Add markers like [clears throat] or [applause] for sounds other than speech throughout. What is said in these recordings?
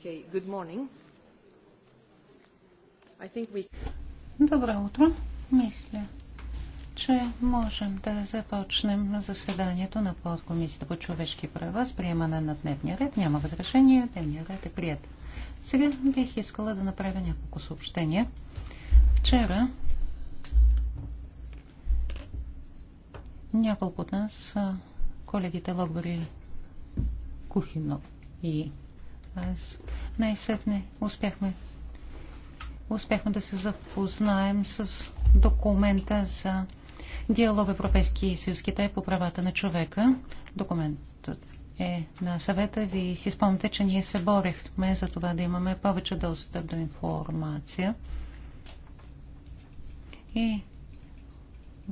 Okay, good morning. I think we... Добро утро. Мисля, че можем да започнем заседанието на подкомисията по човешки права с приемане на дневния ред. Няма възражение. Дневния ред е прият. Сега бих искала да направя няколко съобщения. Вчера няколко от нас, колегите Логбери Кухинов и аз най-сетне успяхме. Успяхме да се запознаем с документа за диалог Европейски съюз Китай по правата на човека. Документът е на съвета. ви си спомняте, че ние се борехме за това да имаме повече достъп до информация. И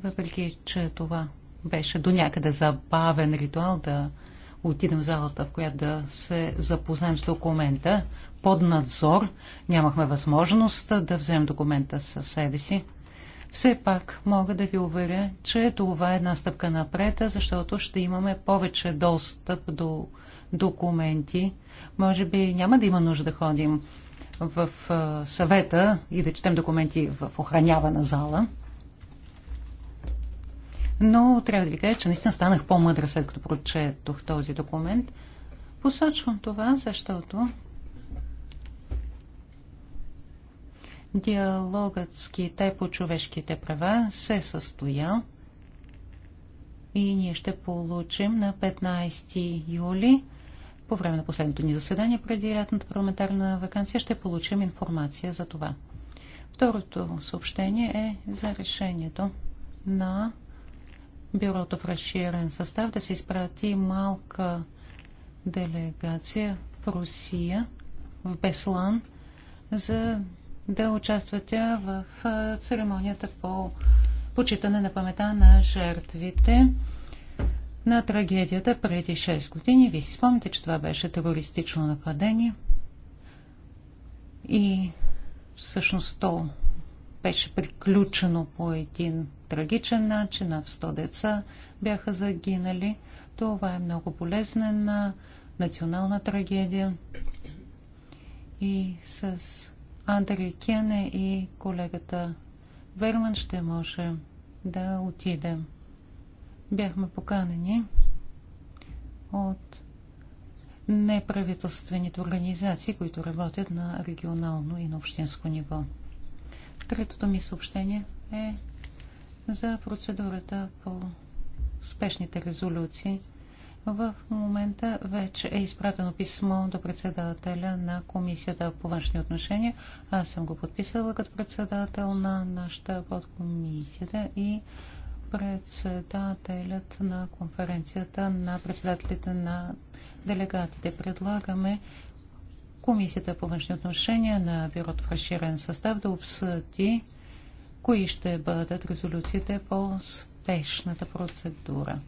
въпреки, че това беше до някъде забавен ритуал да отидем в залата, в която да се запознаем с документа под надзор. Нямахме възможност да вземем документа със себе си. Все пак мога да ви уверя, че това е една стъпка напред, защото ще имаме повече достъп до документи. Може би няма да има нужда да ходим в съвета и да четем документи в охранявана зала но трябва да ви кажа, че наистина станах по-мъдра след като прочетох този документ. Посочвам това, защото диалогът с Китай по човешките права се е състоял и ние ще получим на 15 юли по време на последното ни заседание преди лятната парламентарна вакансия ще получим информация за това. Второто съобщение е за решението на бюрото в разширен състав да се изпрати малка делегация в Русия, в Беслан, за да участва тя в церемонията по почитане на памета на жертвите на трагедията преди 6 години. Вие си спомните, че това беше терористично нападение и всъщност то беше приключено по един трагичен начин. Над 100 деца бяха загинали. Това е много полезна национална трагедия. И с Андри Кене и колегата Верман ще може да отидем. Бяхме поканени от неправителствените организации, които работят на регионално и на общинско ниво. Третото ми съобщение е за процедурата по спешните резолюции. В момента вече е изпратено писмо до председателя на Комисията по външни отношения. Аз съм го подписала като председател на нашата подкомисията и председателят на конференцията на председателите на делегатите. Предлагаме Комисията по външни отношения на бюрото в разширен състав да обсъди кои ще бъдат резолюциите по спешната процедура.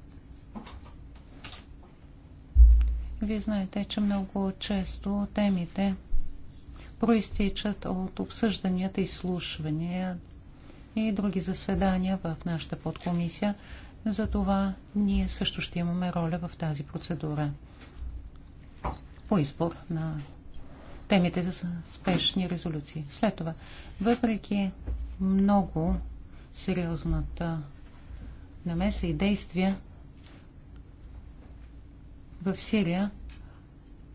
Вие знаете, че много често темите проистичат от обсъжданията, изслушвания и други заседания в нашата подкомисия. Затова ние също ще имаме роля в тази процедура по избор на темите за спешни резолюции. След това, въпреки много сериозната намеса и действия в Сирия.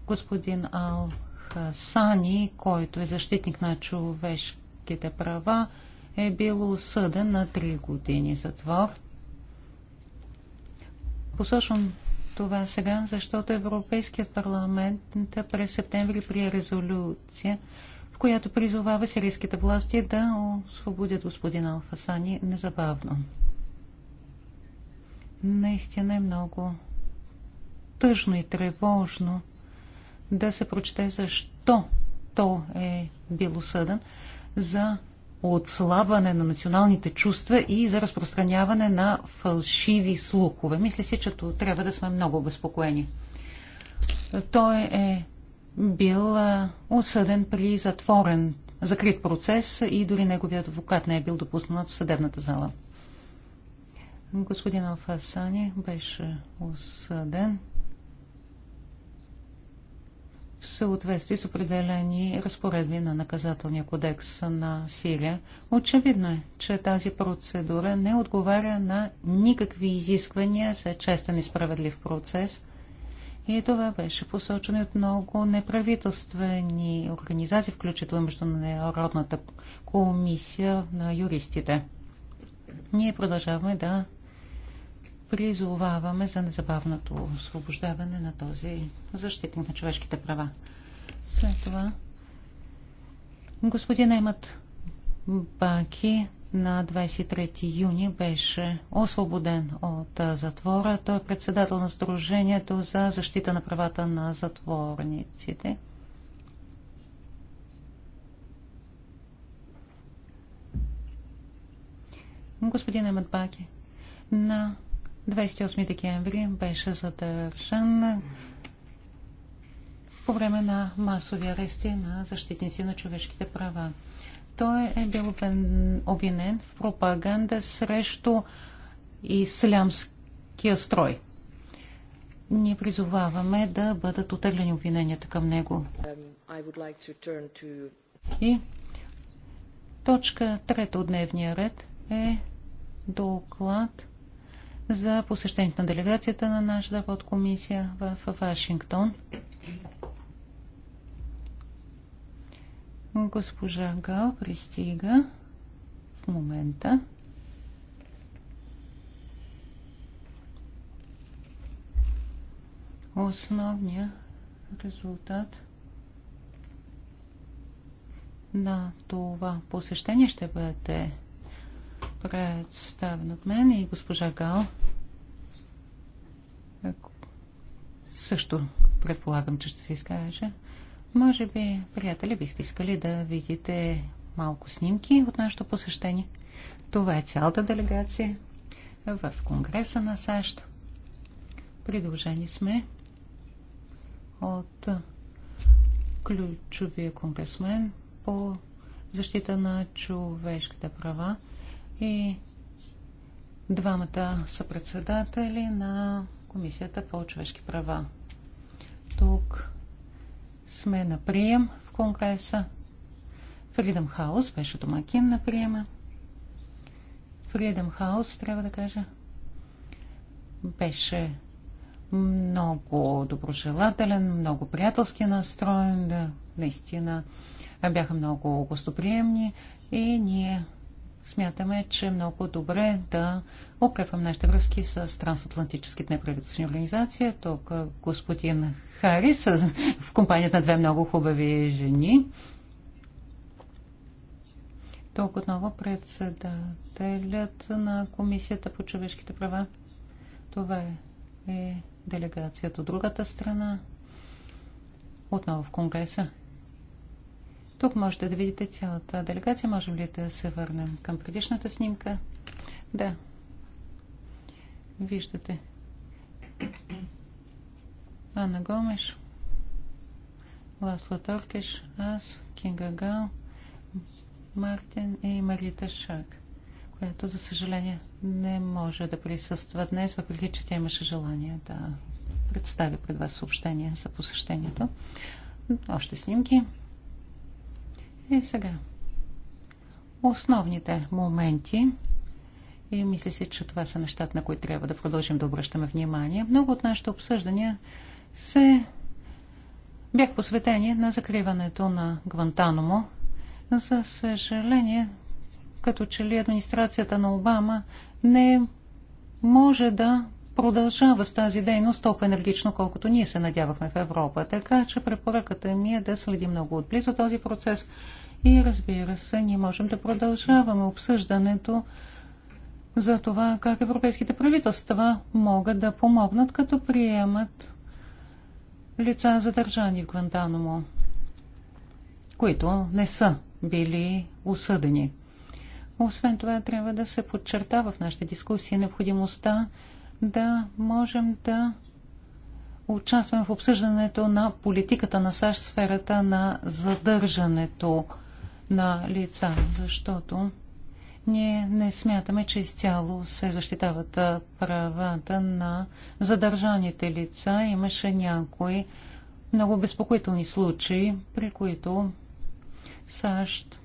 Господин Ал Хасани, който е защитник на човешките права, е бил осъден на 3 години затвор. Посочвам това сега, защото Европейският парламент през септември прие резолюция в която призовава сирийските власти да освободят господин Алфасани незабавно. Наистина е много тъжно и тревожно да се прочете защо то е бил осъден за отслабване на националните чувства и за разпространяване на фалшиви слухове. Мисля си, че трябва да сме много обезпокоени. Той е бил осъден при затворен, закрит процес и дори неговият адвокат не е бил допуснат в съдебната зала. Господин Алфасани беше осъден в съответствие с определени разпоредби на наказателния кодекс на Сирия. Очевидно е, че тази процедура не отговаря на никакви изисквания за честен и справедлив процес – и това беше посочено от много неправителствени организации, включително Международната комисия на юристите. Ние продължаваме да призоваваме за незабавното освобождаване на този защитник на човешките права. След това господин Емат Баки на 23 юни беше освободен от затвора. Той е председател на Сдружението за защита на правата на затворниците. Господин Баки, на 28 декември беше задържан по време на масови арести на защитници на човешките права той е бил обвинен в пропаганда срещу ислямския строй. Ние призоваваме да бъдат отеглени обвиненията към него. Um, И точка трета от дневния ред е доклад за посещението на делегацията на нашата подкомисия в Вашингтон. Госпожа Гал пристига в момента. Основния резултат на това посещение ще бъде представен от мен и госпожа Гал. Също предполагам, че ще се изкаже. Може би, приятели, бихте искали да видите малко снимки от нашето посещение. Това е цялата делегация в Конгреса на САЩ. Придължени сме от ключовия конгресмен по защита на човешките права и двамата са председатели на Комисията по човешки права. Тук сме на прием в Конгреса. Freedom House беше домакин на приема. Freedom House, трябва да кажа, беше много доброжелателен, много приятелски настроен, да, наистина бяха много гостоприемни и ние смятаме, че е много добре да укрепвам нашите връзки с трансатлантическите неправителствени организации. Тук господин Харис в компанията на две много хубави жени. Тук отново председателят на Комисията по човешките права. Това е делегацията от другата страна. Отново в Конгреса. Тук можете да видите цялата делегация. Можем ли да се върнем към предишната снимка? Да. Виждате. Анна Гомеш, Ласло Торкеш, аз, Кинга Гал, Мартин и Марита Шак, която, за съжаление, не може да присъства днес, въпреки че тя имаше желание да представи пред вас съобщение за посещението. Още снимки. И сега. Основните моменти и мисля си, че това са нещата, на които трябва да продължим да обръщаме внимание. Много от нашите обсъждания се бях посветени на закриването на Гвантаномо. За съжаление, като че ли администрацията на Обама не може да продължава с тази дейност толкова енергично, колкото ние се надявахме в Европа. Така че препоръката ми е да следим много отблизо този процес и разбира се, ние можем да продължаваме обсъждането за това как европейските правителства могат да помогнат, като приемат лица задържани в Гвантаномо, които не са били осъдени. Освен това, трябва да се подчертава в нашите дискусии необходимостта да можем да участваме в обсъждането на политиката на САЩ в сферата на задържането на лица, защото ние не смятаме, че изцяло се защитават правата на задържаните лица. Имаше някои много безпокоителни случаи, при които САЩ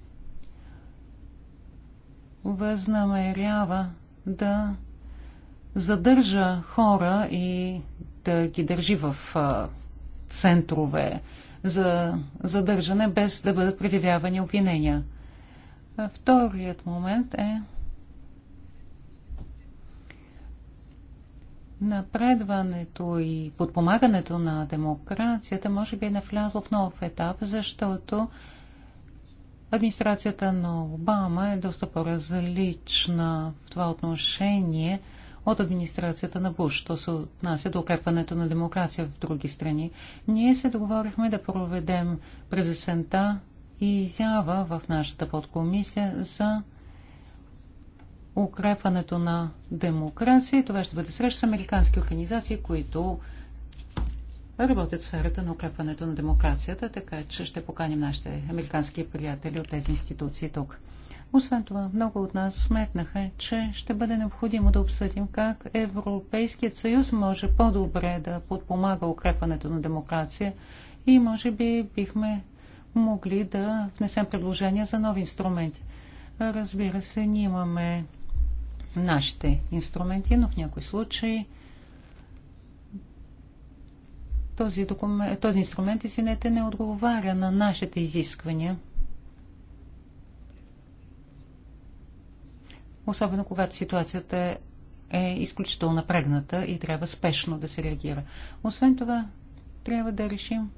възнамерява да задържа хора и да ги държи в центрове за задържане, без да бъдат предявявани обвинения. Вторият момент е напредването и подпомагането на демокрацията може би е навлязло в нов етап, защото администрацията на Обама е доста по-различна в това отношение от администрацията на Буш, що се отнася до укрепването на демокрация в други страни. Ние се договорихме да проведем през есента и изява в нашата подкомисия за укрепването на демокрация. Това ще бъде среща с американски организации, които работят в сферата на укрепването на демокрацията, така че ще поканим нашите американски приятели от тези институции тук. Освен това, много от нас сметнаха, че ще бъде необходимо да обсъдим как Европейският съюз може по-добре да подпомага укрепването на демокрация и може би бихме могли да внесем предложения за нови инструменти. Разбира се, ние имаме нашите инструменти, но в някои случаи този, документ, този инструмент, извинете, не отговаря на нашите изисквания. Особено когато ситуацията е изключително напрегната и трябва спешно да се реагира. Освен това, трябва да решим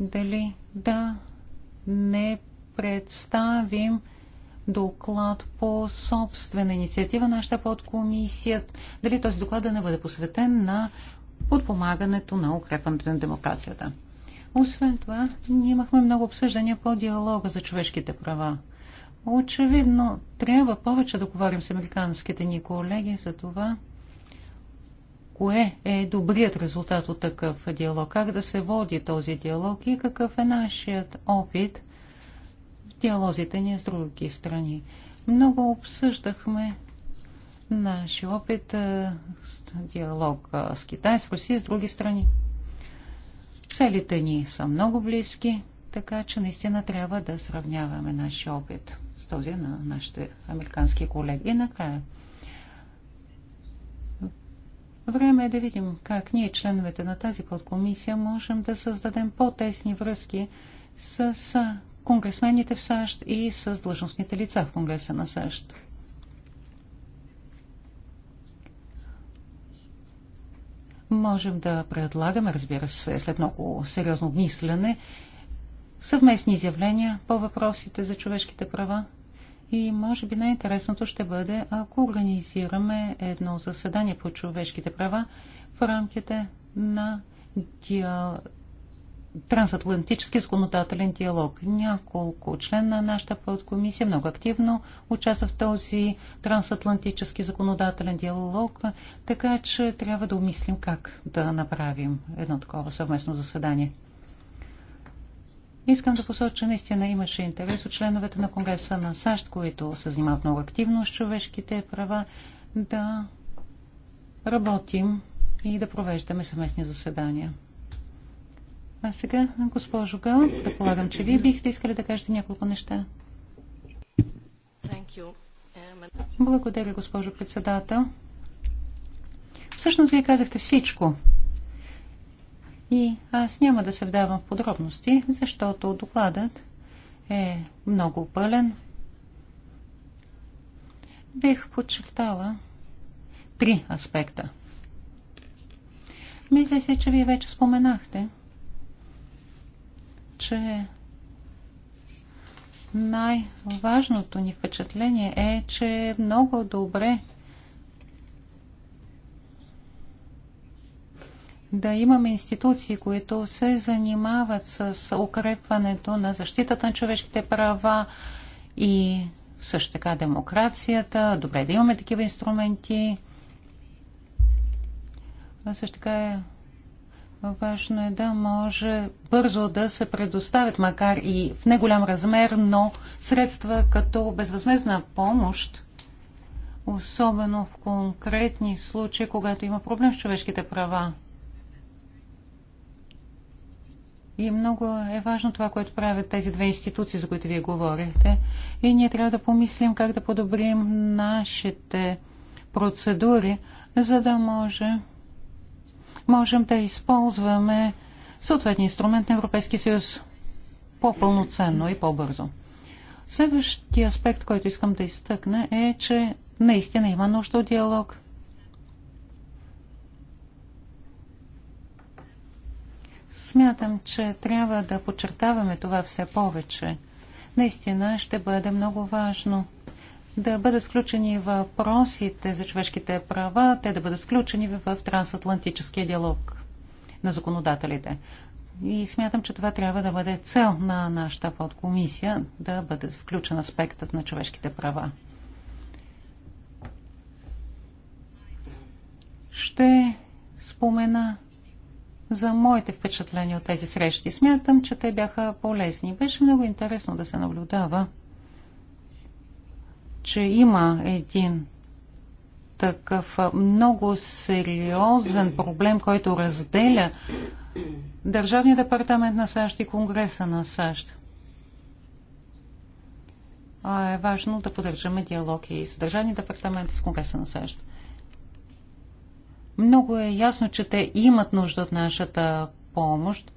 дали да не представим доклад по собствена инициатива нашата подкомисия, дали този доклад да не бъде посветен на подпомагането на укрепването на демокрацията. Освен това, ние имахме много обсъждания по диалога за човешките права. Очевидно, трябва повече да говорим с американските ни колеги за това, кое е добрият резултат от такъв диалог, как да се води този диалог и какъв е нашият опит в диалозите ни с други страни. Много обсъждахме нашия опит с диалог с Китай, с Русия, с други страни. Целите ни са много близки, така че наистина трябва да сравняваме нашия опит с този на нашите американски колеги. И накрая, Време е да видим как ние, членовете на тази подкомисия, можем да създадем по-тесни връзки с конгресмените в САЩ и с длъжностните лица в Конгреса на САЩ. Можем да предлагаме, разбира се, след много сериозно мислене, съвместни изявления по въпросите за човешките права и може би най-интересното ще бъде, ако организираме едно заседание по човешките права в рамките на диал... трансатлантически законодателен диалог. Няколко член на нашата подкомисия много активно участва в този трансатлантически законодателен диалог, така че трябва да умислим как да направим едно такова съвместно заседание. Искам да посоча, че наистина имаше интерес от членовете на Конгреса на САЩ, които се занимават много активно с човешките права, да работим и да провеждаме съвместни заседания. А сега, госпожо Гал, предполагам, че вие бихте искали да кажете няколко неща. Благодаря, госпожо председател. Всъщност, вие казахте всичко, и аз няма да се вдавам в подробности, защото докладът е много пълен. Бих подчертала три аспекта. Мисля се, че вие вече споменахте, че най-важното ни впечатление е, че много добре да имаме институции, които се занимават с укрепването на защитата на човешките права и също така демокрацията. Добре да имаме такива инструменти. А също така е важно е да може бързо да се предоставят, макар и в неголям размер, но средства като безвъзмезна помощ, особено в конкретни случаи, когато има проблем с човешките права. И много е важно това, което правят тези две институции, за които вие говорихте. И ние трябва да помислим как да подобрим нашите процедури, за да може можем да използваме съответния инструмент на Европейския съюз по-пълноценно и по-бързо. Следващия аспект, който искам да изтъкна е, че наистина има нужда от диалог Смятам, че трябва да подчертаваме това все повече. Наистина ще бъде много важно да бъдат включени въпросите за човешките права, те да бъдат включени в трансатлантическия диалог на законодателите. И смятам, че това трябва да бъде цел на нашата подкомисия, да бъде включен аспектът на човешките права. Ще спомена за моите впечатления от тези срещи. Смятам, че те бяха полезни. Беше много интересно да се наблюдава, че има един такъв много сериозен проблем, който разделя Държавния департамент на САЩ и Конгреса на САЩ. А е важно да поддържаме диалог и с Държавния департамент и с Конгреса на САЩ. Много е ясно, че те имат нужда от нашата помощ.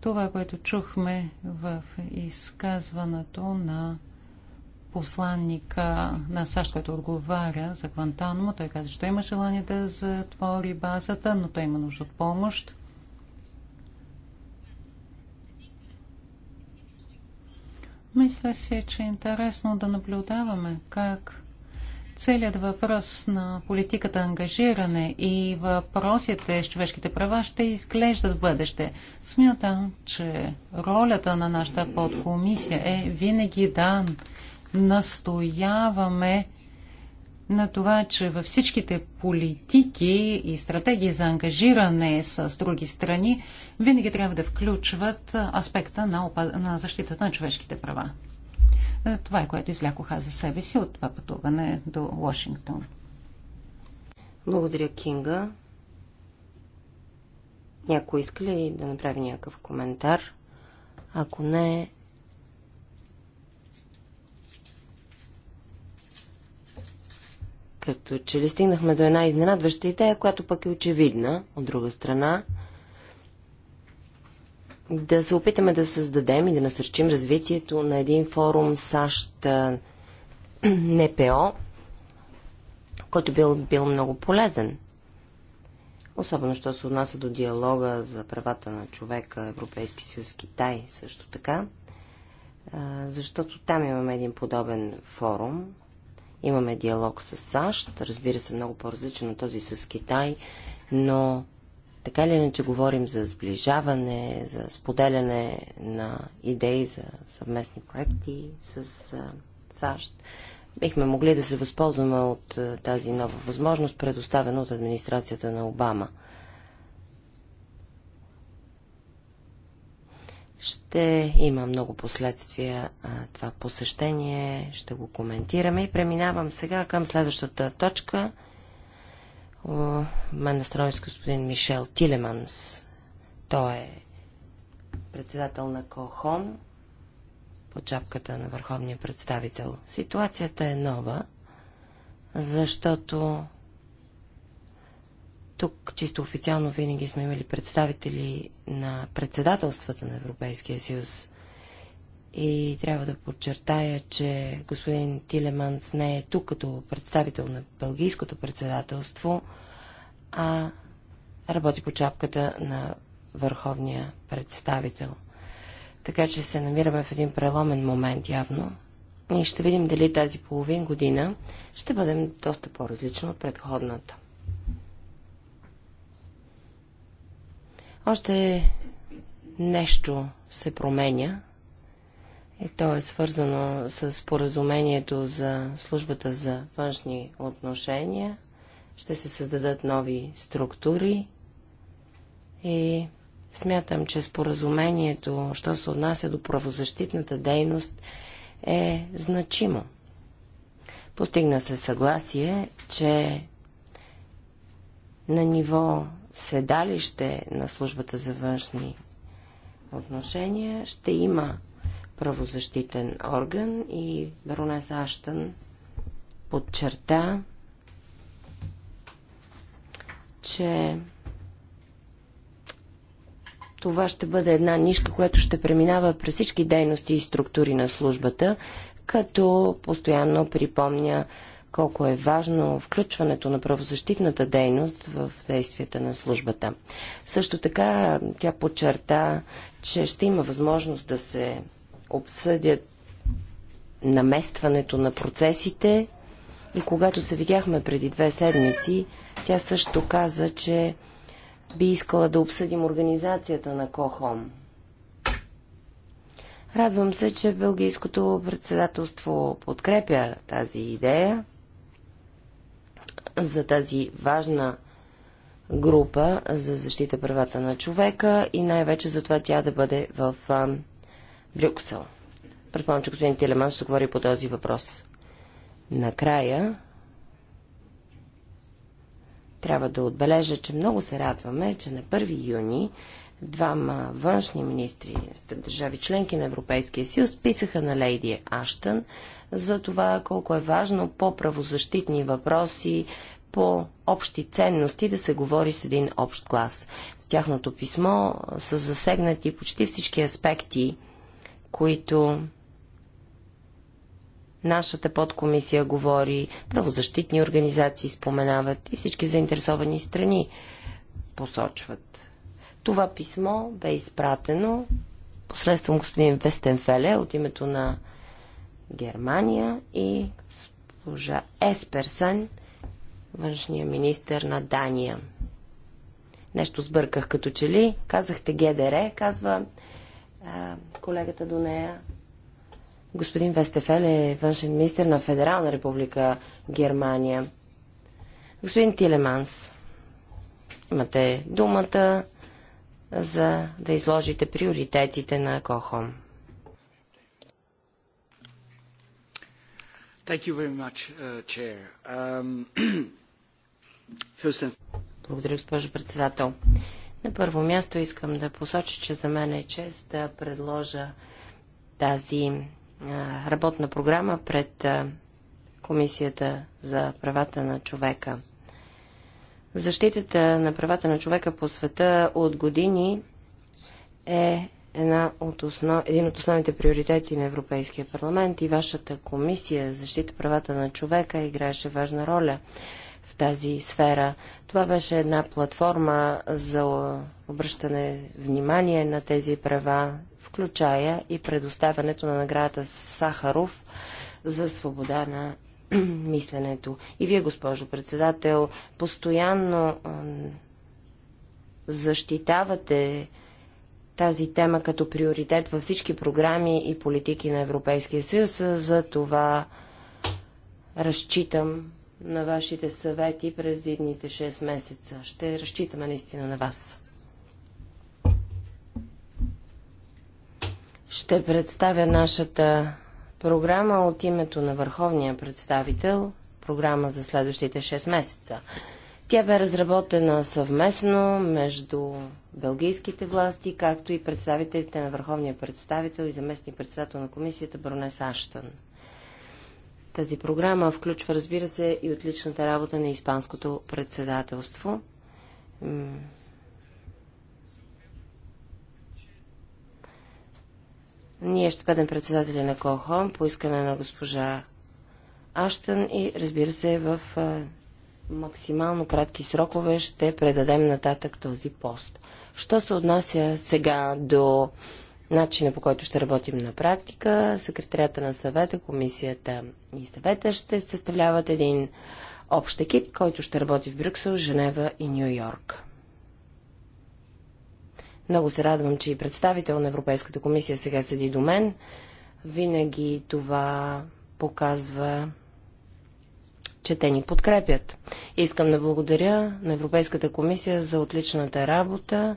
Това, което чухме в изказването на посланника на САЩ, който отговаря за Квантанума. той каза, че той има желание да затвори базата, но той има нужда от помощ. Мисля си, че е интересно да наблюдаваме как Целият въпрос на политиката ангажиране и въпросите с човешките права ще изглеждат в бъдеще. Смятам, че ролята на нашата подкомисия е винаги да настояваме на това, че във всичките политики и стратегии за ангажиране с други страни винаги трябва да включват аспекта на, на защитата на човешките права. Е, това е което излякоха за себе си от това пътуване до Вашингтон. Благодаря, Кинга. Някой иска ли да направи някакъв коментар? Ако не, като че ли стигнахме до една изненадваща идея, която пък е очевидна, от друга страна – да се опитаме да създадем и да насърчим развитието на един форум САЩ [clears throat] НПО, който бил, бил много полезен. Особено, що се отнася до диалога за правата на човека Европейски съюз Китай също така. Защото там имаме един подобен форум. Имаме диалог с САЩ, разбира се, много по-различен от този с Китай, но така ли иначе говорим за сближаване, за споделяне на идеи за съвместни проекти с САЩ? Бихме могли да се възползваме от тази нова възможност, предоставена от администрацията на Обама. Ще има много последствия това посещение, ще го коментираме и преминавам сега към следващата точка – мен настроен с господин Мишел Тилеманс. Той е председател на Колхон по чапката на върховния представител. Ситуацията е нова, защото тук чисто официално винаги сме имали представители на председателствата на Европейския съюз. И трябва да подчертая, че господин Тилеманс не е тук като представител на Бългийското председателство, а работи по чапката на върховния представител. Така че се намираме в един преломен момент явно. И ще видим дали тази половин година ще бъдем доста по-различни от предходната. Още нещо се променя и е, то е свързано с поразумението за службата за външни отношения. Ще се създадат нови структури и смятам, че споразумението, що се отнася до правозащитната дейност, е значимо. Постигна се съгласие, че на ниво седалище на службата за външни отношения ще има правозащитен орган и баронес Аштън подчерта, че това ще бъде една нишка, която ще преминава през всички дейности и структури на службата, като постоянно припомня колко е важно включването на правозащитната дейност в действията на службата. Също така тя подчерта, че ще има възможност да се обсъдят наместването на процесите и когато се видяхме преди две седмици, тя също каза, че би искала да обсъдим организацията на КОХОМ. Радвам се, че Белгийското председателство подкрепя тази идея за тази важна група за защита правата на човека и най-вече за това тя да бъде в Брюксел. Предполагам, че господин Телеман ще говори по този въпрос. Накрая трябва да отбележа, че много се радваме, че на 1 юни двама външни министри държави членки на Европейския съюз писаха на Лейди Аштън за това колко е важно по правозащитни въпроси, по общи ценности да се говори с един общ клас. В тяхното писмо са засегнати почти всички аспекти които нашата подкомисия говори, правозащитни организации споменават и всички заинтересовани страни посочват. Това писмо бе изпратено посредством господин Вестенфеле от името на Германия и госпожа Есперсен, външния министр на Дания. Нещо сбърках като че ли. Казахте ГДР, казва колегата до нея. Господин Вестефел е външен министр на Федерална република Германия. Господин Тилеманс, имате думата за да изложите приоритетите на КОХОМ. Much, uh, um, [clears throat] and... Благодаря, госпожо председател. На първо място искам да посоча, че за мен е чест да предложа тази работна програма пред Комисията за правата на човека. Защитата на правата на човека по света от години е една от основ... един от основните приоритети на Европейския парламент и вашата комисия защита правата на човека играеше важна роля тази сфера. Това беше една платформа за обръщане внимание на тези права, включая и предоставянето на наградата Сахаров за свобода на [clears throat] мисленето. И вие, госпожо председател, постоянно защитавате тази тема като приоритет във всички програми и политики на Европейския съюз. За това разчитам на вашите съвети през едните 6 месеца. Ще разчитаме наистина на вас. Ще представя нашата програма от името на върховния представител, програма за следващите 6 месеца. Тя бе разработена съвместно между белгийските власти, както и представителите на върховния представител и заместни председател на комисията Бронес Аштън. Тази програма включва, разбира се, и отличната работа на Испанското председателство. Ние ще бъдем председатели на КОХОМ по искане на госпожа Аштън и разбира се в максимално кратки срокове ще предадем нататък този пост. Що се отнася сега до начина по който ще работим на практика. Секретарията на съвета, комисията и съвета ще съставляват един общ екип, който ще работи в Брюксел, Женева и Нью Йорк. Много се радвам, че и представител на Европейската комисия сега седи до мен. Винаги това показва, че те ни подкрепят. Искам да благодаря на Европейската комисия за отличната работа,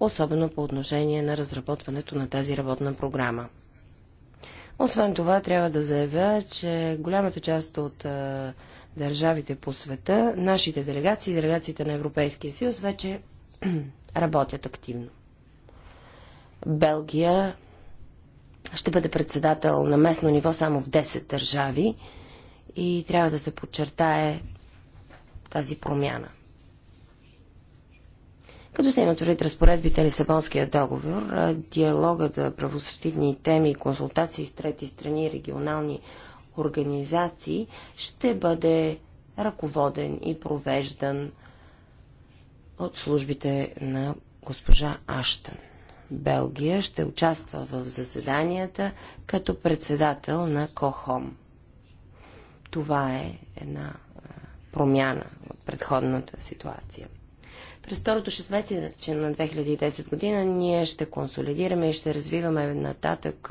особено по отношение на разработването на тази работна програма. Освен това, трябва да заявя, че голямата част от а, държавите по света, нашите делегации и делегациите на Европейския съюз вече [clears throat] работят активно. Белгия ще бъде председател на местно ниво само в 10 държави и трябва да се подчертае тази промяна. Като се имат предвид разпоредбите Лисабонския договор, диалогът за правозащитни теми и консултации с трети страни и регионални организации ще бъде ръководен и провеждан от службите на госпожа Аштън. Белгия ще участва в заседанията като председател на КОХОМ. Това е една промяна от предходната ситуация. През второто 6 на 2010 година ние ще консолидираме и ще развиваме нататък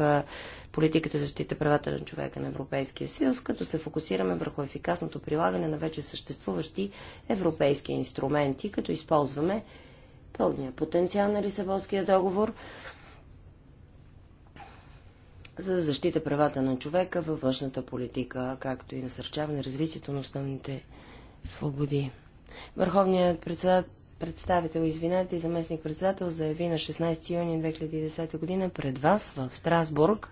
политиката за защита правата на човека на Европейския съюз, като се фокусираме върху ефикасното прилагане на вече съществуващи европейски инструменти, като използваме пълния потенциал на Лисабонския договор за защита правата на човека във външната политика, както и насърчаване развитието на основните свободи. Върховният председател представител, извинете, и заместник председател заяви на 16 юни 2010 година пред вас в Страсбург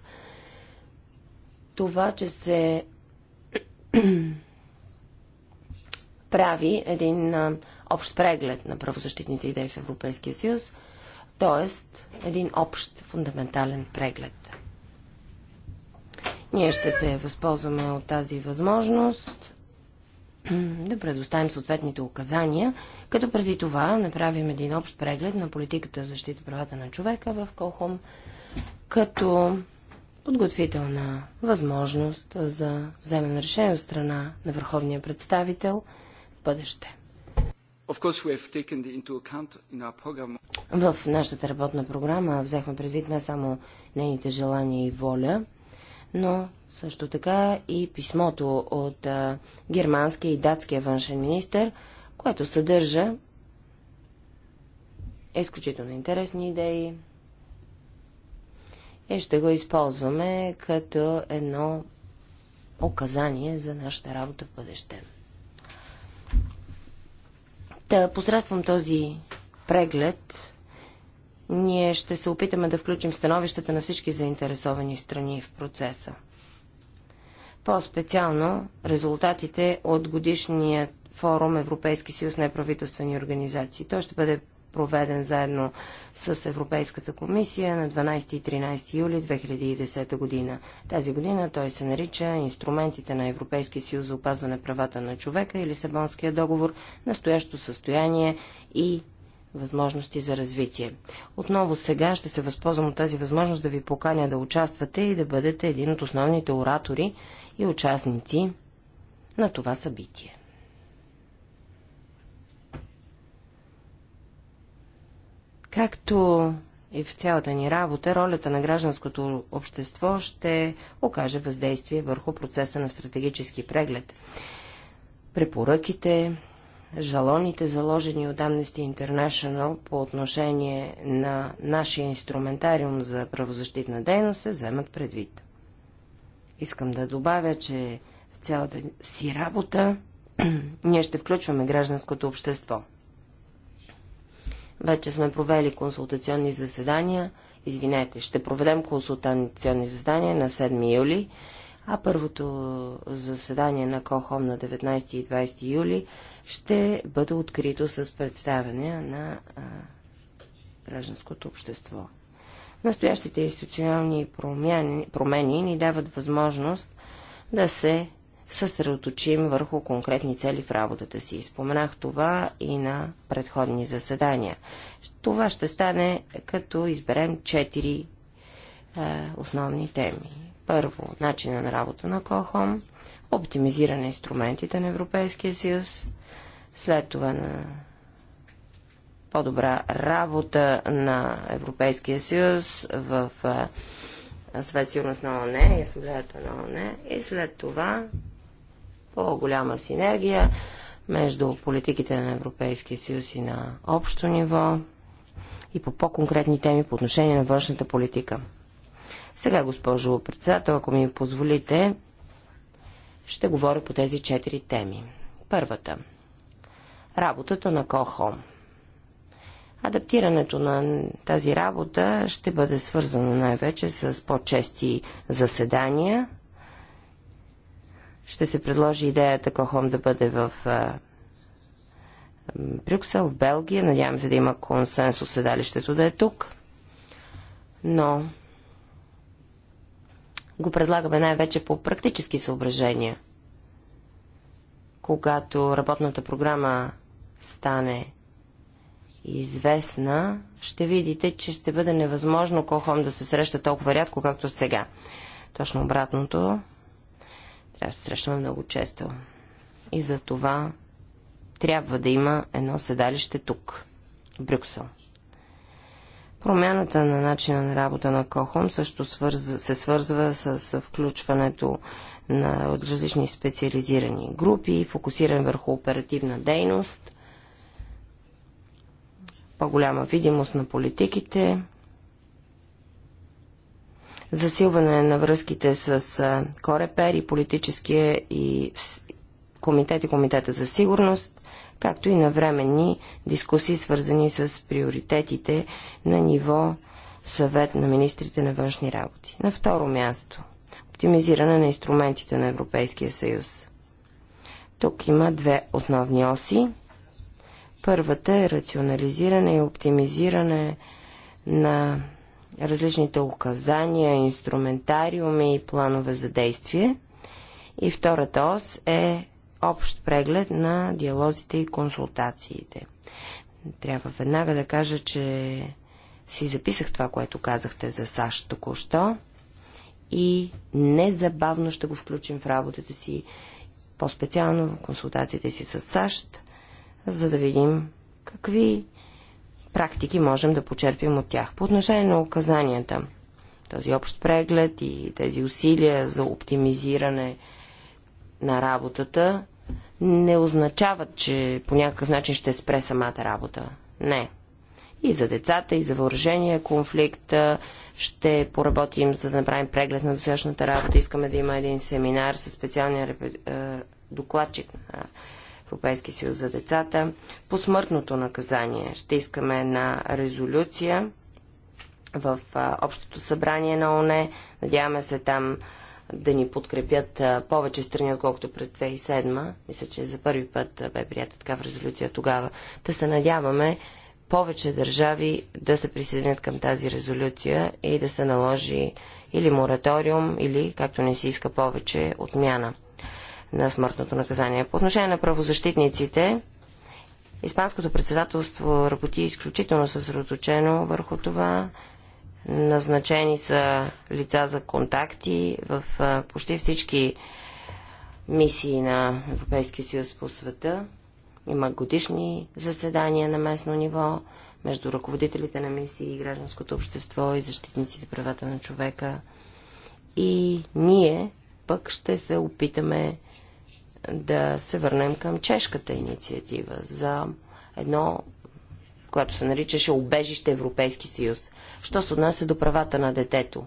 това, че се [clears throat] прави един общ преглед на правозащитните идеи в Европейския съюз, т.е. един общ фундаментален преглед. Ние ще се възползваме от тази възможност да предоставим съответните указания, като преди това направим един общ преглед на политиката за защита правата на човека в Колхом, като подготвителна възможност за вземане на решение от страна на върховния представител в бъдеще. В нашата работна програма взехме предвид не само нейните желания и воля, но също така и писмото от а, германския и датския външен министр, което съдържа изключително интересни идеи и ще го използваме като едно указание за нашата работа в бъдеще. Та, посредством този преглед ние ще се опитаме да включим становищата на всички заинтересовани страни в процеса. По-специално резултатите от годишния форум Европейски съюз неправителствени организации. Той ще бъде проведен заедно с Европейската комисия на 12 и 13 юли 2010 година. Тази година той се нарича Инструментите на Европейския съюз за опазване правата на човека и Сабонския договор, настоящо състояние и възможности за развитие. Отново сега ще се възползвам от тази възможност да ви поканя да участвате и да бъдете един от основните оратори и участници на това събитие. Както и в цялата ни работа, ролята на гражданското общество ще окаже въздействие върху процеса на стратегически преглед. Препоръките, жалоните, заложени от Amnesty International по отношение на нашия инструментариум за правозащитна дейност, се вземат предвид. Искам да добавя, че в цялата си работа [clears throat] ние ще включваме гражданското общество. Вече сме провели консултационни заседания. Извинете, ще проведем консултационни заседания на 7 юли, а първото заседание на КОХОМ на 19 и 20 юли ще бъде открито с представяне на гражданското общество. Настоящите институционални промени, промени ни дават възможност да се съсредоточим върху конкретни цели в работата си. Споменах това и на предходни заседания. Това ще стане като изберем четири е, основни теми. Първо, начина на работа на КОХОМ, оптимизиране инструментите на Европейския съюз, след това на по-добра работа на Европейския съюз в Свет сигурност на ОНЕ и Асамблеята на ОНЕ и след това по-голяма синергия между политиките на Европейския съюз и на общо ниво и по по-конкретни теми по отношение на външната политика. Сега, госпожо председател, ако ми позволите, ще говоря по тези четири теми. Първата – работата на КОХОМ. Адаптирането на тази работа ще бъде свързано най-вече с по-чести заседания. Ще се предложи идеята КОХОМ да бъде в Брюксел, в Белгия. Надявам се да има консенсус седалището да е тук. Но го предлагаме най-вече по практически съображения. Когато работната програма стане известна, ще видите, че ще бъде невъзможно Кохом да се среща толкова рядко, както сега. Точно обратното, трябва да се срещаме много често. И за това трябва да има едно седалище тук, в Брюксел. Промяната на начина на работа на Кохом също свърза, се свързва с включването на различни специализирани групи, фокусиран върху оперативна дейност – по-голяма видимост на политиките, засилване на връзките с Корепер и политическия и комитет и комитета за сигурност, както и на временни дискусии, свързани с приоритетите на ниво съвет на министрите на външни работи. На второ място – оптимизиране на инструментите на Европейския съюз. Тук има две основни оси – Първата е рационализиране и оптимизиране на различните указания, инструментариуми и планове за действие. И втората ос е общ преглед на диалозите и консултациите. Трябва веднага да кажа, че си записах това, което казахте за САЩ току-що и незабавно ще го включим в работата си, по-специално в консултациите си с САЩ за да видим какви практики можем да почерпим от тях. По отношение на указанията, този общ преглед и тези усилия за оптимизиране на работата не означават, че по някакъв начин ще спре самата работа. Не. И за децата, и за въоръжения конфликт ще поработим, за да направим преглед на досегашната работа. Искаме да има един семинар със специалния реп... докладчик на Европейски съюз за децата, по смъртното наказание. Ще искаме една резолюция в Общото събрание на ОНЕ. Надяваме се там да ни подкрепят повече страни, отколкото през 2007. Мисля, че за първи път бе прията такава резолюция тогава. Да се надяваме повече държави да се присъединят към тази резолюция и да се наложи или мораториум, или, както не се иска повече, отмяна на смъртното наказание. По отношение на правозащитниците, Испанското председателство работи изключително съсредоточено върху това. Назначени са лица за контакти в почти всички мисии на Европейския съюз по света. Има годишни заседания на местно ниво между ръководителите на мисии и гражданското общество и защитниците правата на човека. И ние пък ще се опитаме да се върнем към чешката инициатива за едно, което се наричаше Обежище Европейски съюз. Що се отнася до правата на детето?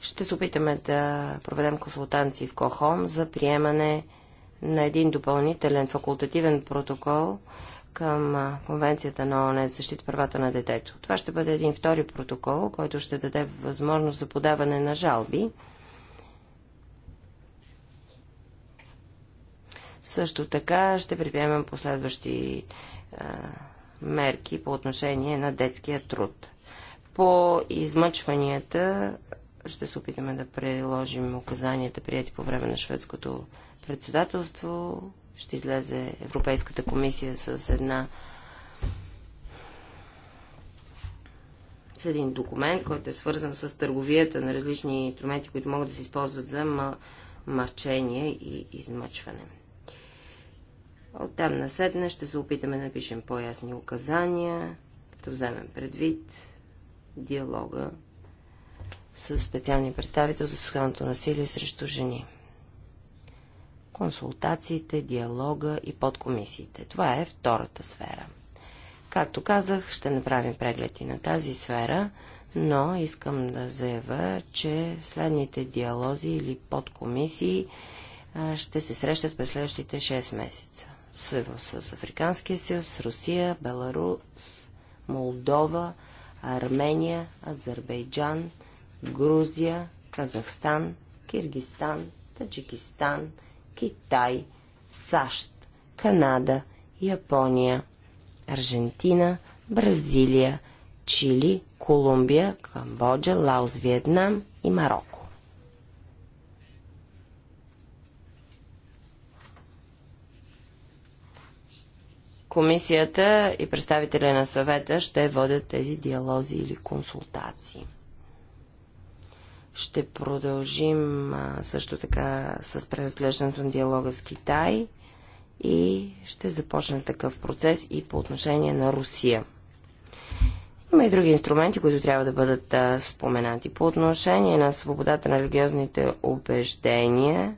Ще се опитаме да проведем консултанции в КОХОМ за приемане на един допълнителен факултативен протокол към Конвенцията на ООН за защита правата на детето. Това ще бъде един втори протокол, който ще даде възможност за подаване на жалби. Също така ще приемем последващи а, мерки по отношение на детския труд. По измъчванията ще се опитаме да приложим указанията, прияти по време на шведското председателство, ще излезе Европейската комисия с една с един документ, който е свързан с търговията на различни инструменти, които могат да се използват за мърчение и измъчване. Оттам седна ще се опитаме да напишем по-ясни указания, като вземем предвид диалога с специалния представител за съхраното насилие срещу жени консултациите, диалога и подкомисиите. Това е втората сфера. Както казах, ще направим преглед и на тази сфера, но искам да заявя, че следните диалози или подкомисии ще се срещат през следващите 6 месеца. С, с Африканския съюз, с Русия, Беларус, Молдова, Армения, Азербайджан, Грузия, Казахстан, Киргистан, Таджикистан – Китай, САЩ, Канада, Япония, Аржентина, Бразилия, Чили, Колумбия, Камбоджа, Лаос, Виетнам и Марокко. Комисията и представители на съвета ще водят тези диалози или консултации. Ще продължим също така с преразглеждането на диалога с Китай и ще започне такъв процес и по отношение на Русия. Има и други инструменти, които трябва да бъдат а, споменати. По отношение на свободата на религиозните убеждения,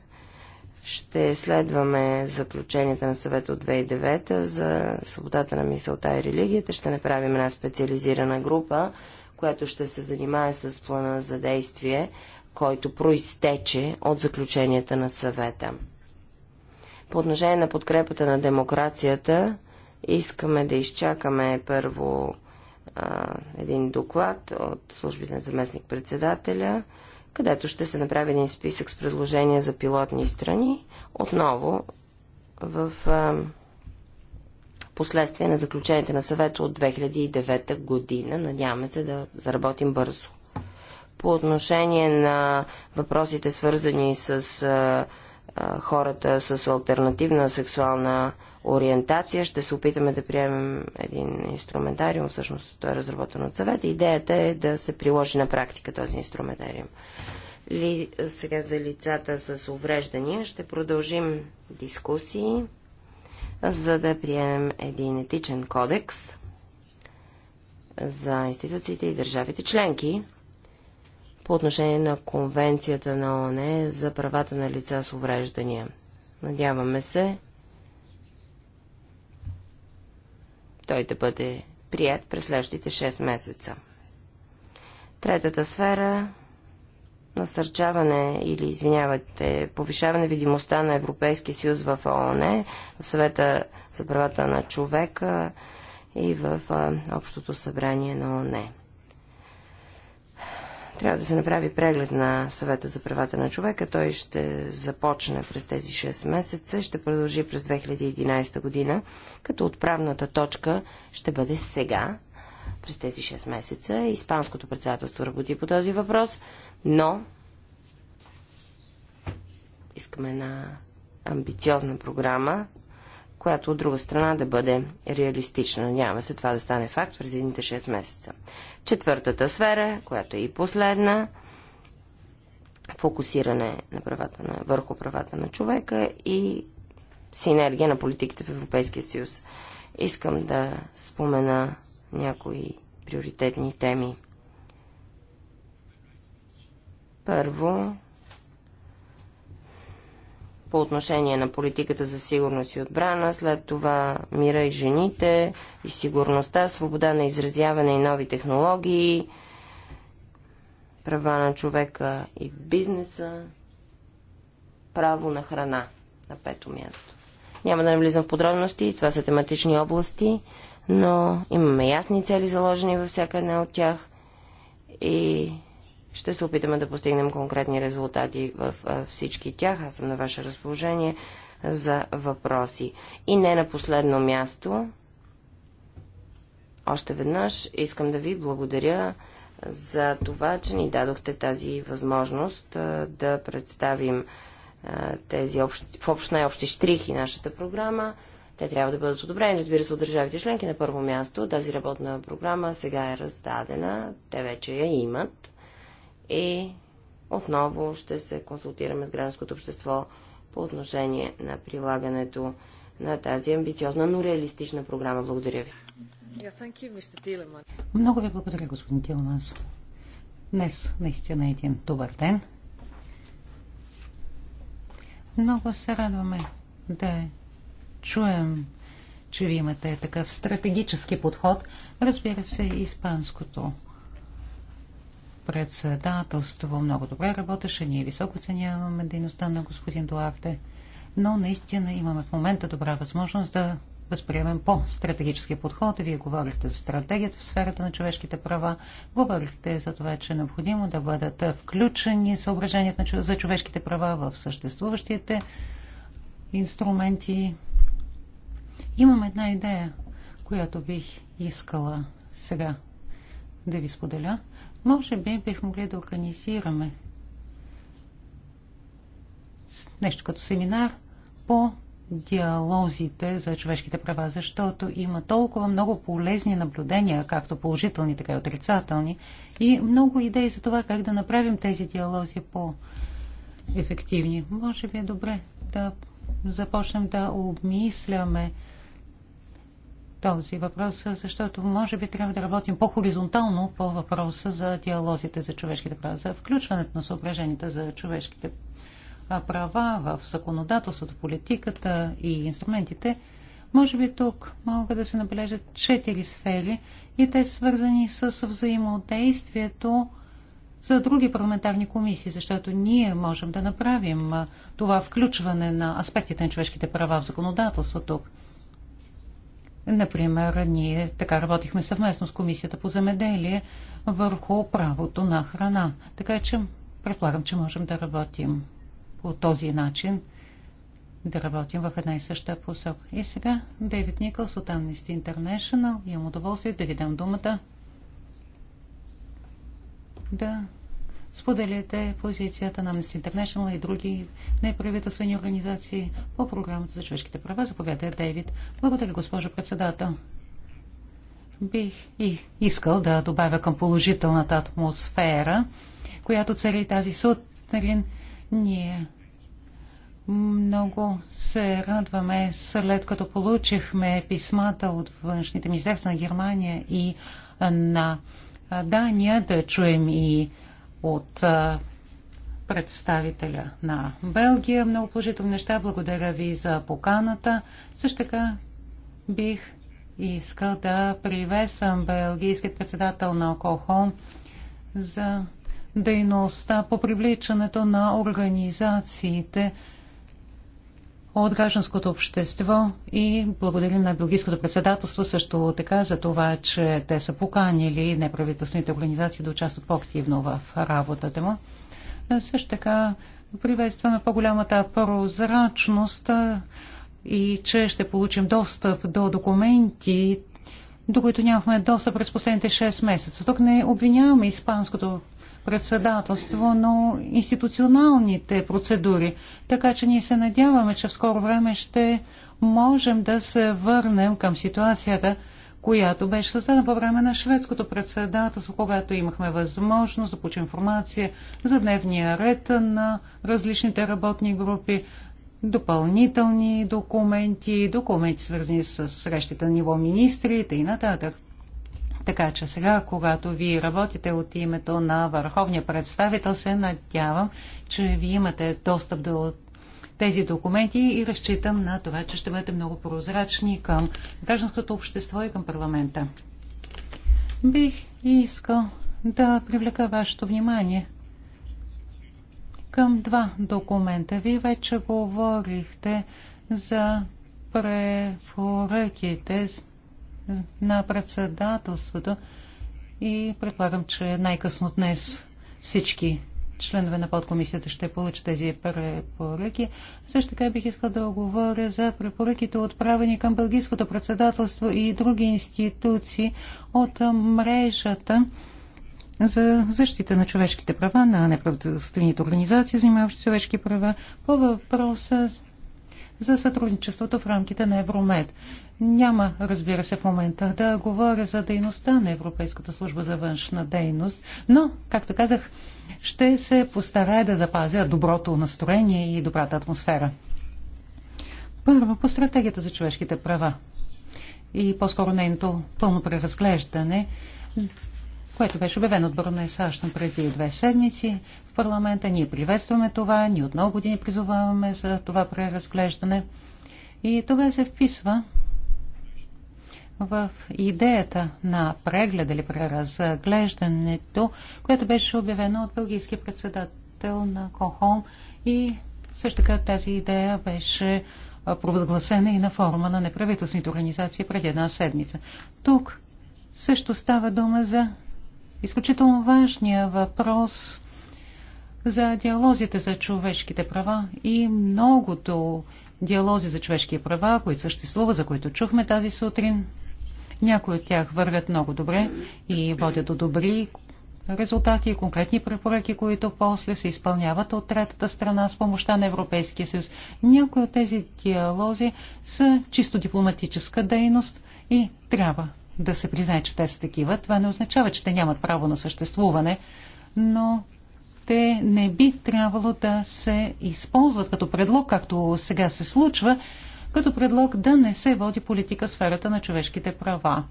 ще следваме заключенията на съвета от 2009 за свободата на мисълта и религията. Ще направим една специализирана група, която ще се занимае с плана за действие, който проистече от заключенията на съвета. По отношение на подкрепата на демокрацията, искаме да изчакаме първо а, един доклад от службите на заместник-председателя, където ще се направи един списък с предложения за пилотни страни, отново в а, последствие на заключените на съвета от 2009 година. Надяваме се да заработим бързо. По отношение на въпросите свързани с а, а, хората с альтернативна сексуална ориентация, ще се опитаме да приемем един инструментариум, всъщност той е разработен от съвета. Идеята е да се приложи на практика този инструментариум. Ли, сега за лицата с увреждания ще продължим дискусии за да приемем един етичен кодекс за институциите и държавите членки по отношение на Конвенцията на ООН за правата на лица с увреждания. Надяваме се той да бъде прият през следващите 6 месеца. Третата сфера насърчаване или, извинявайте, повишаване видимостта на Европейския съюз в ООН, в съвета за правата на човека и в а, Общото събрание на ООН. Трябва да се направи преглед на съвета за правата на човека. Той ще започне през тези 6 месеца, ще продължи през 2011 година, като отправната точка ще бъде сега, през тези 6 месеца. Испанското председателство работи по този въпрос но искаме една амбициозна програма, която от друга страна да бъде реалистична. Няма се това да стане факт през едните 6 месеца. Четвъртата сфера, която е и последна, фокусиране на правата на, върху правата на човека и синергия на политиките в Европейския съюз. Искам да спомена някои приоритетни теми. Първо, по отношение на политиката за сигурност и отбрана, след това мира и жените, и сигурността, свобода на изразяване и нови технологии, права на човека и бизнеса, право на храна на пето място. Няма да влизам в подробности, това са тематични области, но имаме ясни цели заложени във всяка една от тях и ще се опитаме да постигнем конкретни резултати в всички тях. Аз съм на ваше разположение за въпроси. И не на последно място, още веднъж искам да ви благодаря за това, че ни дадохте тази възможност да представим тези общ, в общ най-общи штрихи нашата програма. Те трябва да бъдат одобрени, разбира се, от държавите членки на първо място. Тази работна програма сега е раздадена, те вече я имат и отново ще се консултираме с гражданското общество по отношение на прилагането на тази амбициозна, но реалистична програма. Благодаря ви. Много ви благодаря, господин Тилманс. Днес наистина е един добър ден. Много се радваме да чуем, че ви имате такъв стратегически подход. Разбира се, испанското председателство много добре работеше. Ние високо ценяваме дейността на господин Дуарте, но наистина имаме в момента добра възможност да възприемем по-стратегически подход. Вие говорихте за стратегията в сферата на човешките права, говорихте за това, че е необходимо да бъдат включени съображенията за човешките права в съществуващите инструменти. Имам една идея, която бих искала сега да ви споделя. Може би бих могли да организираме нещо като семинар по диалозите за човешките права, защото има толкова много полезни наблюдения, както положителни, така и отрицателни, и много идеи за това как да направим тези диалози по-ефективни. Може би е добре да започнем да обмисляме този въпрос, защото може би трябва да работим по-хоризонтално по въпроса за диалозите за човешките права, за включването на съображенията за човешките права в законодателството, политиката и инструментите. Може би тук могат да се набележат четири сфери и те са свързани с взаимодействието за други парламентарни комисии, защото ние можем да направим това включване на аспектите на човешките права в законодателството тук. Например, ние така работихме съвместно с Комисията по земеделие върху правото на храна. Така че предполагам, че можем да работим по този начин, да работим в една и съща посока. И сега Дейвид Никълс от Amnesty International. Имам удоволствие да ви дам думата да споделяте позицията на Amnesty International и други неправителствени организации по програмата за човешките права. Заповядайте, Дейвид. Благодаря, госпожо председател. Бих и искал да добавя към положителната атмосфера, която цели тази сутрин. Ние много се радваме, след като получихме писмата от външните министерства на Германия и на Дания, да чуем и от представителя на Белгия. Много положителни неща. Благодаря ви за поканата. Също така бих искал да приветствам белгийският председател на ОКОХО за дейността по привличането на организациите от гражданското общество и благодарим на Белгийското председателство също така за това, че те са поканили неправителствените организации да участват по-активно в работата му. Също така приветстваме по-голямата прозрачност и че ще получим достъп до документи, до които нямахме достъп през последните 6 месеца. Тук не обвиняваме Испанското председателство, но институционалните процедури. Така че ние се надяваме, че в скоро време ще можем да се върнем към ситуацията, която беше създадена по време на шведското председателство, когато имахме възможност да получим информация за дневния ред на различните работни групи, допълнителни документи, документи свързани с срещите на ниво министрите и нататък. Така че сега, когато вие работите от името на върховния представител, се надявам, че вие имате достъп до тези документи и разчитам на това, че ще бъдете много прозрачни към гражданското общество и към парламента. Бих искал да привлека вашето внимание към два документа. Вие вече говорихте за препоръките на председателството и предполагам, че най-късно днес всички членове на подкомисията ще получат тези препоръки. Също така бих искал да оговоря за препоръките отправени към Бългийското председателство и други институции от мрежата за защита на човешките права на неправителствените организации, занимаващи човешки права, по въпроса за сътрудничеството в рамките на Евромед. Няма, разбира се, в момента да говоря за дейността на Европейската служба за външна дейност, но, както казах, ще се постарая да запазя доброто настроение и добрата атмосфера. Първо, по стратегията за човешките права и по-скоро нейното пълно преразглеждане, което беше обявено от и САЩ преди две седмици в парламента. Ние приветстваме това, ние от много години призоваваме за това преразглеждане. И това се вписва в идеята на прегледа или преразглеждането, което беше обявено от бългийски председател на КОХОМ и също така тази идея беше провъзгласена и на форума на неправителствените организации преди една седмица. Тук също става дума за изключително важния въпрос за диалозите за човешките права и многото диалози за човешки права, които съществуват, за които чухме тази сутрин някои от тях вървят много добре и водят до добри резултати и конкретни препоръки, които после се изпълняват от третата страна с помощта на Европейския съюз. Някои от тези диалози са чисто дипломатическа дейност и трябва да се признае, че те са такива. Това не означава, че те нямат право на съществуване, но те не би трябвало да се използват като предлог, както сега се случва, като предлог да не се води политика в сферата на човешките права.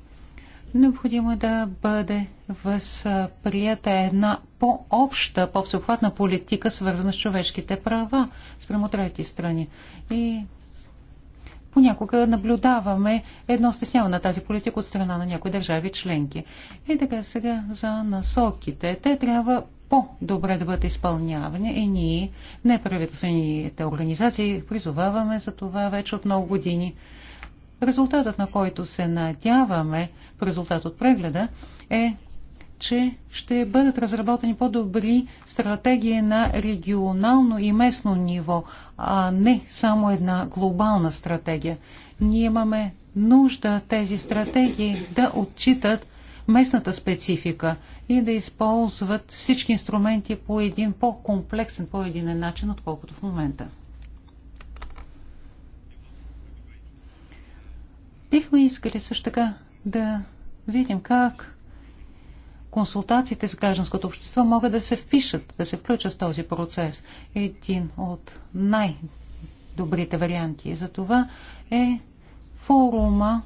Необходимо е да бъде възприята една по-обща, по-всеобхватна политика, свързана с човешките права спрямо трети страни. И понякога наблюдаваме едно стесняване на тази политика от страна на някои държави членки. И така сега за насоките. Те трябва по-добре да бъдат изпълнявани и ние, неправителствените организации, призоваваме за това вече от много години. Резултатът, на който се надяваме, в резултат от прегледа, е, че ще бъдат разработени по-добри стратегии на регионално и местно ниво, а не само една глобална стратегия. Ние имаме нужда тези стратегии да отчитат местната специфика и да използват всички инструменти по един по-комплексен, по-единен начин, отколкото в момента. Бихме искали също така да видим как консултациите с гражданското общество могат да се впишат, да се включат в този процес. Един от най-добрите варианти за това е форума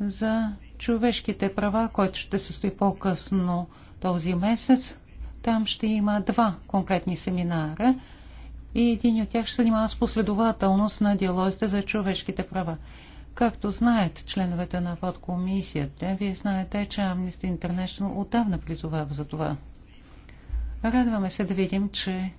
за човешките права, който ще се стои по-късно този месец. Там ще има два конкретни семинара и един от тях ще се занимава с последователност на диалозите за човешките права. Както знаят членовете на подкомисията, вие знаете, че Amnesty International отдавна призовава за това. Радваме се да видим, че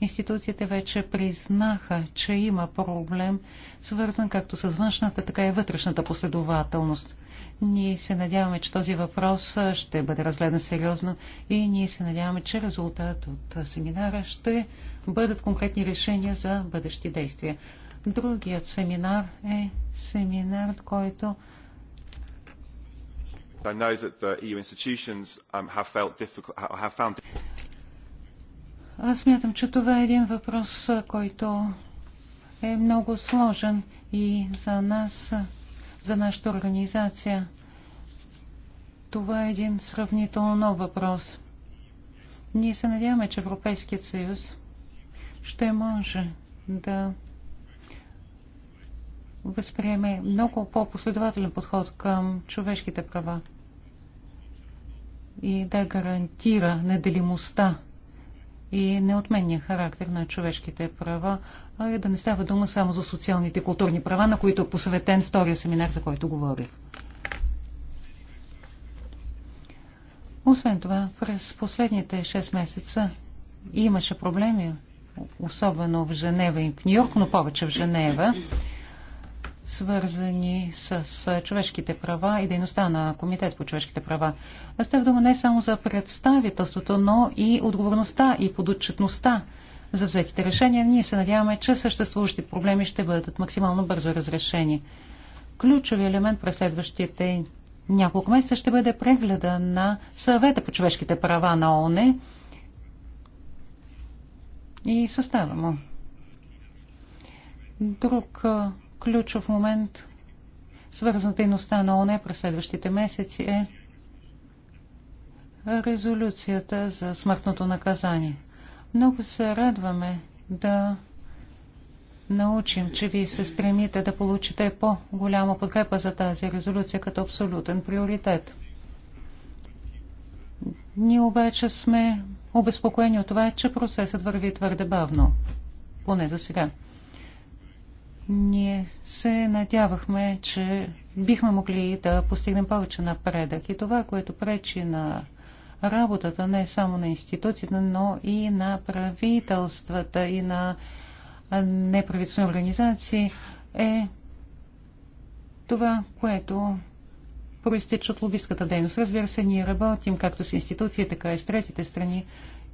институциите вече признаха, че има проблем, свързан както с външната, така и вътрешната последователност. Ние се надяваме, че този въпрос ще бъде разгледан сериозно и ние се надяваме, че резултат от семинара ще бъдат конкретни решения за бъдещи действия. Другият семинар е семинар, който I know that the EU institutions um, have, felt difficult, have found... Аз смятам, че това е един въпрос, който е много сложен и за нас за нашата организация. Това е един сравнително нов въпрос. Ние се надяваме, че Европейският съюз ще може да възприеме много по-последователен подход към човешките права и да гарантира неделимостта и неотменния характер на човешките права е да не става дума само за социалните и културни права, на които е посветен втория семинар, за който говорих. Освен това, през последните 6 месеца имаше проблеми, особено в Женева и в Нью-Йорк, но повече в Женева, свързани с човешките права и дейността на Комитет по човешките права. Става дума не само за представителството, но и отговорността и подотчетността за взетите решения. Ние се надяваме, че съществуващите проблеми ще бъдат максимално бързо разрешени. Ключови елемент през следващите няколко месеца ще бъде прегледа на съвета по човешките права на ООН и състава му. Друг ключов момент, свързан с дейността на ОНЕ през следващите месеци е резолюцията за смъртното наказание. Много се радваме да научим, че вие се стремите да получите по-голяма подкрепа за тази резолюция като абсолютен приоритет. Ние обаче сме обезпокоени от това, че процесът върви твърде бавно, поне за сега. Ние се надявахме, че бихме могли да постигнем повече напредък и това, което пречи на работата не само на институциите, но и на правителствата и на неправителствени организации е това, което проистича от лобистката дейност. Разбира се, ние работим както с институции, така и с третите страни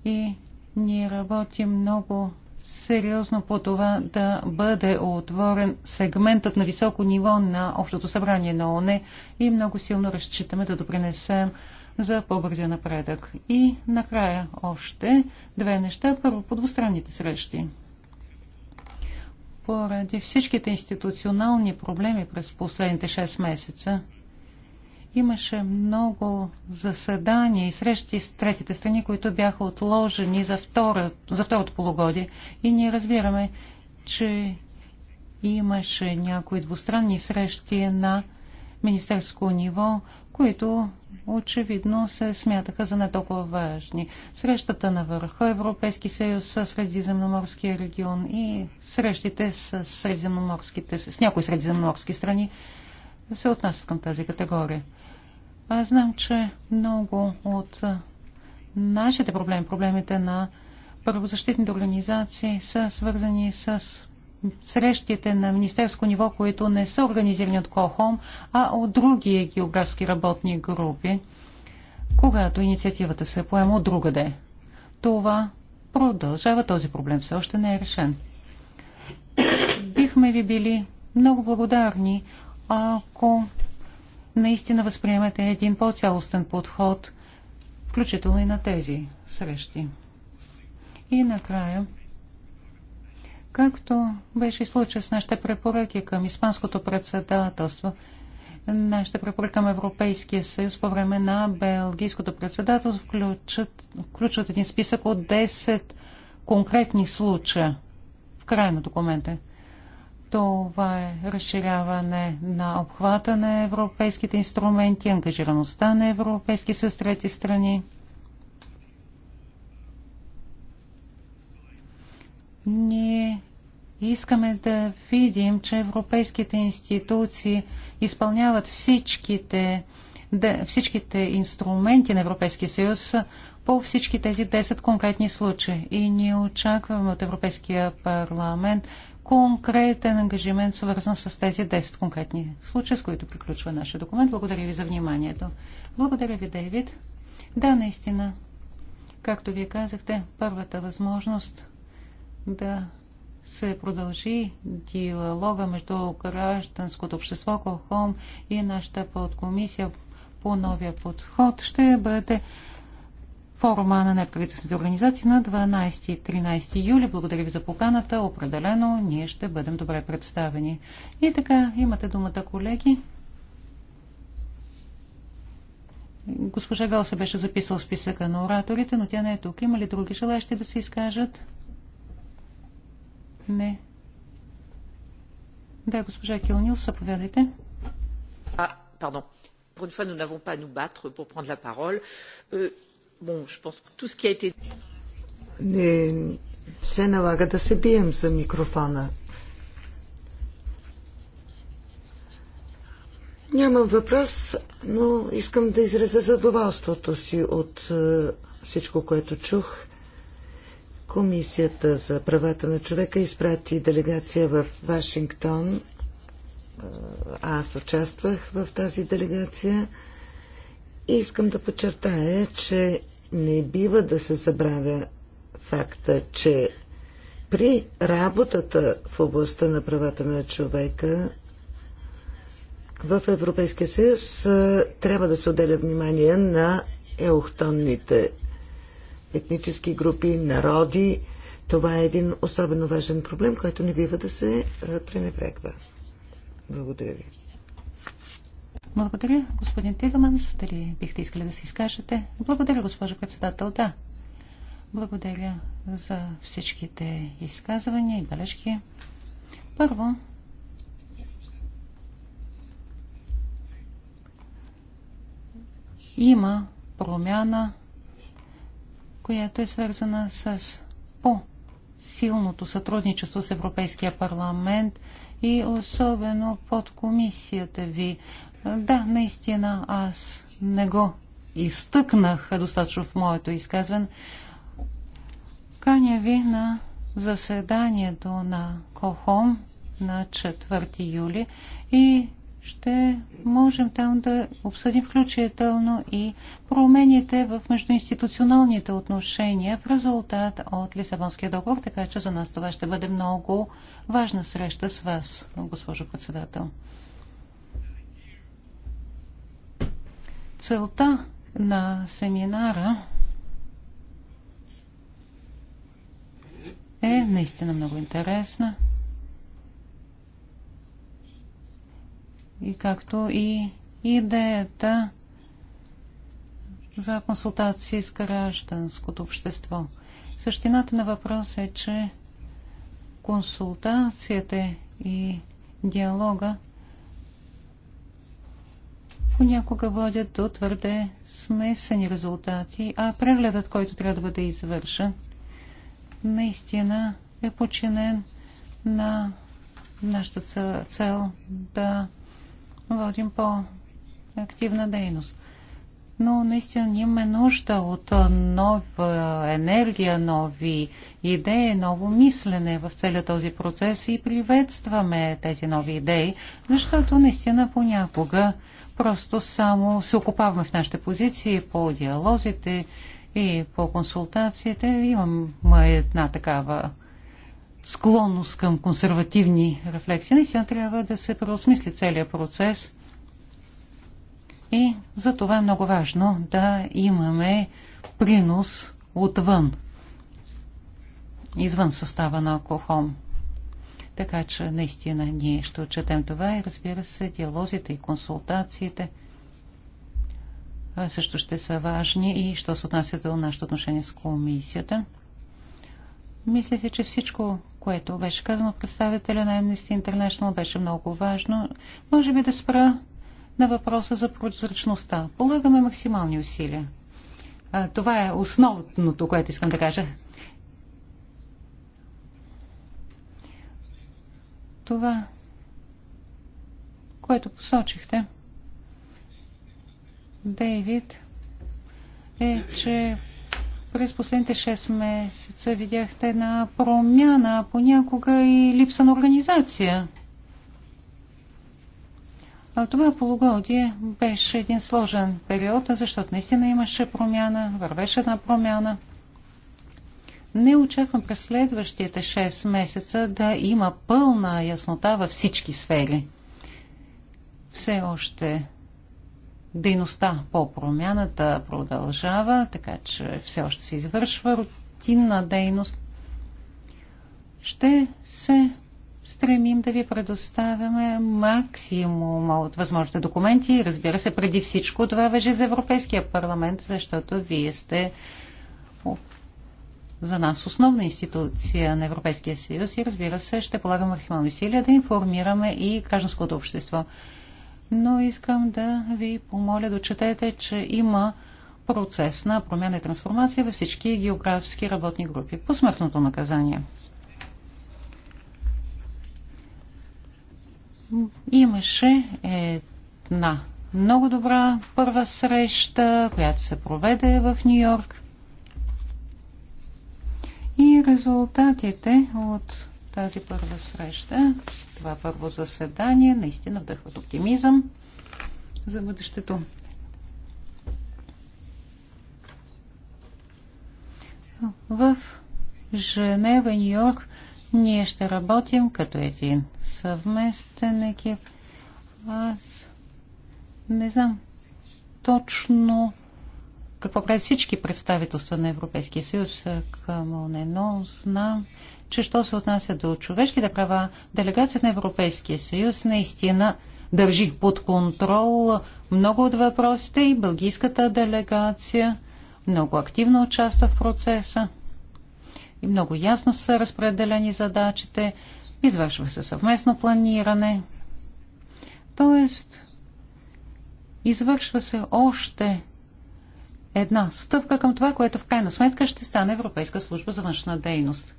и ние работим много сериозно по това да бъде отворен сегментът на високо ниво на Общото събрание на ОНЕ и много силно разчитаме да допринесем за по-бързия напредък. И накрая още две неща. Първо по двустранните срещи. Поради всичките институционални проблеми през последните 6 месеца, имаше много заседания и срещи с третите страни, които бяха отложени за, втора, за второто полугодие. И ние разбираме, че имаше някои двустранни срещи на министерско ниво, които очевидно се смятаха за не толкова важни. Срещата на върха Европейски съюз с Средиземноморския регион и срещите с, средиземноморските, с някои средиземноморски страни се отнасят към тази категория. Аз знам, че много от нашите проблеми, проблемите на правозащитните организации са свързани с срещите на министерско ниво, които не са организирани от КОХОМ, а от други географски работни групи, когато инициативата се поема от другаде. Това продължава, този проблем все още не е решен. Бихме ви били много благодарни, ако наистина възприемете един по-цялостен подход, включително и на тези срещи. И накрая Както беше случай с нашите препоръки към Испанското председателство, нашите препоръки към Европейския съюз по време на Белгийското председателство включат, включват един списък от 10 конкретни случая в края на документа. Това е разширяване на обхвата на европейските инструменти, ангажираността на Европейски съюз трети страни. Ние Искаме да видим, че европейските институции изпълняват всичките, да, всичките инструменти на Европейския съюз по всички тези 10 конкретни случаи. И ние очакваме от Европейския парламент конкретен ангажимент, свързан с тези 10 конкретни случаи, с които приключва нашия документ. Благодаря ви за вниманието. Благодаря ви, Дейвид. Да, наистина, както вие казахте, първата възможност да се продължи диалога между гражданското общество, КОХОМ и нашата подкомисия по новия подход ще бъде форума на неправителствените организации на 12 и 13 юли. Благодаря ви за поканата. Определено ние ще бъдем добре представени. И така, имате думата, колеги. Госпожа Гал се беше записал списъка на ораторите, но тя не е тук. Има ли други желащи да се изкажат? Не. Да, госпожа Килнил, съповядайте. А, пардон. Pour une fois, nous n'avons pas à nous battre pour prendre la parole. Euh, bon, je pense que tout ce qui a été... Не се налага да се бием за микрофона. Нямам въпрос, но искам да изразя задоволството си от е, всичко, което чух. Комисията за правата на човека изпрати делегация в Вашингтон. Аз участвах в тази делегация и искам да подчертая, че не бива да се забравя факта, че при работата в областта на правата на човека в Европейския съюз трябва да се отделя внимание на еохтонните етнически групи, народи. Това е един особено важен проблем, който не бива да се пренебрегва. Благодаря ви. Благодаря. Господин Тилманс, дали бихте искали да се изкажете? Благодаря, госпожо председател. Да. Благодаря за всичките изказвания и бележки. Първо, има промяна която е свързана с по-силното сътрудничество с Европейския парламент и особено под комисията ви. Да, наистина аз не го изтъкнах достатъчно в моето изказване. Каня ви на заседанието на КОХОМ на 4 юли и ще можем там да обсъдим включително и промените в междуинституционалните отношения в резултат от Лисабонския договор, така че за нас това ще бъде много важна среща с вас, госпожо председател. Целта на семинара е наистина много интересна – и както и идеята за консултации с гражданското общество. Същината на въпрос е, че консултацията и диалога понякога водят до твърде смесени резултати, а прегледът, който трябва да бъде извършен, наистина е починен на нашата цел да водим по-активна дейност. Но наистина имаме нужда от нова енергия, нови идеи, ново мислене в целия този процес и приветстваме тези нови идеи, защото наистина понякога просто само се окупаваме в нашите позиции по диалозите и по консултациите. Имам една такава склонност към консервативни рефлексии. Наистина трябва да се преосмисли целият процес и за това е много важно да имаме принос отвън, извън състава на алкохол. Така че наистина ние ще отчетем това и разбира се, диалозите и консултациите също ще са важни и що се отнася до нашето отношение с комисията – Мислите, че всичко, което беше казано от представителя на Amnesty International, беше много важно. Може би да спра на въпроса за прозрачността. Полагаме максимални усилия. А, това е основното, което искам да кажа. Това, което посочихте, Дейвид, е, че през последните 6 месеца видяхте една промяна, понякога и липса на организация. А това полугодие беше един сложен период, защото наистина имаше промяна, вървеше една промяна. Не очаквам през следващите 6 месеца да има пълна яснота във всички сфери. Все още Дейността по промяната продължава, така че все още се извършва рутинна дейност. Ще се стремим да ви предоставяме максимума от възможните документи. Разбира се, преди всичко това въжи за Европейския парламент, защото вие сте за нас основна институция на Европейския съюз и разбира се, ще полагам максимални усилия да информираме и гражданското общество но искам да ви помоля да четете, че има процес на промяна и трансформация във всички географски работни групи по смъртното наказание. Имаше една много добра първа среща, която се проведе в Нью Йорк. И резултатите от тази първа среща, това първо заседание. Наистина вдъхват оптимизъм за бъдещето. В Женева Нью-Йорк ние ще работим като един съвместен екип. Аз не знам точно какво правят всички представителства на Европейския съюз към ОНЕ, но знам, че що се отнася до човешките права, делегацията на Европейския съюз наистина държи под контрол много от въпросите и бългийската делегация много активно участва в процеса и много ясно са разпределени задачите, извършва се съвместно планиране. Тоест, извършва се още една стъпка към това, което в крайна сметка ще стане Европейска служба за външна дейност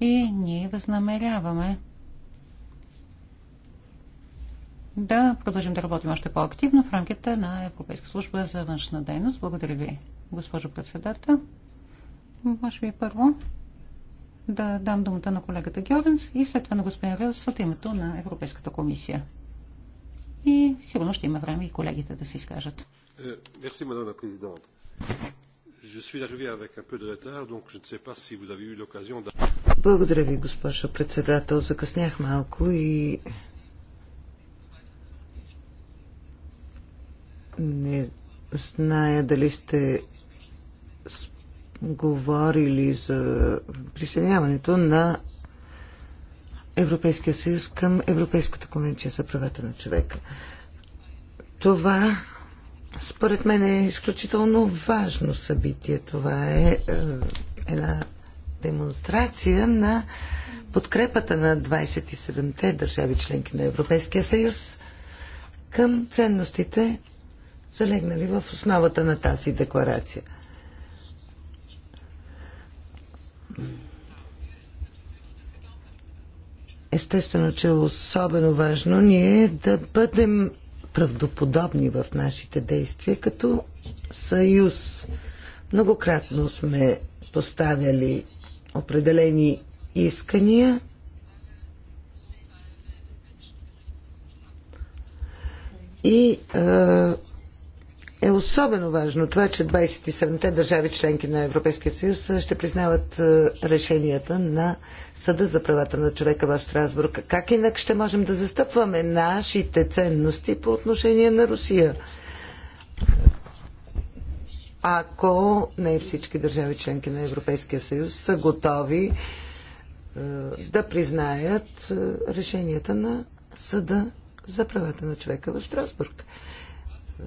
и ние възнамеряваме да продължим да работим още по-активно в рамките на Европейска служба за външна дейност. Благодаря ви, госпожо председател. Може би първо да дам думата на колегата Георгенс и след това на господин Рилс от името на Европейската комисия. И сигурно ще има време и колегите да се изкажат. Е, мерси, мадам президент. Je suis arrivé avec un peu de retard, donc je ne sais pas si vous avez eu l'occasion благодаря ви, госпожо председател. Закъснях малко и не зная дали сте говорили за присъединяването на Европейския съюз към Европейската конвенция за правата на човека. Това, според мен, е изключително важно събитие. Това е, е една демонстрация на подкрепата на 27-те държави членки на Европейския съюз към ценностите, залегнали в основата на тази декларация. Естествено, че е особено важно ние да бъдем правдоподобни в нашите действия като съюз. Многократно сме поставяли определени искания. И е особено важно това, че 27-те държави членки на Европейския съюз ще признават решенията на Съда за правата на човека в Страсбург. Как инак ще можем да застъпваме нашите ценности по отношение на Русия? ако не всички държави членки на Европейския съюз са готови е, да признаят е, решенията на Съда за правата на човека в Страсбург. Е,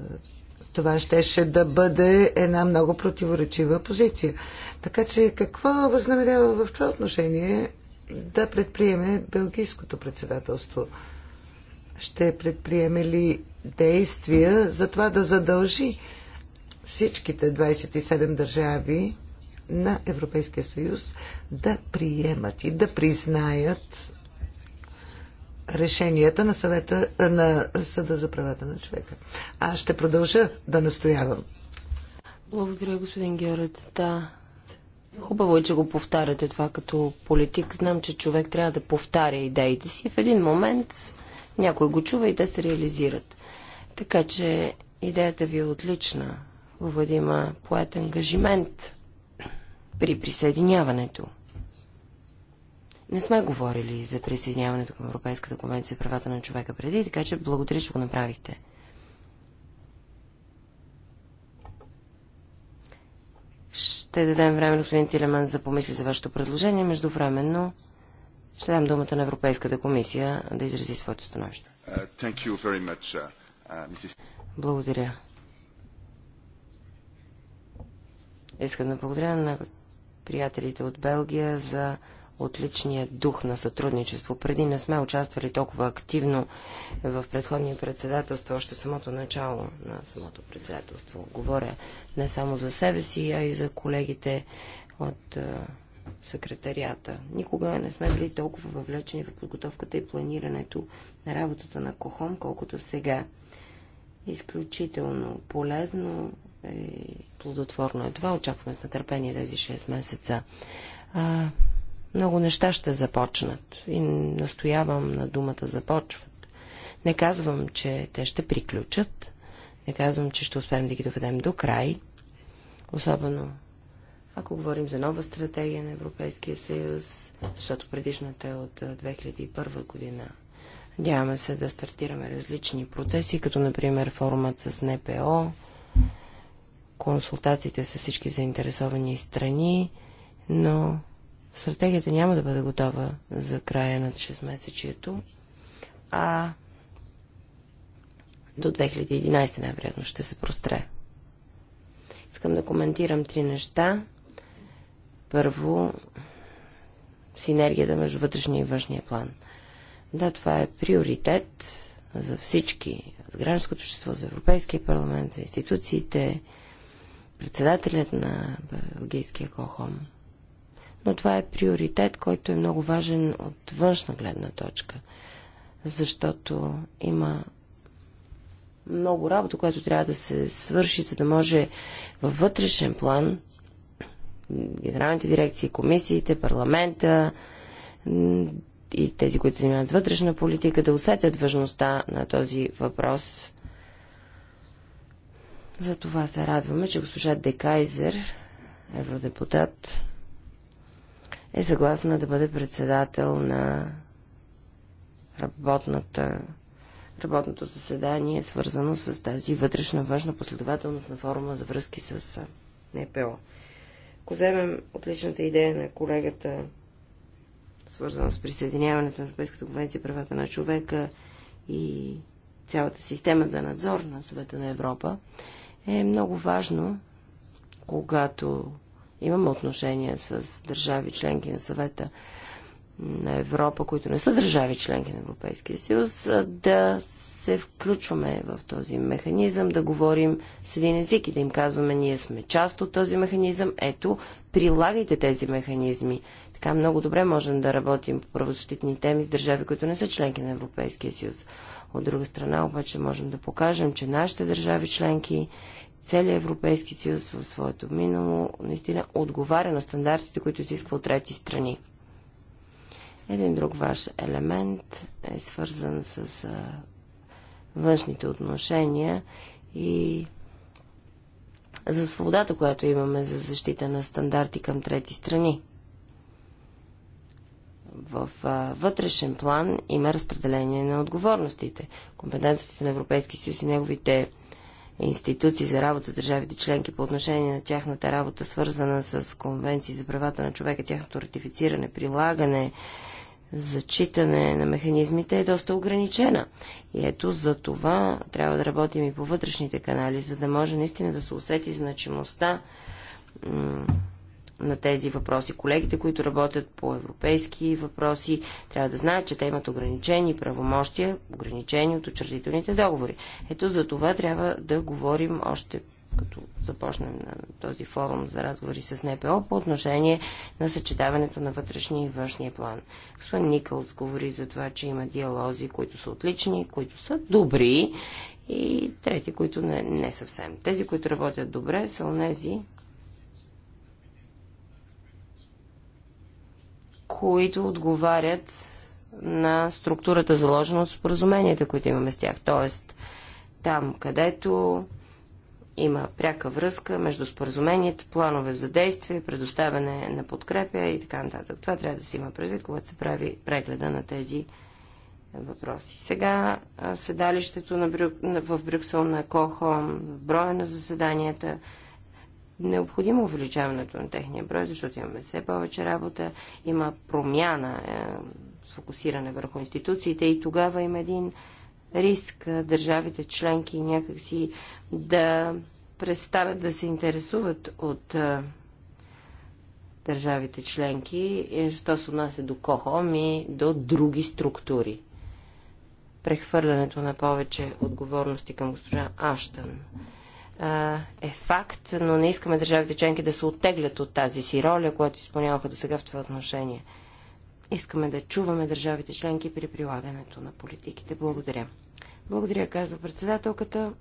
това щеше да бъде една много противоречива позиция. Така че какво възнамерява в това отношение да предприеме Белгийското председателство? Ще предприеме ли действия за това да задължи всичките 27 държави на Европейския съюз да приемат и да признаят решенията на, съвета, на Съда за правата на човека. Аз ще продължа да настоявам. Благодаря, господин Георет. Да. Хубаво е, че го повтаряте това като политик. Знам, че човек трябва да повтаря идеите си. В един момент някой го чува и те се реализират. Така че идеята ви е отлична. Увод има поет ангажимент при присъединяването. Не сме говорили за присъединяването към Европейската конвенция за правата на човека преди, така че благодаря, че го направихте. Ще дадем време, на господин Тилеман, за да помисли за вашето предложение. Междувременно ще дам думата на Европейската комисия да изрази своето становище. Uh, uh, uh, благодаря, Искам да благодаря на приятелите от Белгия за отличния дух на сътрудничество. Преди не сме участвали толкова активно в предходния председателство, още самото начало на самото председателство. Говоря не само за себе си, а и за колегите от е, секретарията. Никога не сме били толкова въвлечени в подготовката и планирането на работата на Кохом, колкото сега. Изключително полезно, е, плодотворно е това. Очакваме с нетърпение тези 6 месеца. А, много неща ще започнат и настоявам на думата започват. Не казвам, че те ще приключат. Не казвам, че ще успеем да ги доведем до край. Особено ако говорим за нова стратегия на Европейския съюз, защото предишната е от 2001 година. Надяваме се да стартираме различни процеси, като например форумът с НПО, консултациите с всички заинтересовани страни, но стратегията няма да бъде готова за края на 6-месечието, а до 2011 най-вероятно ще се простре. Искам да коментирам три неща. Първо, синергията между вътрешния и външния план. Да, това е приоритет за всички, за гражданското общество, за Европейския парламент, за институциите, председателят на Белгийския Кохом. Но това е приоритет, който е много важен от външна гледна точка, защото има много работа, която трябва да се свърши, за да може във вътрешен план генералните дирекции, комисиите, парламента и тези, които се занимават с вътрешна политика, да усетят важността на този въпрос за това се радваме, че госпожа Декайзер, евродепутат, е съгласна да бъде председател на работната, работното заседание, свързано с тази вътрешна важна последователност на форума за връзки с НПО. Ако вземем отличната идея на колегата, свързана с присъединяването на Европейската конвенция правата на човека и цялата система за надзор на Съвета на Европа, е много важно, когато имаме отношения с държави членки на съвета на Европа, които не са държави членки на Европейския съюз, да се включваме в този механизъм, да говорим с един език и да им казваме, ние сме част от този механизъм, ето, прилагайте тези механизми. Така много добре можем да работим по правозащитни теми с държави, които не са членки на Европейския съюз. От друга страна обаче можем да покажем, че нашите държави членки, целият Европейски съюз в своето минало, наистина отговаря на стандартите, които изисква от трети страни. Един друг ваш елемент е свързан с външните отношения и за свободата, която имаме за защита на стандарти към трети страни в вътрешен план има разпределение на отговорностите. Компетентностите на Европейския съюз и неговите институции за работа с държавите членки по отношение на тяхната работа, свързана с конвенции за правата на човека, тяхното ратифициране, прилагане, зачитане на механизмите е доста ограничена. И ето за това трябва да работим и по вътрешните канали, за да може наистина да се усети значимостта на тези въпроси. Колегите, които работят по европейски въпроси, трябва да знаят, че те имат ограничени правомощия, ограничени от учредителните договори. Ето за това трябва да говорим още като започнем на този форум за разговори с НПО по отношение на съчетаването на вътрешния и външния план. Господин Никълс говори за това, че има диалози, които са отлични, които са добри и трети, които не, не съвсем. Тези, които работят добре, са онези, които отговарят на структурата заложена от споразуменията, които имаме с тях. Тоест, там, където има пряка връзка между споразумението, планове за действие, предоставяне на подкрепя и така нататък. Това трябва да се има предвид, когато се прави прегледа на тези въпроси. Сега седалището на Брю... в Брюксел на Кохом, броя на заседанията, необходимо увеличаването на техния брой, защото имаме все повече работа, има промяна, е, върху институциите и тогава има един риск е, държавите членки някакси да престанат да се интересуват от е, държавите членки, е, що се отнася до КОХОМ и до други структури. Прехвърлянето на повече отговорности към госпожа Аштън е факт, но не искаме държавите членки да се оттеглят от тази си роля, която изпълняваха до сега в това отношение. Искаме да чуваме държавите членки при прилагането на политиките. Благодаря. Благодаря, казва председателката.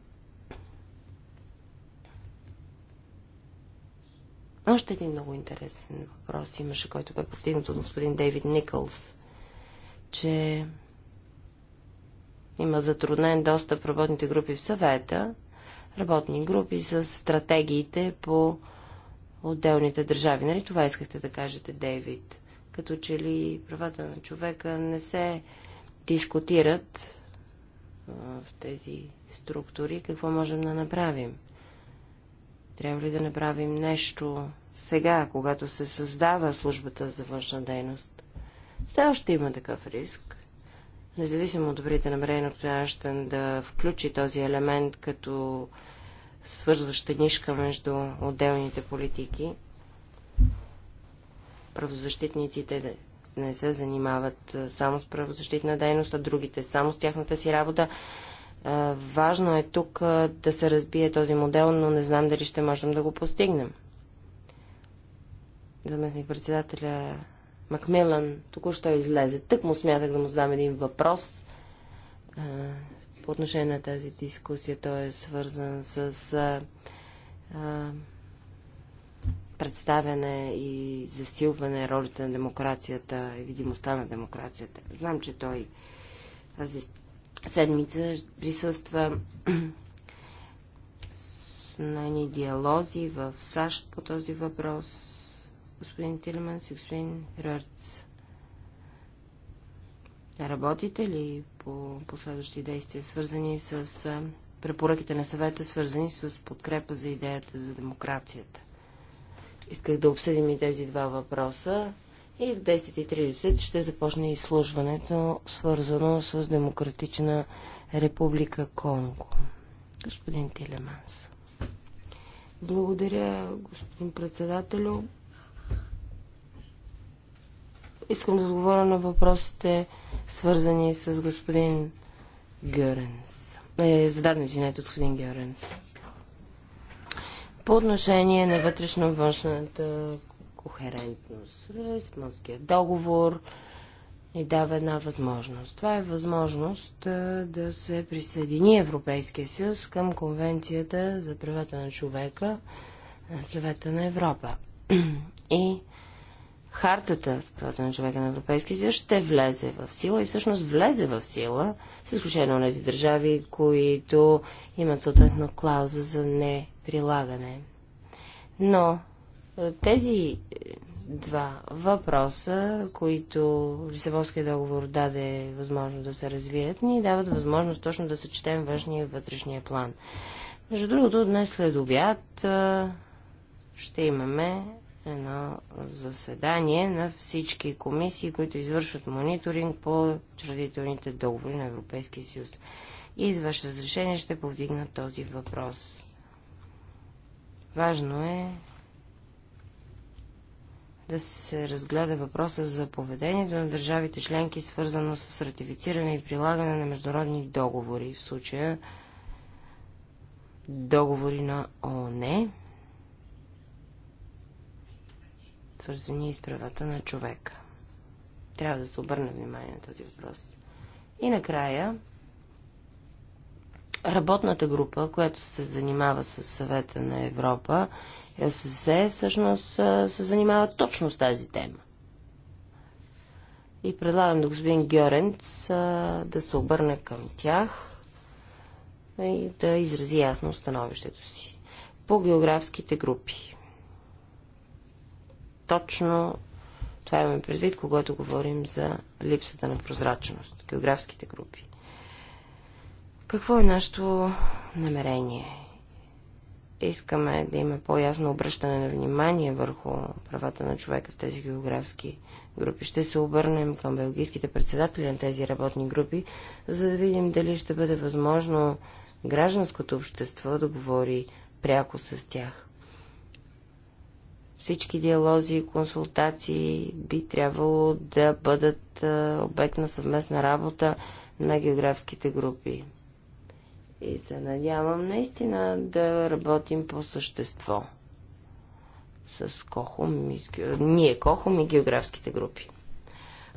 Още един много интересен въпрос имаше, който бе повдигнат от господин Дейвид Никълс, че има затруднен достъп работните групи в съвета работни групи с стратегиите по отделните държави. Нали това искахте да кажете, Дейвид? Като че ли правата на човека не се дискутират в тези структури, какво можем да направим? Трябва ли да направим нещо сега, когато се създава службата за външна дейност? Все още има такъв риск. Независимо от добрите намерения на господин да включи този елемент като свързваща нишка между отделните политики, правозащитниците не се занимават само с правозащитна дейност, а другите само с тяхната си работа. Важно е тук да се разбие този модел, но не знам дали ще можем да го постигнем. Заместник председателя Макмелан току-що излезе. Тък му смятах да му задам един въпрос а, по отношение на тази дискусия. Той е свързан с а, а, представяне и засилване ролите на демокрацията и видимостта на демокрацията. Знам, че той тази седмица присъства [clears throat] на едни диалози в САЩ по този въпрос господин Тилеманс и господин Рърц. Работите ли по последващи действия, свързани с препоръките на съвета, свързани с подкрепа за идеята за демокрацията? Исках да обсъдим и тези два въпроса. И в 10.30 ще започне изслужването, свързано с Демократична република Конго. Господин Телеманс. Благодаря, господин председателю. Искам да отговоря на въпросите, свързани с господин Гюренс. Е, зададен, извинете, от господин Гюренс. По отношение на вътрешно-външната кохерентност, Лисмонския е, договор ни дава една възможност. Това е възможност е, да се присъедини Европейския съюз към Конвенцията за правата на човека на Съвета на Европа. [clears throat] И хартата с правата на човека на Европейския съюз ще влезе в сила и всъщност влезе в сила, с изключение на тези държави, които имат съответно клауза за неприлагане. Но е, тези е, два въпроса, които Лисабонския договор даде възможност да се развият, ни дават възможност точно да съчетем външния и вътрешния план. Между другото, днес след обяд е, ще имаме едно заседание на всички комисии, които извършват мониторинг по чредителните договори на Европейския съюз. И с ваше разрешение ще повдигна този въпрос. Важно е да се разгледа въпроса за поведението на държавите членки, свързано с ратифициране и прилагане на международни договори, в случая договори на ООН свързани с правата на човека. Трябва да се обърне внимание на този въпрос. И накрая, работната група, която се занимава с съвета на Европа, СССР е, всъщност се занимава точно с тази тема. И предлагам да господин Гьоренц да се обърне към тях и да изрази ясно становището си. По географските групи точно това имаме предвид, когато говорим за липсата на прозрачност, географските групи. Какво е нашето намерение? Искаме да има по-ясно обръщане на внимание върху правата на човека в тези географски групи. Ще се обърнем към белгийските председатели на тези работни групи, за да видим дали ще бъде възможно гражданското общество да говори пряко с тях. Всички диалози и консултации би трябвало да бъдат е, обект на съвместна работа на географските групи. И се надявам наистина да работим по същество с Кохум и, ние Кохум и географските групи.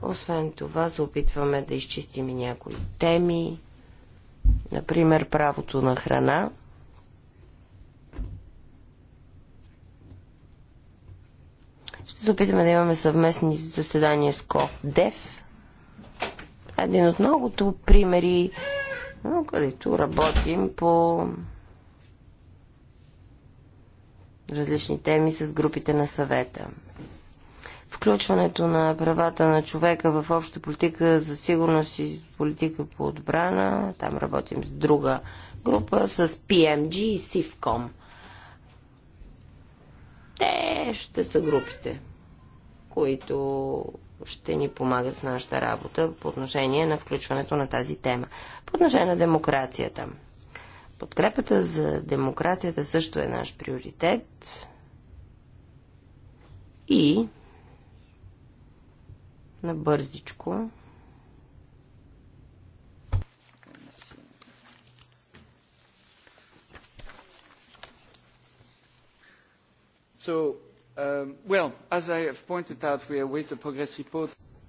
Освен това, се опитваме да изчистим и някои теми, например правото на храна – Ще се опитаме да имаме съвместни заседания с КОДЕВ. Един от многото примери, където работим по различни теми с групите на съвета. Включването на правата на човека в обща политика за сигурност и политика по отбрана, там работим с друга група, с PMG и SIFCOM. Те ще са групите, които ще ни помагат в нашата работа по отношение на включването на тази тема. По отношение на демокрацията. Подкрепата за демокрацията също е наш приоритет. И на бързичко Um,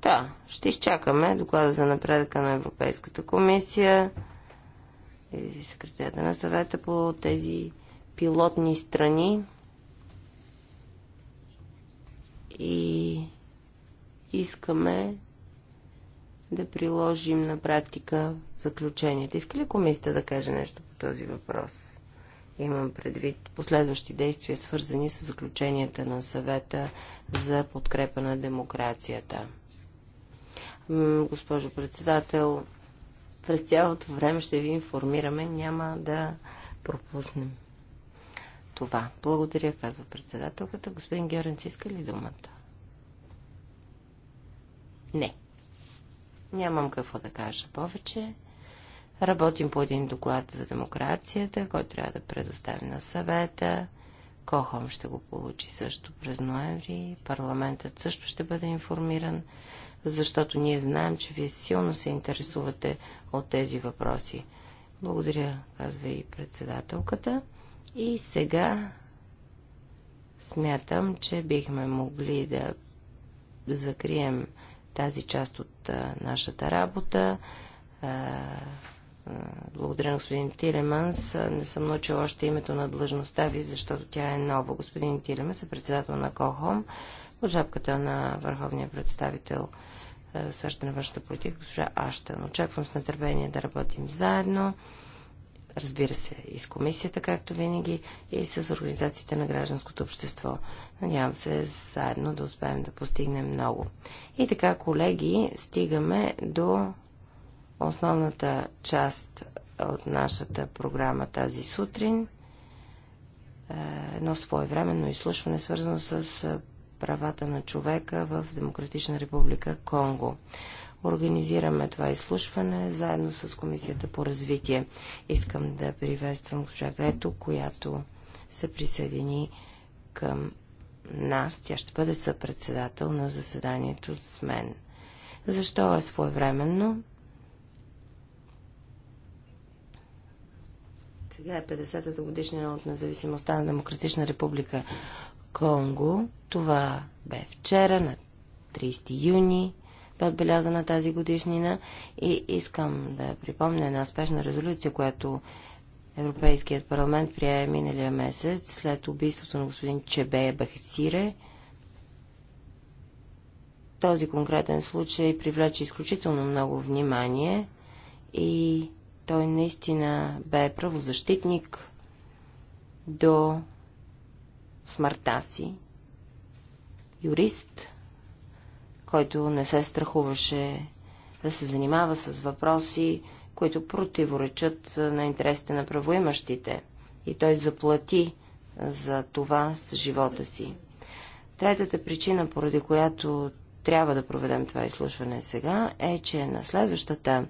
да, ще изчакаме доклада за напредъка на Европейската комисия и секретарята на съвета по тези пилотни страни. И искаме да приложим на практика заключенията. Иска ли комисията да каже нещо по този въпрос? Имам предвид последващи действия, свързани с заключенията на съвета за подкрепа на демокрацията. Госпожо председател, през цялото време ще ви информираме, няма да пропуснем това. Благодаря, казва председателката. Господин Георенц, иска ли думата? Не. Нямам какво да кажа повече. Работим по един доклад за демокрацията, който трябва да предостави на съвета. Кохом ще го получи също през ноември. Парламентът също ще бъде информиран, защото ние знаем, че вие силно се интересувате от тези въпроси. Благодаря, казва и председателката. И сега смятам, че бихме могли да закрием тази част от а, нашата работа. А, благодаря на господин Тилеманс. Не съм научила още името на длъжността ви, защото тя е нова. Господин Тилеманс е председател на КОХОМ от жабката на върховния представител е, в сферата на външната политика, госпожа Аштен. Очаквам с нетърпение да работим заедно, разбира се, и с комисията, както винаги, и с организациите на гражданското общество. Надявам се заедно да успеем да постигнем много. И така, колеги, стигаме до Основната част от нашата програма тази сутрин е, едно своевременно изслушване, свързано с е, правата на човека в Демократична република Конго. Организираме това изслушване заедно с Комисията по развитие. Искам да приветствам госпожа Грето, която се присъедини към нас. Тя ще бъде съпредседател на заседанието с мен. Защо е своевременно? Сега е 50-та годишнина от независимостта на Демократична република Конго. Това бе вчера, на 30 юни бе отбелязана тази годишнина и искам да припомня една спешна резолюция, която Европейският парламент прие миналия месец след убийството на господин Чебея Бахсире. Този конкретен случай привлече изключително много внимание и той наистина бе правозащитник до смъртта си. Юрист, който не се страхуваше да се занимава с въпроси, които противоречат на интересите на правоимащите. И той заплати за това с живота си. Третата причина, поради която трябва да проведем това изслушване сега, е, че на следващата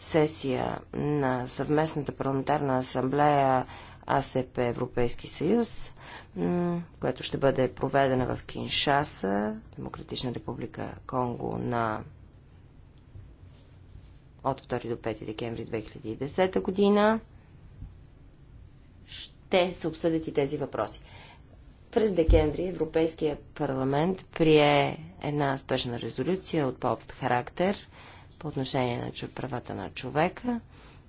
сесия на съвместната парламентарна асамблея АСП Европейски съюз, която ще бъде проведена в Киншаса, Демократична република Конго на от 2 до 5 декември 2010 година. Ще се обсъдят и тези въпроси. През декември Европейския парламент прие една спешна резолюция от по-общ характер – по отношение на правата на човека.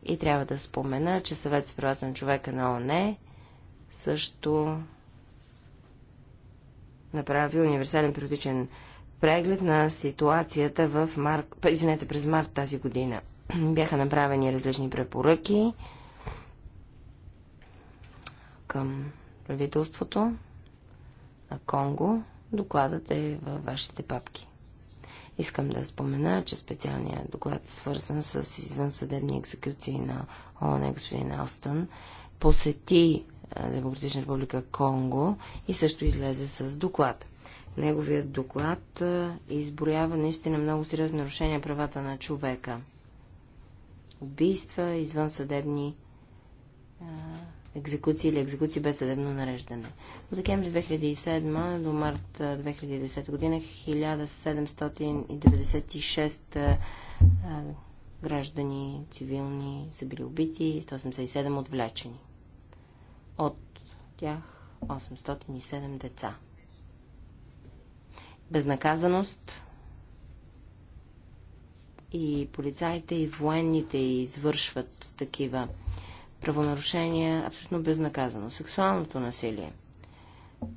И трябва да спомена, че съвет с правата на човека на ОНЕ също направи универсален периодичен преглед на ситуацията в март, извинете, през март тази година. [clears throat] Бяха направени различни препоръки към правителството на Конго. Докладът е във вашите папки. Искам да спомена, че специалният доклад, свързан с извънсъдебни екзекуции на ООН, господин Алстън, посети е, Демократична република Конго и също излезе с доклад. Неговият доклад е, изброява наистина много сериозни нарушения правата на човека. Убийства, извънсъдебни е, екзекуции или екзекуции без съдебно нареждане. От декември 2007 до март 2010 година 1796 граждани цивилни са били убити 187 отвлечени. От тях 807 деца. Безнаказаност и полицаите и военните извършват такива правонарушения абсолютно безнаказано. Сексуалното насилие,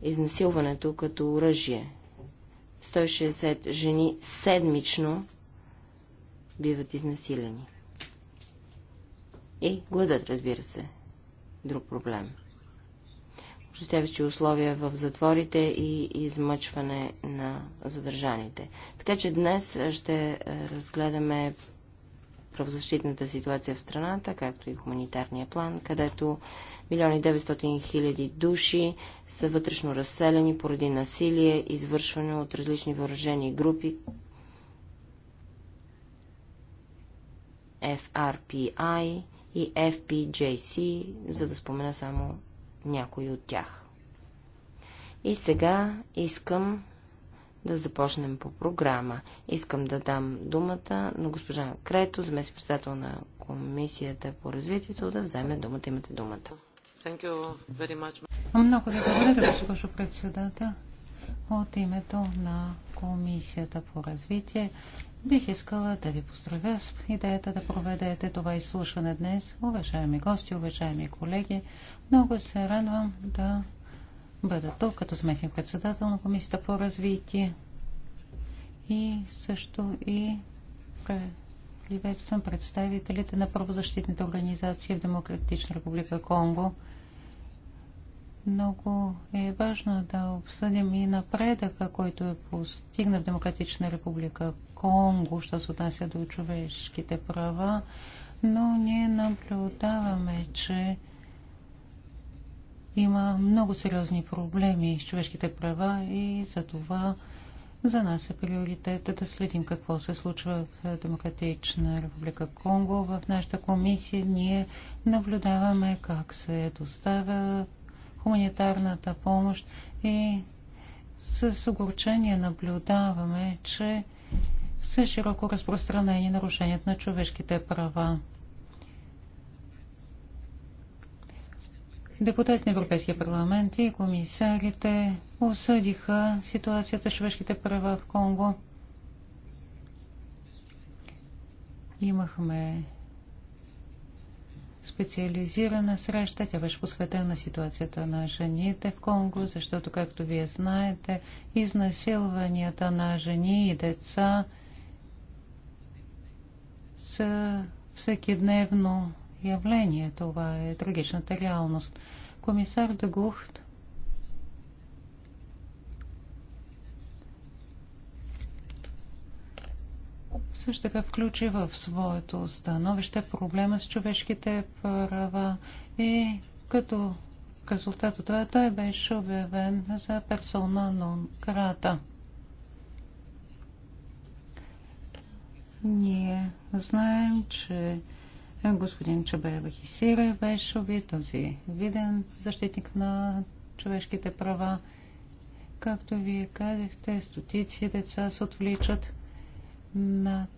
изнасилването като оръжие. 160 жени седмично биват изнасилени. И гладът, разбира се, друг проблем. Ощестяващи условия в затворите и измъчване на задържаните. Така че днес ще е, разгледаме правозащитната ситуация в страната, както и хуманитарния план, където милиони 900 хиляди души са вътрешно разселени поради насилие, извършване от различни въоръжени групи, FRPI и FPJC, за да спомена само някои от тях. И сега искам да започнем по програма. Искам да дам думата на госпожа Крето, заместник председател на Комисията по развитието, да вземе думата. Имате думата. Много ви благодаря, госпожо председател. От името на Комисията по развитие бих искала да ви поздравя с идеята да проведете това изслушване днес. Уважаеми гости, уважаеми колеги, много се радвам да бъда тук като заместник председател на Комисията по развитие и също и приветствам представителите на правозащитните организации в Демократична република Конго. Много е важно да обсъдим и напредъка, който е постигна в Демократична република Конго, що се отнася до човешките права, но ние наблюдаваме, че има много сериозни проблеми с човешките права и за това за нас е приоритет да следим какво се случва в Демократична република Конго. В нашата комисия ние наблюдаваме как се доставя хуманитарната помощ и с огорчение наблюдаваме, че са широко разпространени нарушенията на човешките права. Депутатите на Европейския парламент и комисарите осъдиха ситуацията с човешките права в Конго. Имахме специализирана среща. Тя беше посветена на ситуацията на жените в Конго, защото, както вие знаете, изнасилванията на жени и деца са всекидневно явление. Това е трагичната реалност. Комисар Дегухт също така включи в своето становище проблема с човешките права и като резултат от това той беше обявен за персона нон крата. Ние знаем, че Господин Чабева Хисире беше този виден защитник на човешките права. Както вие казахте, стотици деца се отвличат над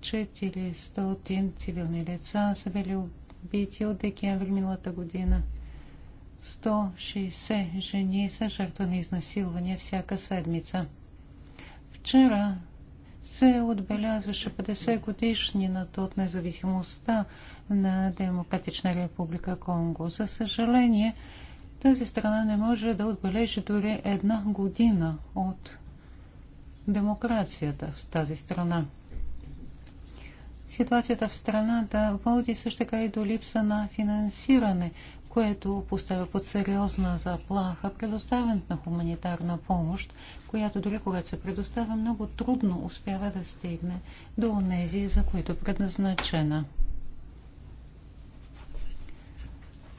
400 цивилни лица са били убити от декември миналата година. 160 жени са жертва на изнасилвания всяка седмица. Вчера се отбелязваше 50 годишнината от независимостта на Демократична република Конго. За съжаление, тази страна не може да отбележи дори една година от демокрацията в тази страна. Ситуацията в страната води също така и до липса на финансиране което поставя под сериозна заплаха предоставянето на хуманитарна помощ, която дори когато се предоставя много трудно успява да стигне до онези, за които е предназначена.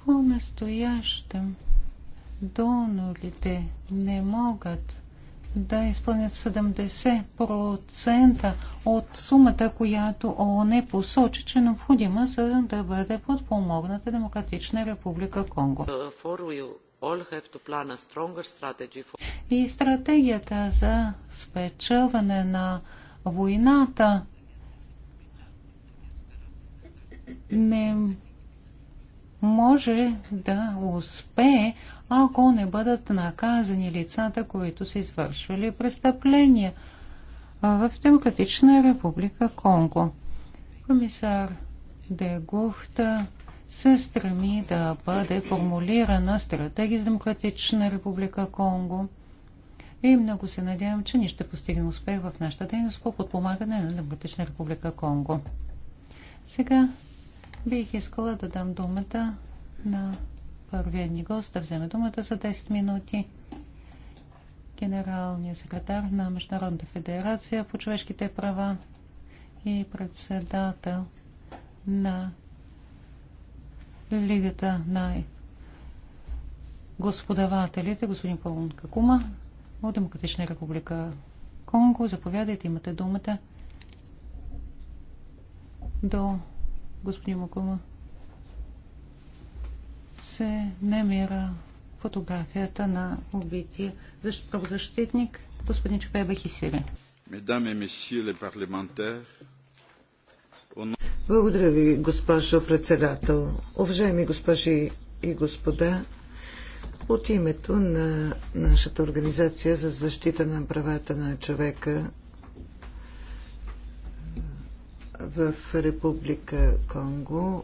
По-настоящем донорите не могат да изпълнят 70% от сумата, която ООН е посочи, че е необходима, за да бъде подпомогната Демократична република Конго. И стратегията за спечелване на войната не може да успее, ако не бъдат наказани лицата, които са извършвали престъпления в Демократична република Конго. Комисар Дегухта се стреми да бъде формулирана стратегия за Демократична република Конго и много се надявам, че ние ще постигнем успех в нашата дейност по подпомагане на Демократична република Конго. Сега бих искала да дам думата на първия ни гост да вземе думата за 10 минути. Генералният секретар на Международната федерация по човешките права и председател на Лигата на господавателите, господин Пълн Какума от Демократична република Конго. Заповядайте, имате думата до господин Макума се намира фотографията на убития правозащитник господин Чапеба Хисири. Благодаря ви, госпожо председател. Уважаеми госпожи и господа, от името на нашата организация за защита на правата на човека в Република Конго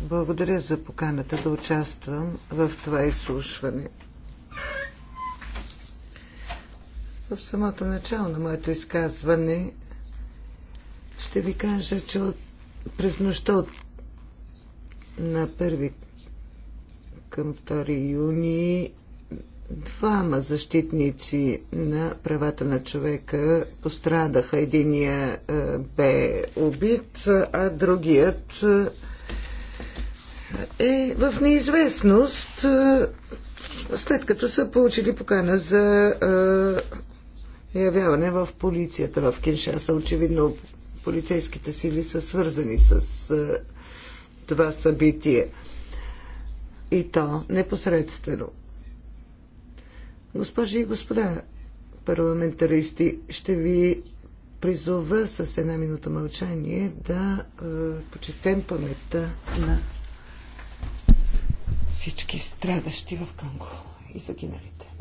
благодаря за поканата да участвам в това изслушване. В самото начало на моето изказване ще ви кажа, че от, през нощта от, на 1 към 2 юни двама защитници на правата на човека пострадаха. Единия е, бе убит, а другият е, е в неизвестност, е, след като са получили покана за е, явяване в полицията в Киншаса. Очевидно полицейските сили са свързани с е, това събитие. И то непосредствено. Госпожи и господа парламентаристи, ще ви призова с една минута мълчание да е, почетем паметта на всички страдащи в Канго и загиналите.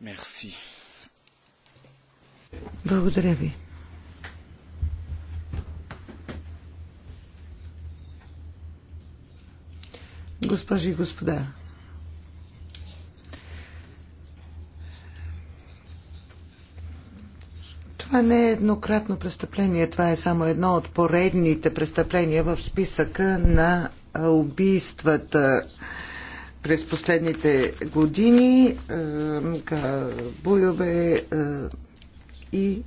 Мерси. Благодаря ви. Госпожи и господа, Това не е еднократно престъпление, това е само едно от поредните престъпления в списъка на убийствата през последните години. Буйове и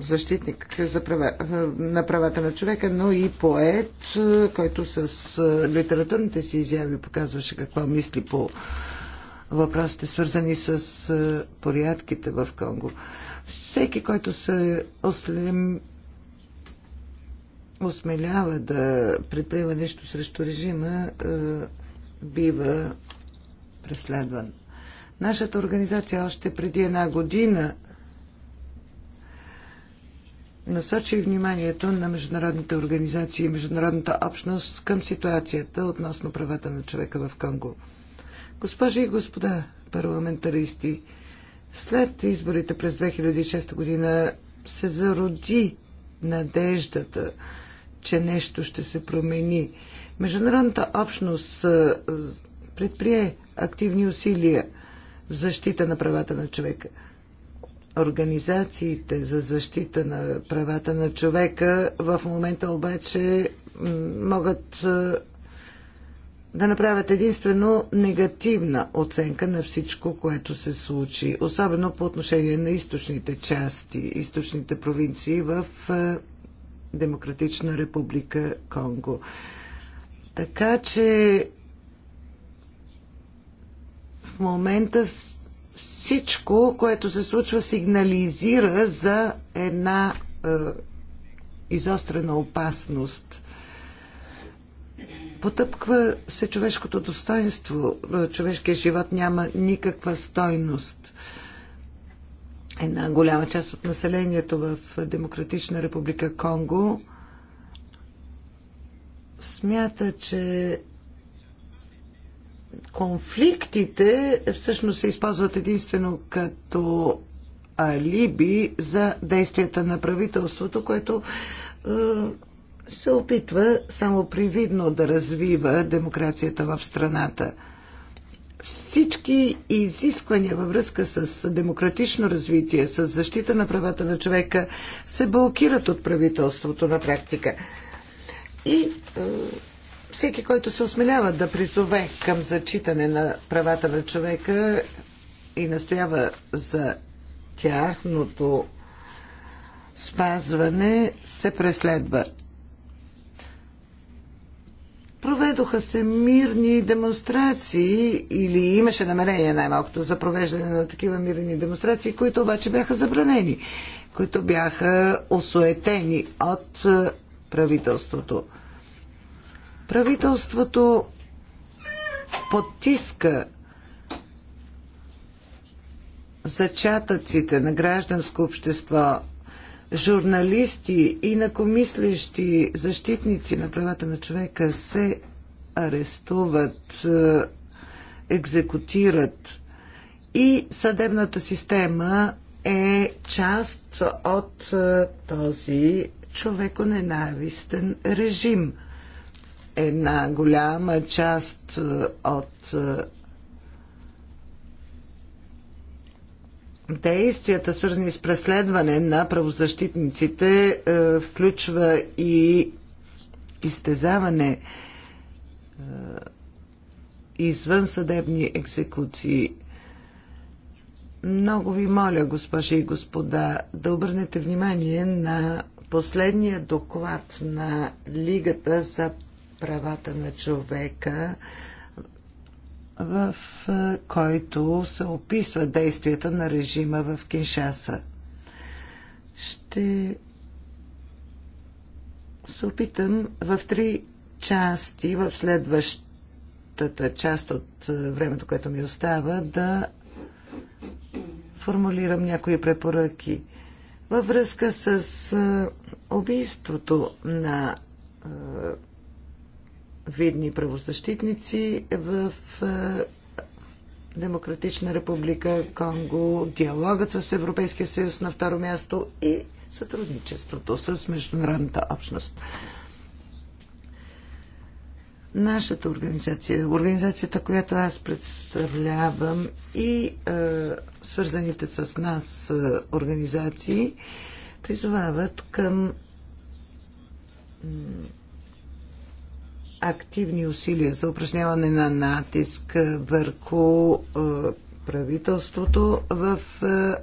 защитник за права, на правата на човека, но и поет, който с литературните си изяви показваше какво мисли по въпросите, свързани с порядките в Конго. Всеки, който се ослем осмелява да предприема нещо срещу режима, бива преследван. Нашата организация още преди една година насочи вниманието на международните организации и международната общност към ситуацията относно правата на човека в Конго. Госпожи и господа парламентаристи, след изборите през 2006 година се зароди надеждата, че нещо ще се промени. Международната общност предприе активни усилия в защита на правата на човека. Организациите за защита на правата на човека в момента обаче могат да направят единствено негативна оценка на всичко, което се случи, особено по отношение на източните части, източните провинции в е, Демократична република Конго. Така че в момента всичко, което се случва, сигнализира за една е, изострена опасност – Потъпква се човешкото достоинство. Е, човешкият живот няма никаква стойност. Една голяма част от населението в Демократична република Конго смята, че конфликтите всъщност се използват единствено като алиби за действията на правителството, което е, се опитва само привидно да развива демокрацията в страната. Всички изисквания във връзка с демократично развитие, с защита на правата на човека се блокират от правителството на практика. И е, всеки, който се осмелява да призове към зачитане на правата на човека и настоява за тяхното спазване, се преследва. Проведоха се мирни демонстрации или имаше намерение най-малкото за провеждане на такива мирни демонстрации, които обаче бяха забранени, които бяха осуетени от е, правителството. Правителството потиска зачатъците на гражданско общество журналисти, инакомислещи, защитници на правата на човека се арестуват, е, екзекутират и съдебната система е част от е, този човеконенавистен режим. Една голяма част е, от действията, свързани с преследване на правозащитниците, е, включва и изтезаване е, извън съдебни екзекуции. Много ви моля, госпожи и господа, да обърнете внимание на последния доклад на Лигата за правата на човека в който се описва действията на режима в Киншаса. Ще се опитам в три части, в следващата част от времето, което ми остава, да формулирам някои препоръки. Във връзка с убийството на видни правозащитници в е, Демократична република Конго, диалогът с Европейския съюз на второ място и сътрудничеството с международната общност. Нашата организация, организацията, която аз представлявам и е, свързаните с нас е, организации, призовават към активни усилия за упражняване на натиск върху е, правителството в е,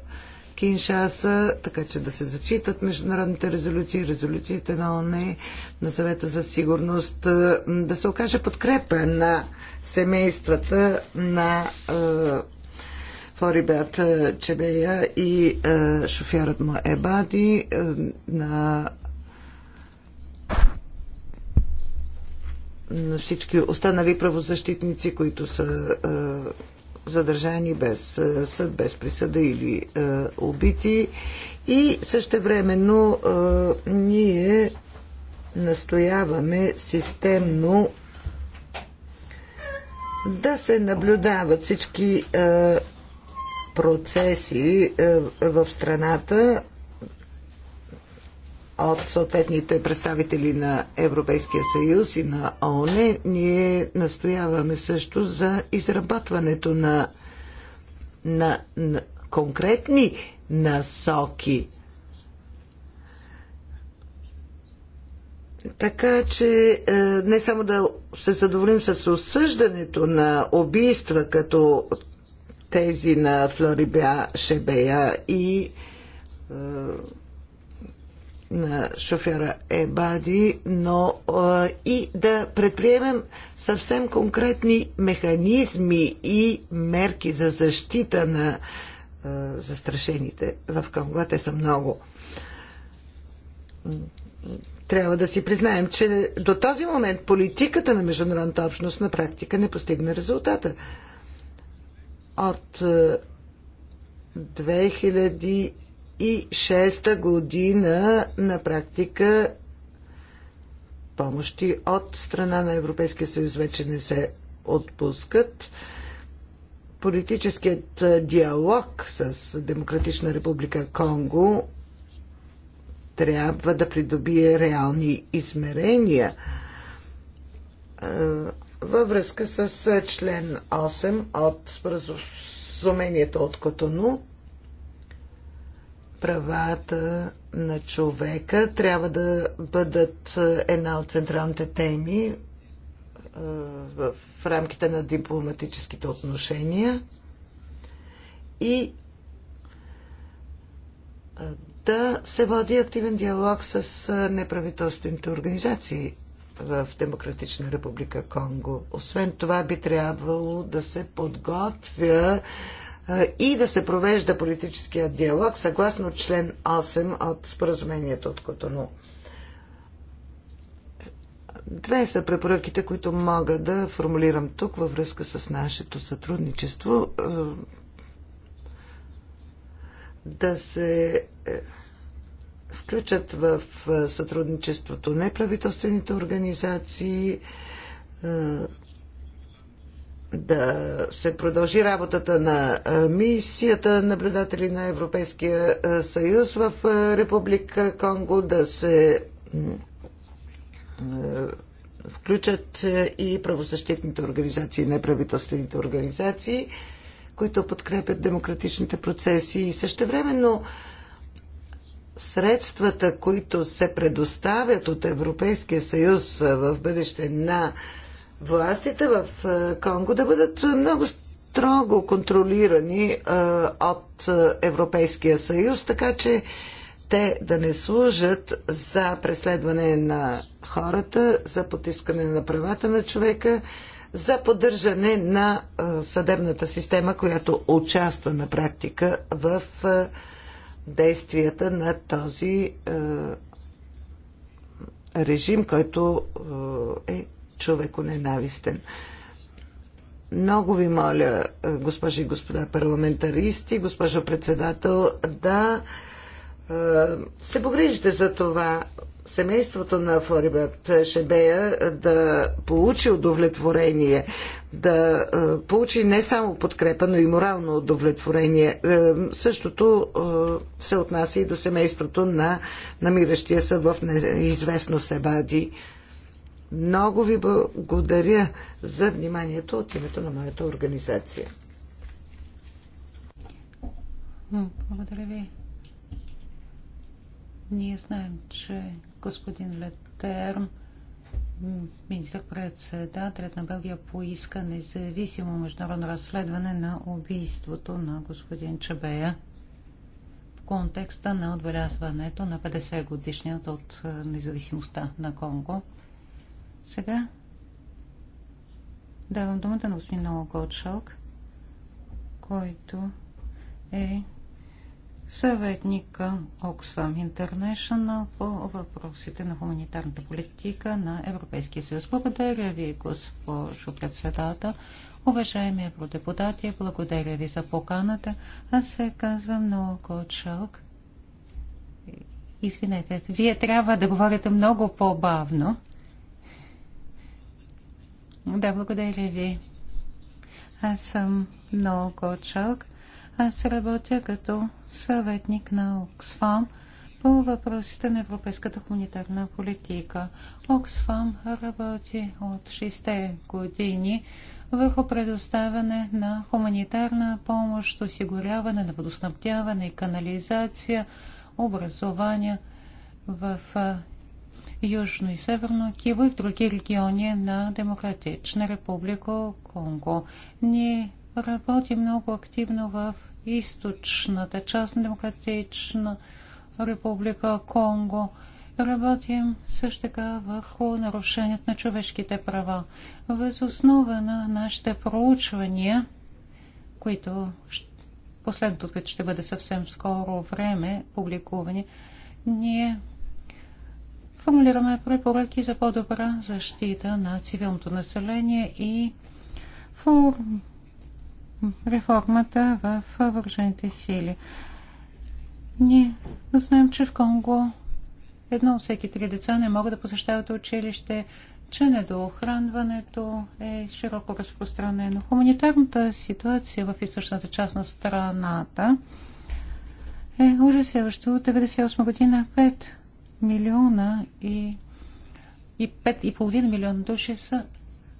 Киншаса, така че да се зачитат международните резолюции, резолюциите на ОНЕ, на съвета за сигурност, е, да се окаже подкрепа на семействата на е, Чебея и е, шофьорът му Ебади, е, на на всички останали правозащитници, които са задържани без съд, без присъда или убити. И същевременно ние настояваме системно да се наблюдават всички процеси в страната от съответните представители на Европейския съюз и на ООН, ние настояваме също за изработването на, на, на конкретни насоки. Така че е, не само да се задоволим с осъждането на убийства като тези на Флорибя Шебея и е, на шофьора Ебади, но а, и да предприемем съвсем конкретни механизми и мерки за защита на а, застрашените в Конго. Те са много. Трябва да си признаем, че до този момент политиката на международната общност на практика не постигна резултата. От а, 2000 2006 година на практика помощи от страна на Европейския съюз вече не се отпускат. Политическият диалог с Демократична република Конго трябва да придобие реални измерения във връзка с член 8 от споразумението от Котону правата на човека трябва да бъдат една от централните теми в рамките на дипломатическите отношения и да се води активен диалог с неправителствените организации в Демократична република Конго. Освен това би трябвало да се подготвя и да се провежда политическия диалог съгласно член 8 от споразумението от Котону. Две са препоръките, които мога да формулирам тук във връзка с нашето сътрудничество. Да се е, включат в сътрудничеството неправителствените организации, да се продължи работата на мисията наблюдатели на Европейския съюз в Република Конго, да се включат и правозащитните организации, неправителствените организации, които подкрепят демократичните процеси и същевременно средствата, които се предоставят от Европейския съюз в бъдеще на властите в Конго да бъдат много строго контролирани от Европейския съюз, така че те да не служат за преследване на хората, за потискане на правата на човека, за поддържане на съдебната система, която участва на практика в действията на този режим, който е човеконенавистен. Много ви моля, е, госпожи и господа парламентаристи, госпожо председател, да е, се погрижите за това семейството на Форибът Шебея да получи удовлетворение, да е, получи не само подкрепа, но и морално удовлетворение. Същото се отнася и до семейството на намиращия се в неизвестно Себади. Много ви благодаря за вниманието от името на моята организация. Благодаря ви. Ние знаем, че господин Летер, министър-председателят на Белгия, поиска независимо международно разследване на убийството на господин Чебея в контекста на отбелязването на 50 годишният от независимостта на Конго – сега давам думата на господин Ноа Готшалк, който е съветник към Oxfam International по въпросите на хуманитарната политика на Европейския съюз. Благодаря ви, госпожо председател. Уважаеми евродепутати, благодаря ви за поканата. Аз се казвам много Чалк. Извинете, вие трябва да говорите много по-бавно. Да, благодаря ви. Аз съм много Готшалк. Аз работя като съветник на Оксфам по въпросите на европейската хуманитарна политика. Оксфам работи от 6 години върху предоставяне на хуманитарна помощ, осигуряване на водоснабдяване и канализация, образование в Южно и Северно Киво и в други региони на Демократична република Конго. Ние работим много активно в източната част на Демократична република Конго. Работим също така върху нарушението на човешките права. Въз основа на нашите проучвания, които последното, което ще бъде съвсем скоро време публикувани, ние формулираме препоръки за по-добра защита на цивилното население и реформата в въоръжените сили. Ние знаем, че в Конго едно от всеки три деца не могат да посещават училище, че недоохранването е широко разпространено. Хуманитарната ситуация в източната част на страната е ужасяващо. От 1998 година 5 милиона и, и 5,5 милиона души са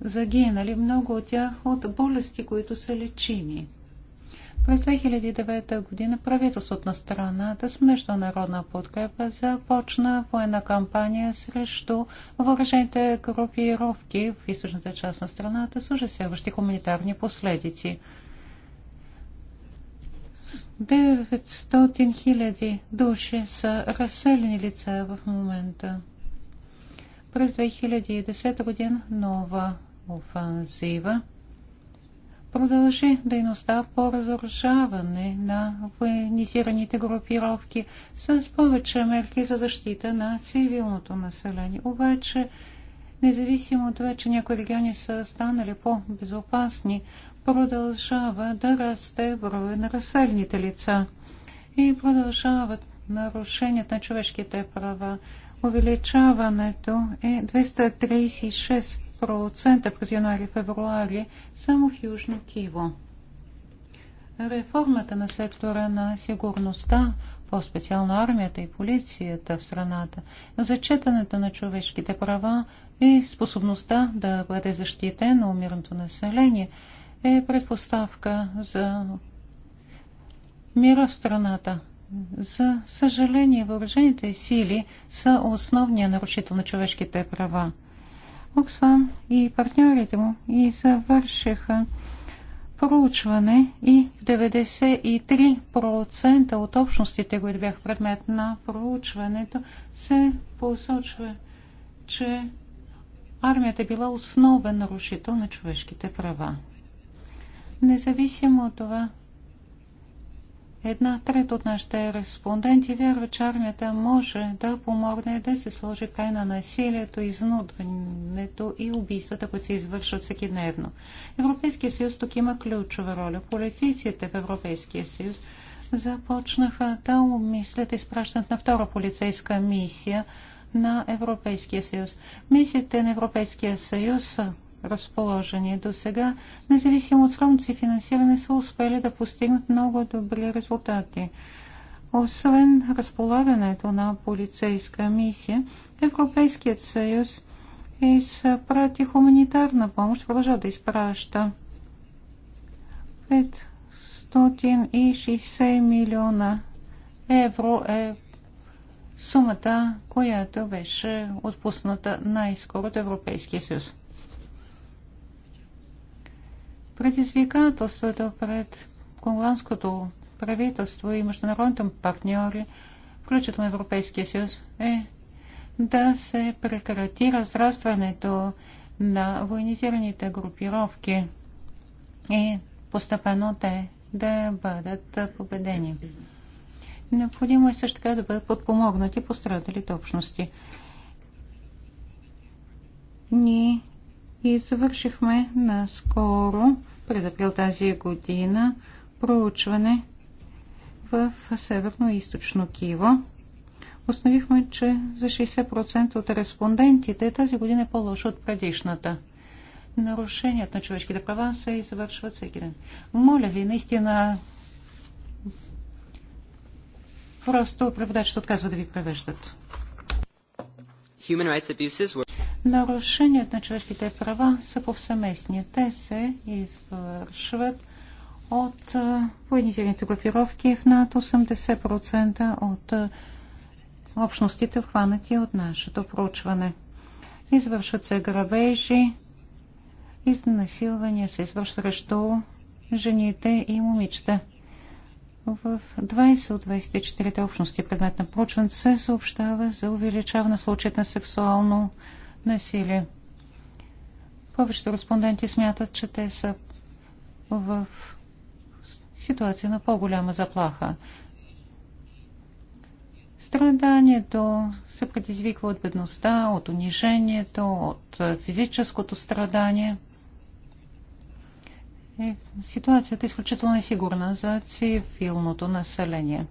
загинали, много от тях от болести, които са лечими. През 2009 година правителството на страната с международна подкрепа започна военна кампания срещу въоръжените групировки в източната част на страната с ужасяващи хуманитарни последици – 900 хиляди души са разселени лица в момента. През 2010 година нова офанзива продължи дейността по разоръжаване на военизираните групировки с повече мерки за защита на цивилното население. Обаче, независимо от това, че някои региони са станали по-безопасни, продължава да расте броя на разселените лица и продължават нарушенията на човешките права. Увеличаването е 236% през януари-февруари само в Южно Киво. Реформата на сектора на сигурността, по-специално армията и полицията в страната, зачитането на човешките права и способността да бъде защитено умирното население – е предпоставка за мира в страната. За съжаление, въоръжените сили са основния нарушител на човешките права. Оксфам и партньорите му и завършиха проучване и 93% от общностите, които бяха предмет на проучването, се посочва, че армията е била основен нарушител на човешките права. Независимо от това, една трета от нашите респонденти вярва, че армията може да помогне да се сложи край на насилието, изнудването и убийствата, които се извършват всеки дневно. Европейския съюз тук има ключова роля. Политиците в Европейския съюз започнаха да умислят изпращането на втора полицейска мисия на Европейския съюз. Мисиите на Европейския съюз разположени до сега, независимо от скромното си финансиране, са успели да постигнат много добри резултати. Освен разполагането на полицейска мисия, Европейският съюз изпрати хуманитарна помощ, продължава да изпраща 560 милиона евро е сумата, която беше отпусната най-скоро от Европейския съюз. Предизвикателството пред конгландското правителство и международните партньори, включително Европейския съюз, е да се прекрати разрастването на военизираните групировки и постепенно те да бъдат победени. Необходимо е също така да бъдат подпомогнати пострадалите общности. Ние и завършихме наскоро, през април тази година, проучване в северно-источно Киво. Установихме, че за 60% от респондентите тази година е по-лошо от предишната. Нарушенията на човешките права се извършват всеки ден. Моля ви, наистина, просто преводачите отказва да ви превеждат. Human rights abuses were Нарушенията на човешките права са повсеместни. Те се извършват от военизираните групировки в над 80% от общностите, обхванати от нашето проучване. Извършват се грабежи, изнасилвания се извършват срещу жените и момичета. В 20 от 24 общности предмет на проучването се съобщава за увеличаване на случаите на сексуално насилие. Повечето респонденти смятат, че те са в ситуация на по-голяма заплаха. Страданието се предизвиква от бедността, от унижението, от физическото страдание. И е, ситуацията е изключително несигурна за цивилното население.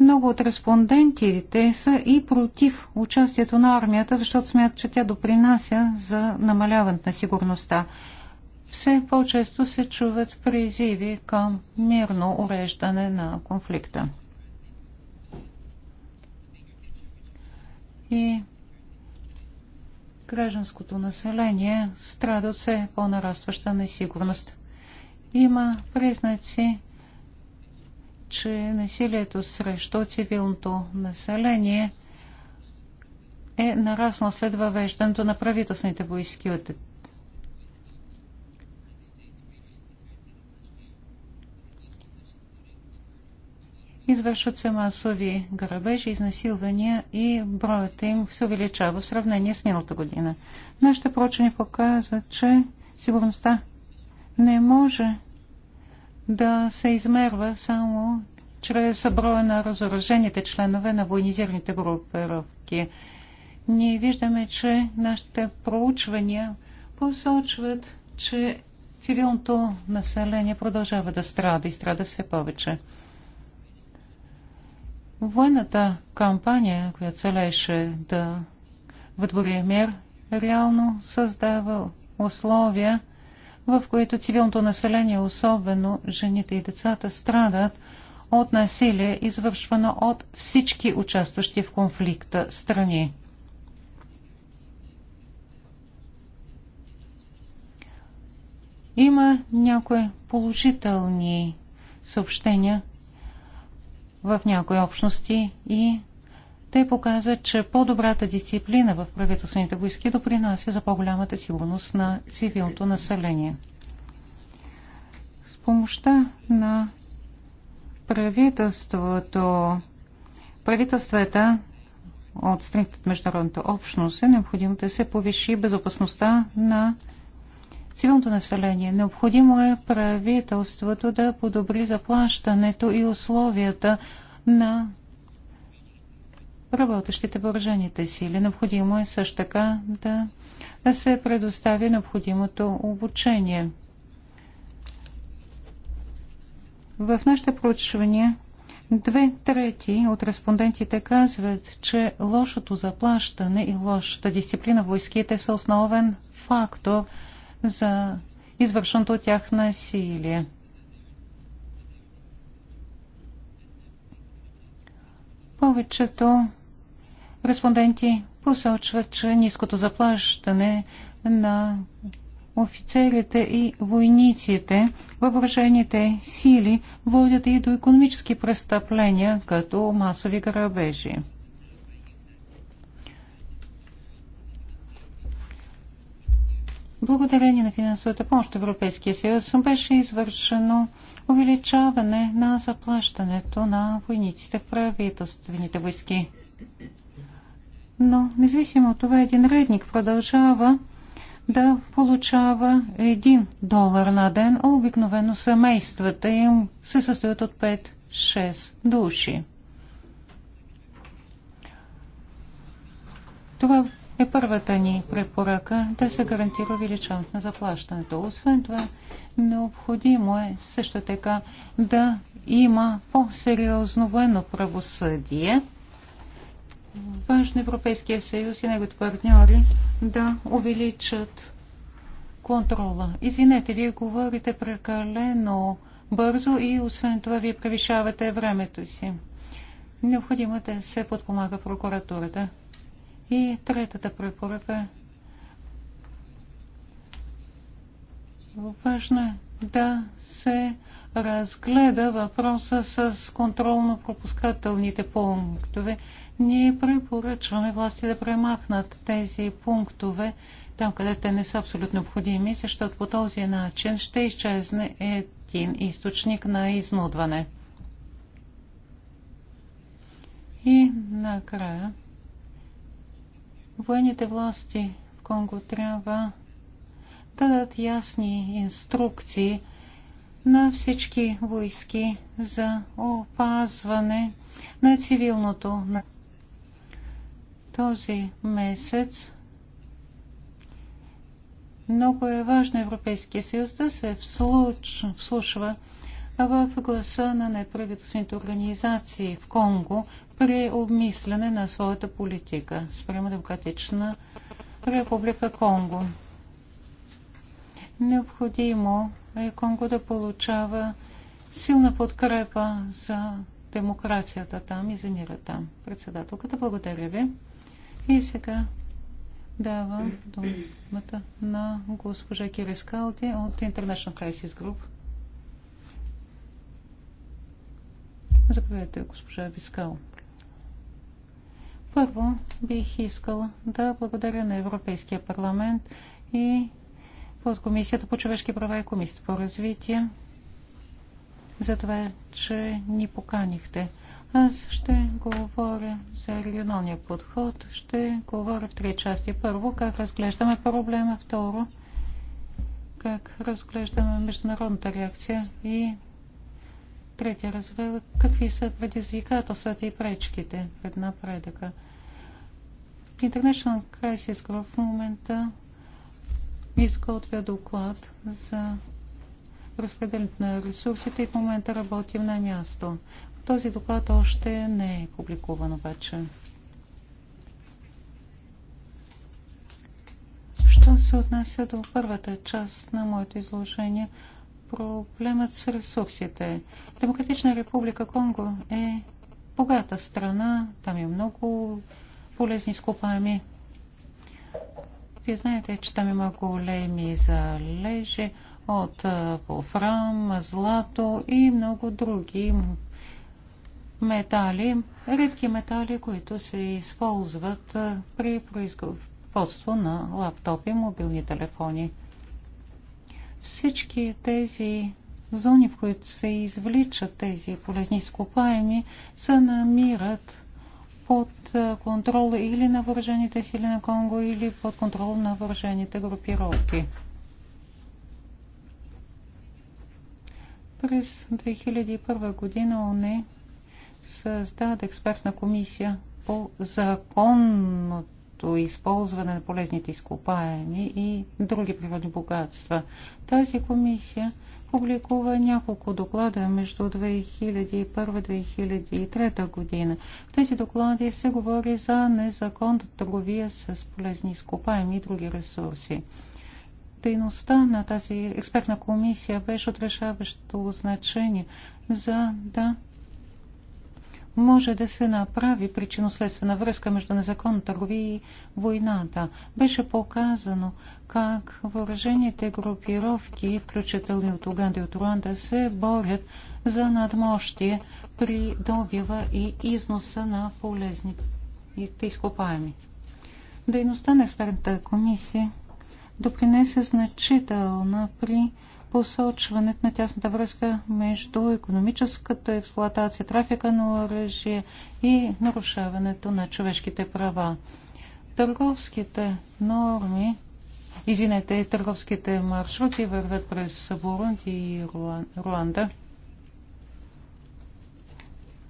Много от респондентите са и против участието на армията, защото смятат, че тя допринася за намаляването на сигурността. Все по-често се чуват призиви към мирно уреждане на конфликта. И гражданското население страда от все по-нарастваща несигурност. Има признаци че насилието срещу цивилното население е нараснал след въвеждането на правителствените войски от Извършват се масови грабежи, изнасилвания и броят им се увеличава в сравнение с миналата година. Нашите прочени показват, че сигурността не може да се измерва само чрез броя на разоръжените членове на военизираните групировки. Ние виждаме, че нашите проучвания посочват, че цивилното население продължава да страда и страда все повече. Военната кампания, която целеше да въдвори мир, реално създава условия в които цивилното население, особено жените и децата, страдат от насилие, извършвано от всички участващи в конфликта страни. Има някои положителни съобщения в някои общности и те показват, че по-добрата дисциплина в правителствените войски допринася за по-голямата сигурност на цивилното население. С помощта на правителството, правителствата от страните от международната общност е необходимо да се повиши безопасността на цивилното население. Необходимо е правителството да подобри заплащането и условията на работещите въоръжените сили. Необходимо е също така да, да се предостави необходимото обучение. В нашите проучвания две трети от респондентите казват, че лошото заплащане и лошата дисциплина в войските са основен фактор за извършеното от тях насилие. Повечето респонденти посочват, че ниското заплащане на офицерите и войниците във въоръжените сили водят и до економически престъпления, като масови грабежи. Благодарение на финансовата помощ Европейския съюз беше извършено увеличаване на заплащането на войниците в правителствените войски но независимо от това един редник продължава да получава 1 долар на ден, а обикновено семействата им се състоят от 5-6 души. Това е първата ни препоръка да се гарантира увеличаването на заплащането. Освен това, необходимо е също така да има по-сериозно военно правосъдие – Важно Европейския съюз и неговите партньори да увеличат контрола. Извинете, вие говорите прекалено бързо и освен това вие превишавате времето си. Необходимо е да се подпомага прокуратурата. И третата препоръка важно е да се разгледа въпроса с контролно-пропускателните пунктове. Ние препоръчваме власти да премахнат тези пунктове там, където те не са абсолютно необходими, защото по този начин ще изчезне един източник на изнудване. И накрая военните власти в Конго трябва да дадат ясни инструкции на всички войски за опазване на цивилното население този месец много е важно Европейския съюз да се вслуш, вслушва в гласа на неправителствените организации в Конго при обмислене на своята политика спрямо Демократична република Конго. Необходимо е Конго да получава силна подкрепа за демокрацията там и за мира там. Председателката, благодаря ви. И сега давам думата на госпожа Кири Скалти от International Crisis Group. Заповядайте, госпожа Вискал. Първо бих искала да благодаря на Европейския парламент и под Комисията по човешки права и Комисията по развитие за това, че ни поканихте – аз ще говоря за регионалния подход. Ще говоря в три части. Първо, как разглеждаме проблема. Второ, как разглеждаме международната реакция. И третия развел, какви са предизвикателствата и пречките пред напредъка. International Crisis Group в момента изготвя доклад за разпределението на ресурсите и в момента работим на място. Този доклад още не е публикуван обаче. Що се отнася до първата част на моето изложение, проблемът с ресурсите. Демократична република Конго е богата страна, там е много полезни скопами. Вие знаете, че там има големи залежи от полфрам, злато и много други метали, редки метали, които се използват при производство на лаптопи мобилни телефони. Всички тези зони, в които се извличат тези полезни изкопаеми, се намират под контрол или на въоръжените сили на Конго, или под контрол на въоръжените групировки. През 2001 година ОНЕ създаде експертна комисия по законното използване на полезните изкопаеми и други природни богатства. Тази комисия публикува няколко доклада между 2001-2003 година. В тези доклади се говори за незаконна търговия с полезни изкопаеми и други ресурси. Дейността на тази експертна комисия беше от решаващо значение за да може да се направи причинно-следствена връзка между незаконна търговия и войната. Беше показано как въоръжените групировки, включително от Уганда и от Руанда, се борят за надмощие при добива и износа на полезни изкопаеми. Дейността на експертната комисия допринесе значителна при посочването на тясната връзка между економическата експлоатация, трафика на оръжие и нарушаването на човешките права. Търговските норми, извинете, търговските маршрути вървят през Бурунд и Руанда.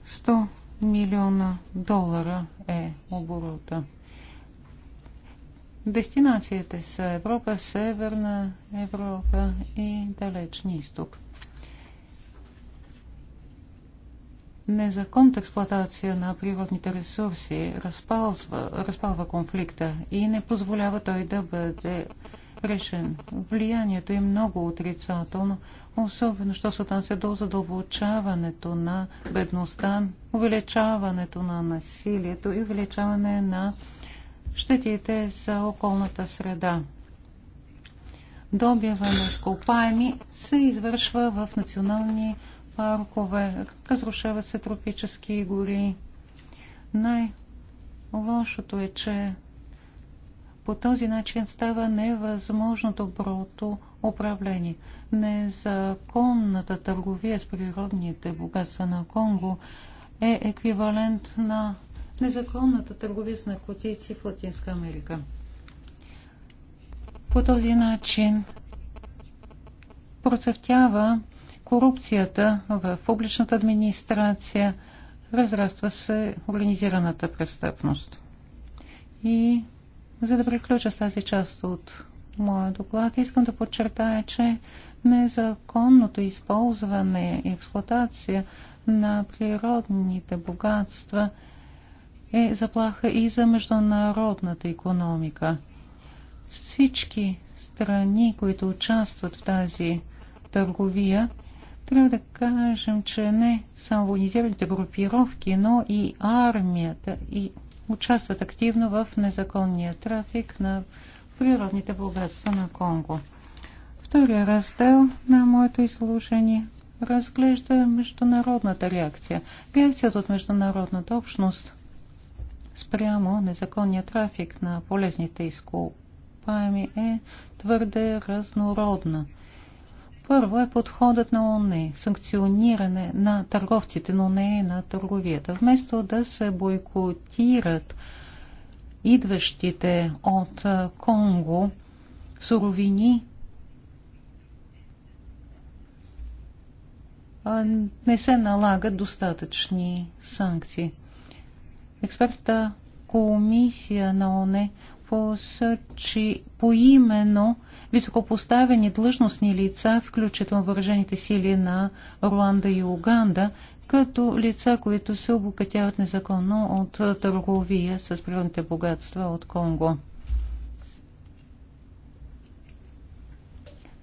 100 милиона долара е оборота. Дестинациите са Европа, Северна Европа и Далечни изток. Незаконната експлоатация на природните ресурси разпалзва, разпалва конфликта и не позволява той да бъде решен. Влиянието е много отрицателно, особено що се отнася до задълбочаването на бедността, увеличаването на насилието и увеличаване на щетите за околната среда. Добива на скопаеми се извършва в национални паркове, разрушават се тропически гори. Най-лошото е, че по този начин става невъзможно доброто управление. Незаконната търговия с природните богатства на Конго е еквивалент на незаконната търговия с наркотици в Латинска Америка. По този начин процъфтява корупцията в публичната администрация, разраства се организираната престъпност. И за да приключа с тази част от моя доклад, искам да подчертая, че незаконното използване и експлуатация на природните богатства – е заплаха и за международната економика. Всички страни, които участват в тази търговия, трябва да кажем, че не само военизираните групировки, но и армията и участват активно в незаконния трафик на природните богатства на Конго. Втория раздел на моето изслушание разглежда международната реакция. Реакцията от международната общност спрямо незаконния трафик на полезните изкупаеми е твърде разнородна. Първо е подходът на ОНЕ, санкциониране на търговците, но не на търговията. Вместо да се бойкотират идващите от Конго суровини, не се налагат достатъчни санкции експертната комисия на ОНЕ посочи поименно високопоставени длъжностни лица, включително въоръжените сили на Руанда и Уганда, като лица, които се обогатяват незаконно от търговия с природните богатства от Конго.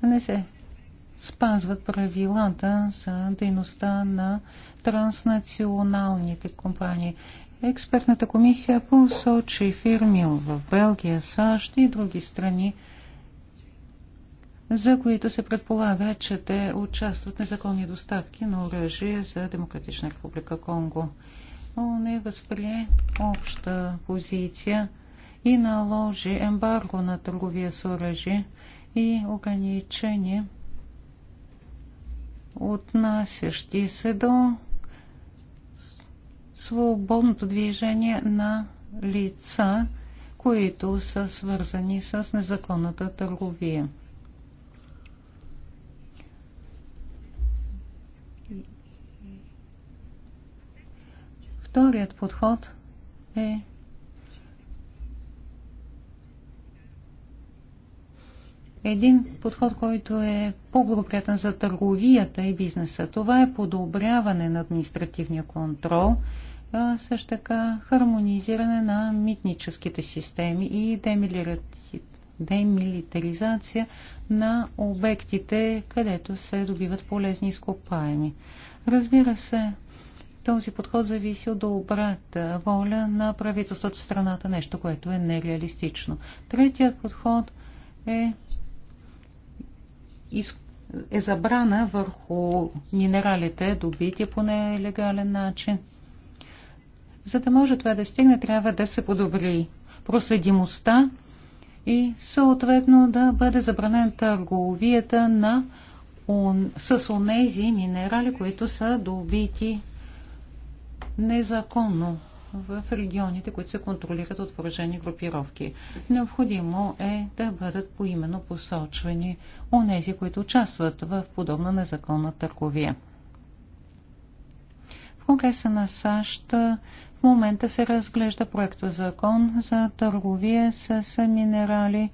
Не се спазват правилата за дейността на транснационалните компании. Експертната комисия посочи фирми в Белгия, САЩ и други страни, за които се предполага, че те участват в незаконни доставки на оръжие за Демократична република Конго. ООН е възприе обща позиция и наложи ембарго на търговия с оръжие и ограничение, отнасящи се до свободното движение на лица, които са свързани с незаконната търговия. Вторият подход е един подход, който е по-благоприятен за търговията и бизнеса. Това е подобряване на административния контрол – а също така хармонизиране на митническите системи и демилитаризация на обектите, където се добиват полезни изкопаеми. Разбира се, този подход зависи от добрата воля на правителството в страната, нещо, което е нереалистично. Третият подход е, е забрана върху минералите, добити по нелегален начин – за да може това да стигне, трябва да се подобри проследимостта и съответно да бъде забранен търговията на, он, с онези минерали, които са добити незаконно в регионите, които се контролират от поражени групировки. Необходимо е да бъдат поименно посочвани онези, които участват в подобна незаконна търговия. Конгреса на САЩ в момента се разглежда проекта закон за търговия с минерали.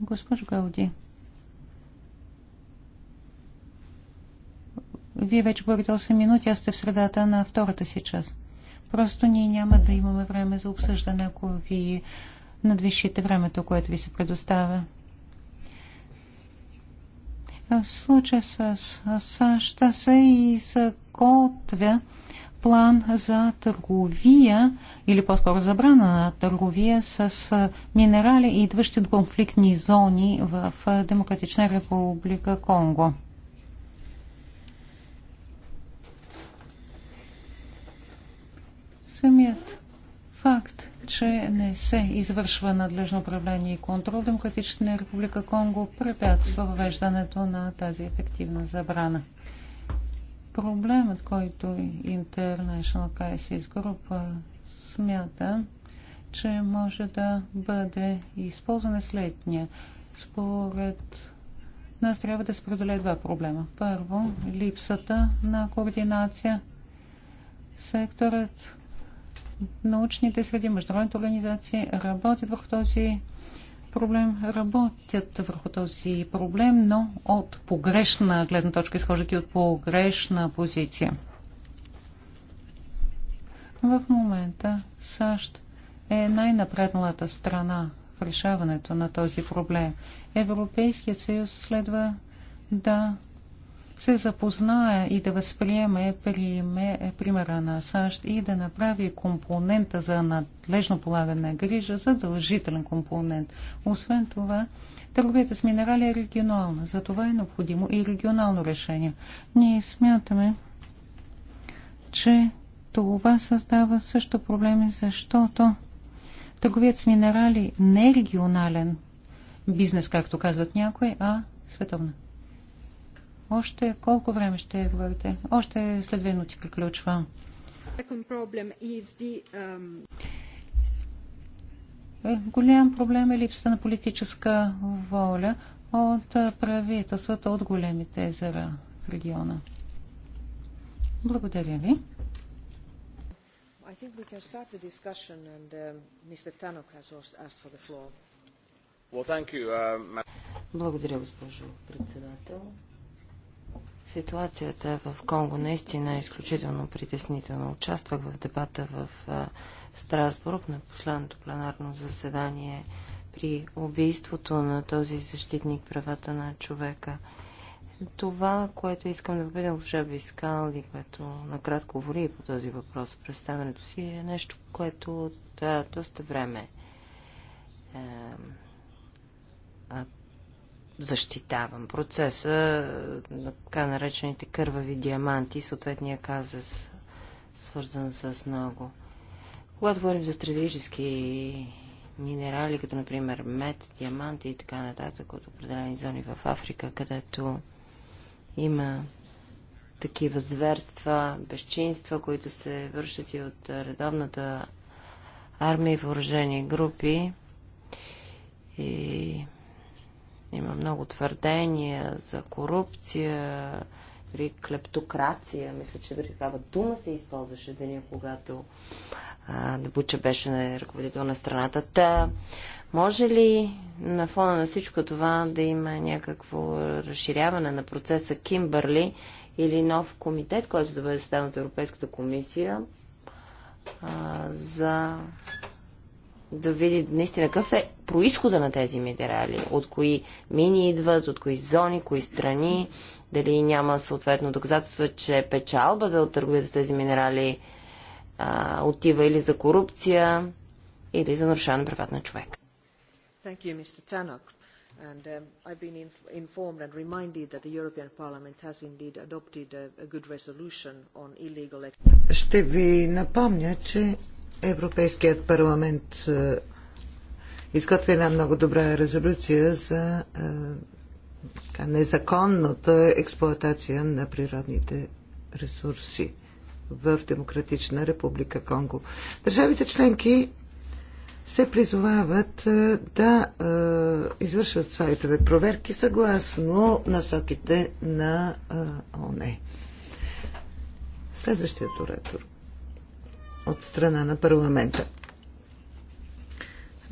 Госпожо Гауди, вие вече говорите 8 минути, аз сте в средата на втората си част. Просто ние няма да имаме време за обсъждане, ако ви надвишите времето, което ви се предоставя. В случая с САЩ се изготвя план за търговия или по-скоро забрана на търговия с минерали, идващи от конфликтни зони в Демократична република Конго. Самият факт, че не се извършва надлежно управление и контрол. Демократична република Конго препятства въвеждането на тази ефективна забрана. Проблемът, който International Crisis Group смята, че може да бъде използван е следния. Според нас трябва да се преодолее два проблема. Първо, липсата на координация. Секторът научните среди, международните организации работят върху този проблем, работят върху този проблем, но от погрешна гледна точка, изхождайки от погрешна позиция. В момента САЩ е най-напредналата страна в решаването на този проблем. Европейският съюз следва да се запознае и да възприеме примера на САЩ и да направи компонента за надлежно полагане на грижа задължителен компонент. Освен това, търговията с минерали е регионална, затова е необходимо и регионално решение. Ние смятаме, че това създава също проблеми, защото търговият с минерали не е регионален бизнес, както казват някои, а световна. Още колко време ще говорите? Още след две минути приключва. Um, е, голям проблем е липсата на политическа воля от правителствата, от големите езера в региона. Благодаря ви. Um, uh, Благодаря, госпожо председател. Ситуацията в Конго наистина е изключително притеснителна. Участвах в дебата в Страсбург на последното пленарно заседание при убийството на този защитник правата на човека. Това, което искам да попитам в Бискал и което накратко говори по този въпрос в представянето си, е нещо, което от да, доста време е, защитавам. Процеса е, на така наречените кървави диаманти, съответния казус, свързан с много. Когато говорим за стратегически минерали, като например мед, диаманти и така нататък от определени зони в Африка, където има такива зверства, безчинства, които се вършат и от е, редовната армия и въоръжени групи. И има много твърдения за корупция, при клептокрация. Мисля, че дори такава дума се използваше деня, когато Дебуча беше на ръководител на страната. Та, може ли на фона на всичко това да има някакво разширяване на процеса Кимбърли или нов комитет, който да бъде създаден от Европейската комисия а, за да види наистина какъв е происхода на тези минерали, от кои мини идват, от кои зони, кои страни, дали няма съответно доказателство, че печалбата от търговията с тези минерали а, отива или за корупция, или за нарушаване на правата на човек. Thank you, Mr. Tannock. And um, I've been inf informed and reminded that the European Parliament has indeed adopted a, a good resolution on illegal... Ще ви напомня, че Европейският парламент е, изготви една много добра резолюция за е, незаконната експлоатация на природните ресурси в Демократична република Конго. Държавите членки се призовават е, да извършват своите проверки съгласно насоките на ОНЕ. Следващият оратор от страна на парламента.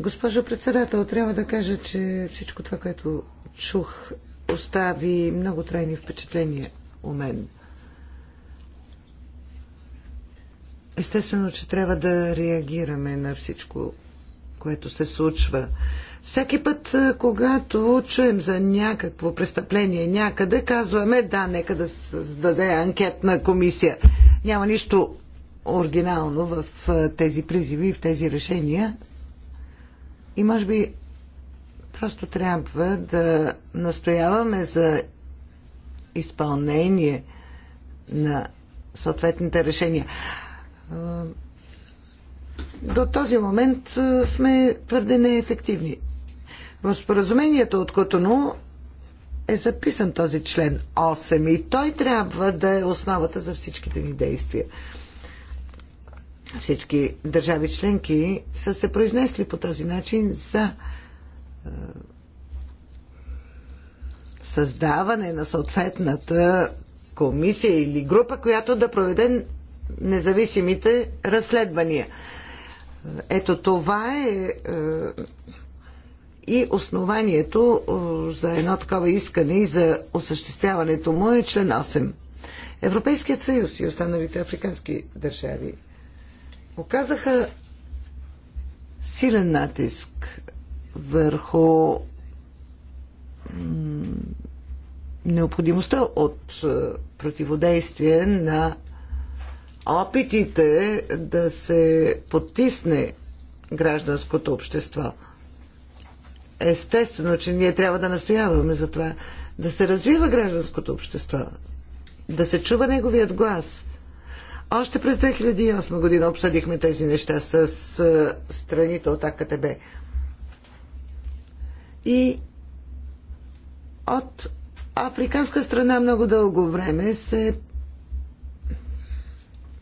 Госпожо председател, трябва да кажа, че всичко това, което чух, остави много трайни впечатления у мен. Естествено, че трябва да реагираме на всичко, което се случва. Всеки път, когато чуем за някакво престъпление някъде, казваме да, нека да създаде анкетна комисия. Няма нищо оригинално в тези призиви и в тези решения. И може би просто трябва да настояваме за изпълнение на съответните решения. До този момент сме твърде неефективни. В споразумението от Котону е записан този член 8 и той трябва да е основата за всичките ни действия. Всички държави членки са се произнесли по този начин за е, създаване на съответната комисия или група, която да проведе независимите разследвания. Ето това е, е и основанието е, за едно такова искане и за осъществяването му е член 8. Европейският съюз и останалите африкански държави оказаха силен натиск върху необходимостта от е, противодействие на опитите да се потисне гражданското общество. Естествено, че ние трябва да настояваме за това да се развива гражданското общество, да се чува неговият глас – още през 2008 година обсъдихме тези неща с страните от АКТБ. И от африканска страна много дълго време се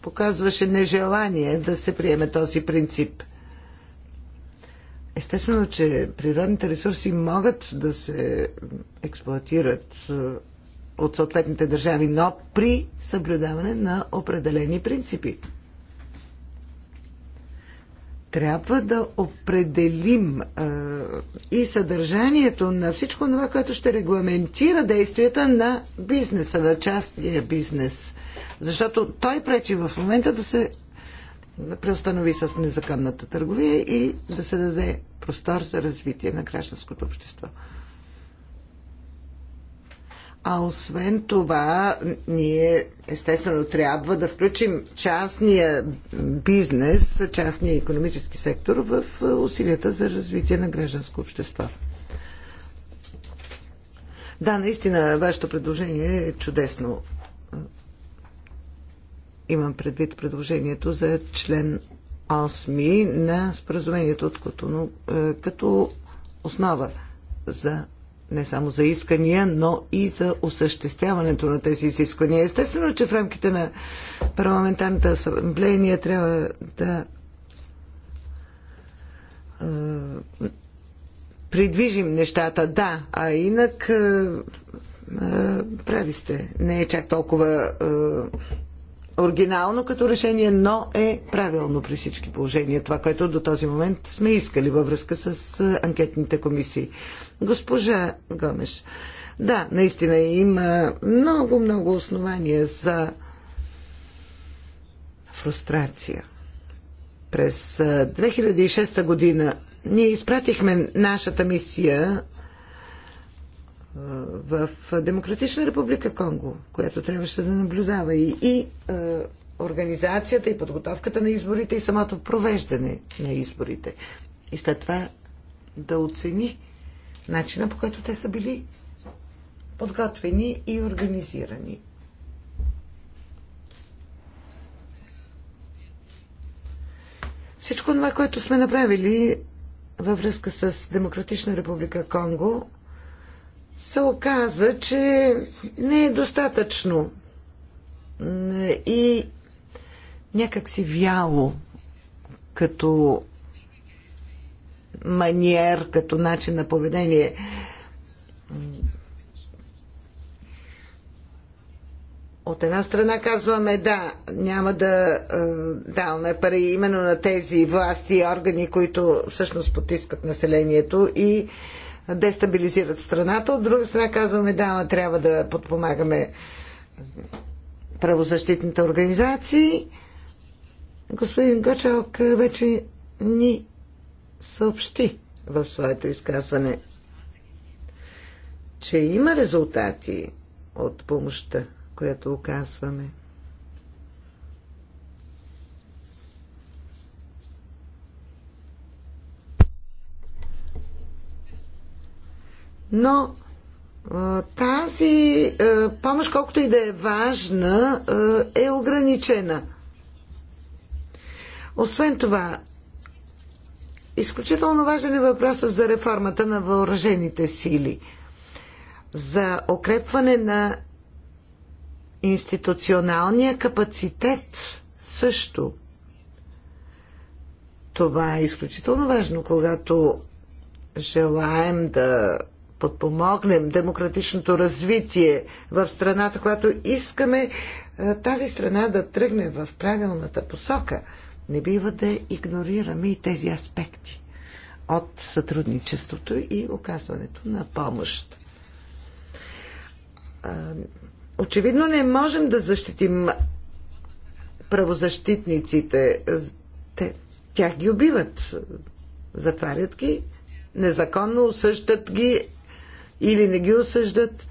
показваше нежелание да се приеме този принцип. Естествено, че природните ресурси могат да се експлуатират от съответните държави, но при съблюдаване на определени принципи. Трябва да определим е, и съдържанието на всичко това, което ще регламентира действията на бизнеса, на частния бизнес. Защото той пречи в момента да се преустанови с незаконната търговия и да се даде простор за развитие на гражданското общество. А освен това, ние естествено трябва да включим частния бизнес, частния економически сектор в е, усилията за развитие на гражданско общество. Да, наистина, вашето предложение е чудесно. Имам предвид предложението за член 8 на споразумението от Котоно е, като основа за не само за искания, но и за осъществяването на тези изисквания. Естествено, че в рамките на парламентарната асамблея ние трябва да е, придвижим нещата, да, а инак е, е, прави сте. Не е чак толкова е, оригинално като решение, но е правилно при всички положения. Това, което до този момент сме искали във връзка с анкетните комисии. Госпожа Гомеш, да, наистина има много-много основания за фрустрация. През 2006 година ние изпратихме нашата мисия в Демократична република Конго, която трябваше да наблюдава и, и е, организацията, и подготовката на изборите, и самото провеждане на изборите. И след това да оцени начина по който те са били подготвени и организирани. Всичко това, което сме направили във връзка с Демократична република Конго, се оказа, че не е достатъчно и някак си вяло като маниер, като начин на поведение. От една страна казваме да, няма да е, даваме пари именно на тези власти и органи, които всъщност потискат населението и е, дестабилизират страната. От друга страна казваме, да, трябва да подпомагаме правозащитните организации. Господин Гачалк вече ни съобщи в своето изказване, че има резултати от помощта, която оказваме. Но тази помощ, колкото и да е важна, е ограничена. Освен това, изключително важен е въпросът за реформата на въоръжените сили, за укрепване на институционалния капацитет също. Това е изключително важно, когато желаем да подпомогнем демократичното развитие в страната, която искаме е, тази страна да тръгне в правилната посока, не бива да игнорираме и тези аспекти от сътрудничеството и оказването на помощ. Очевидно не можем да защитим правозащитниците. Те, тях ги убиват, затварят ги, незаконно осъщат ги, или не ги осъждат.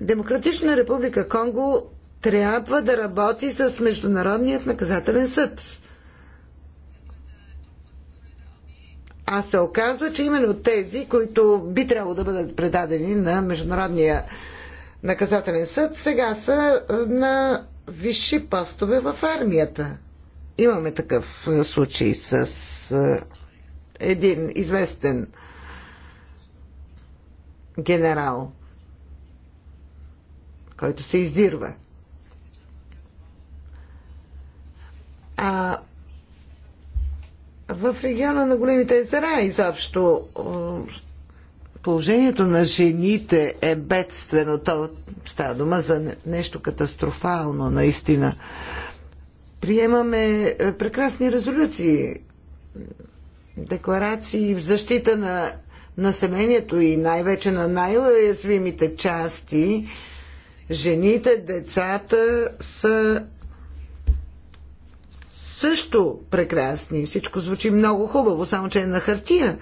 Демократична република Конго трябва да работи с Международният наказателен съд. А се оказва, че именно тези, които би трябвало да бъдат предадени на Международния наказателен съд, сега са е, на висши постове в армията. Имаме такъв е, случай с е, един известен генерал, който се издирва. А в региона на големите езера изобщо положението на жените е бедствено. То става дума за нещо катастрофално, наистина. Приемаме прекрасни резолюции, декларации в защита на населението и най-вече на най-уязвимите части, жените, децата са също прекрасни. Всичко звучи много хубаво, само че е на хартия.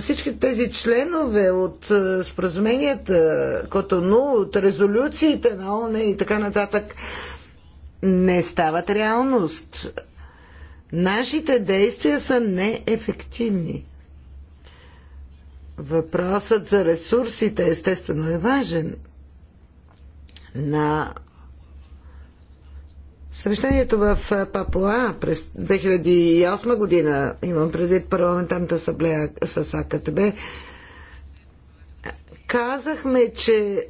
Всички тези членове от споразуменията, Котону, от резолюциите на ОНЕ и така нататък, не стават реалност. Нашите действия са неефективни. Въпросът за ресурсите естествено е важен. На съвещанието в Папуа през 2008 година, имам предвид парламентарната асамблея с АКТБ, казахме, че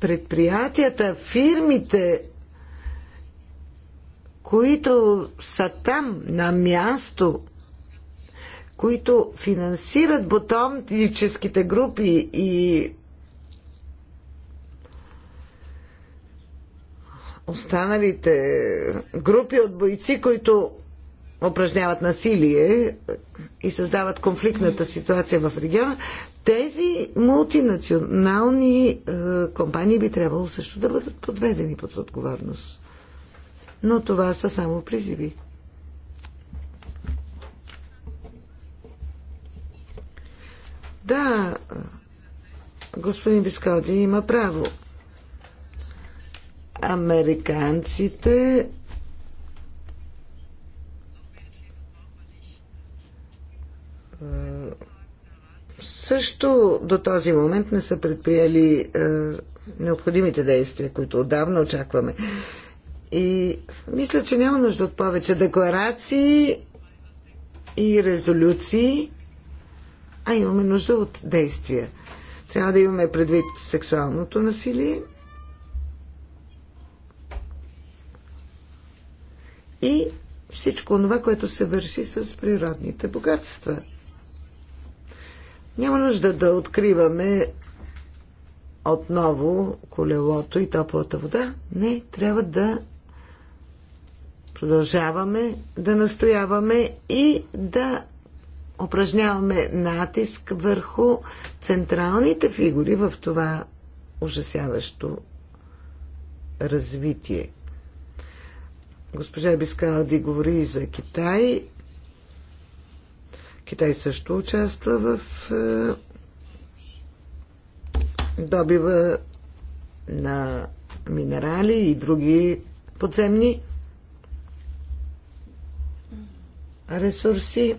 предприятията, фирмите, които са там на място – които финансират ботаническите групи и останалите групи от бойци, които упражняват насилие и създават конфликтната ситуация в региона, тези мултинационални е, компании би трябвало също да бъдат подведени под отговорност. Но това са само призиви. Да, господин Бискалди, има право. Американците също до този момент не са предприели е, необходимите действия, които отдавна очакваме. И мисля, че няма нужда от повече декларации и резолюции а имаме нужда от действия. Трябва да имаме предвид сексуалното насилие и всичко това, което се върши с природните богатства. Няма нужда да откриваме отново колелото и топлата вода. Не, трябва да продължаваме да настояваме и да упражняваме натиск върху централните фигури в това ужасяващо развитие. Госпожа Бискалди говори и за Китай. Китай също участва в е, добива на минерали и други подземни ресурси.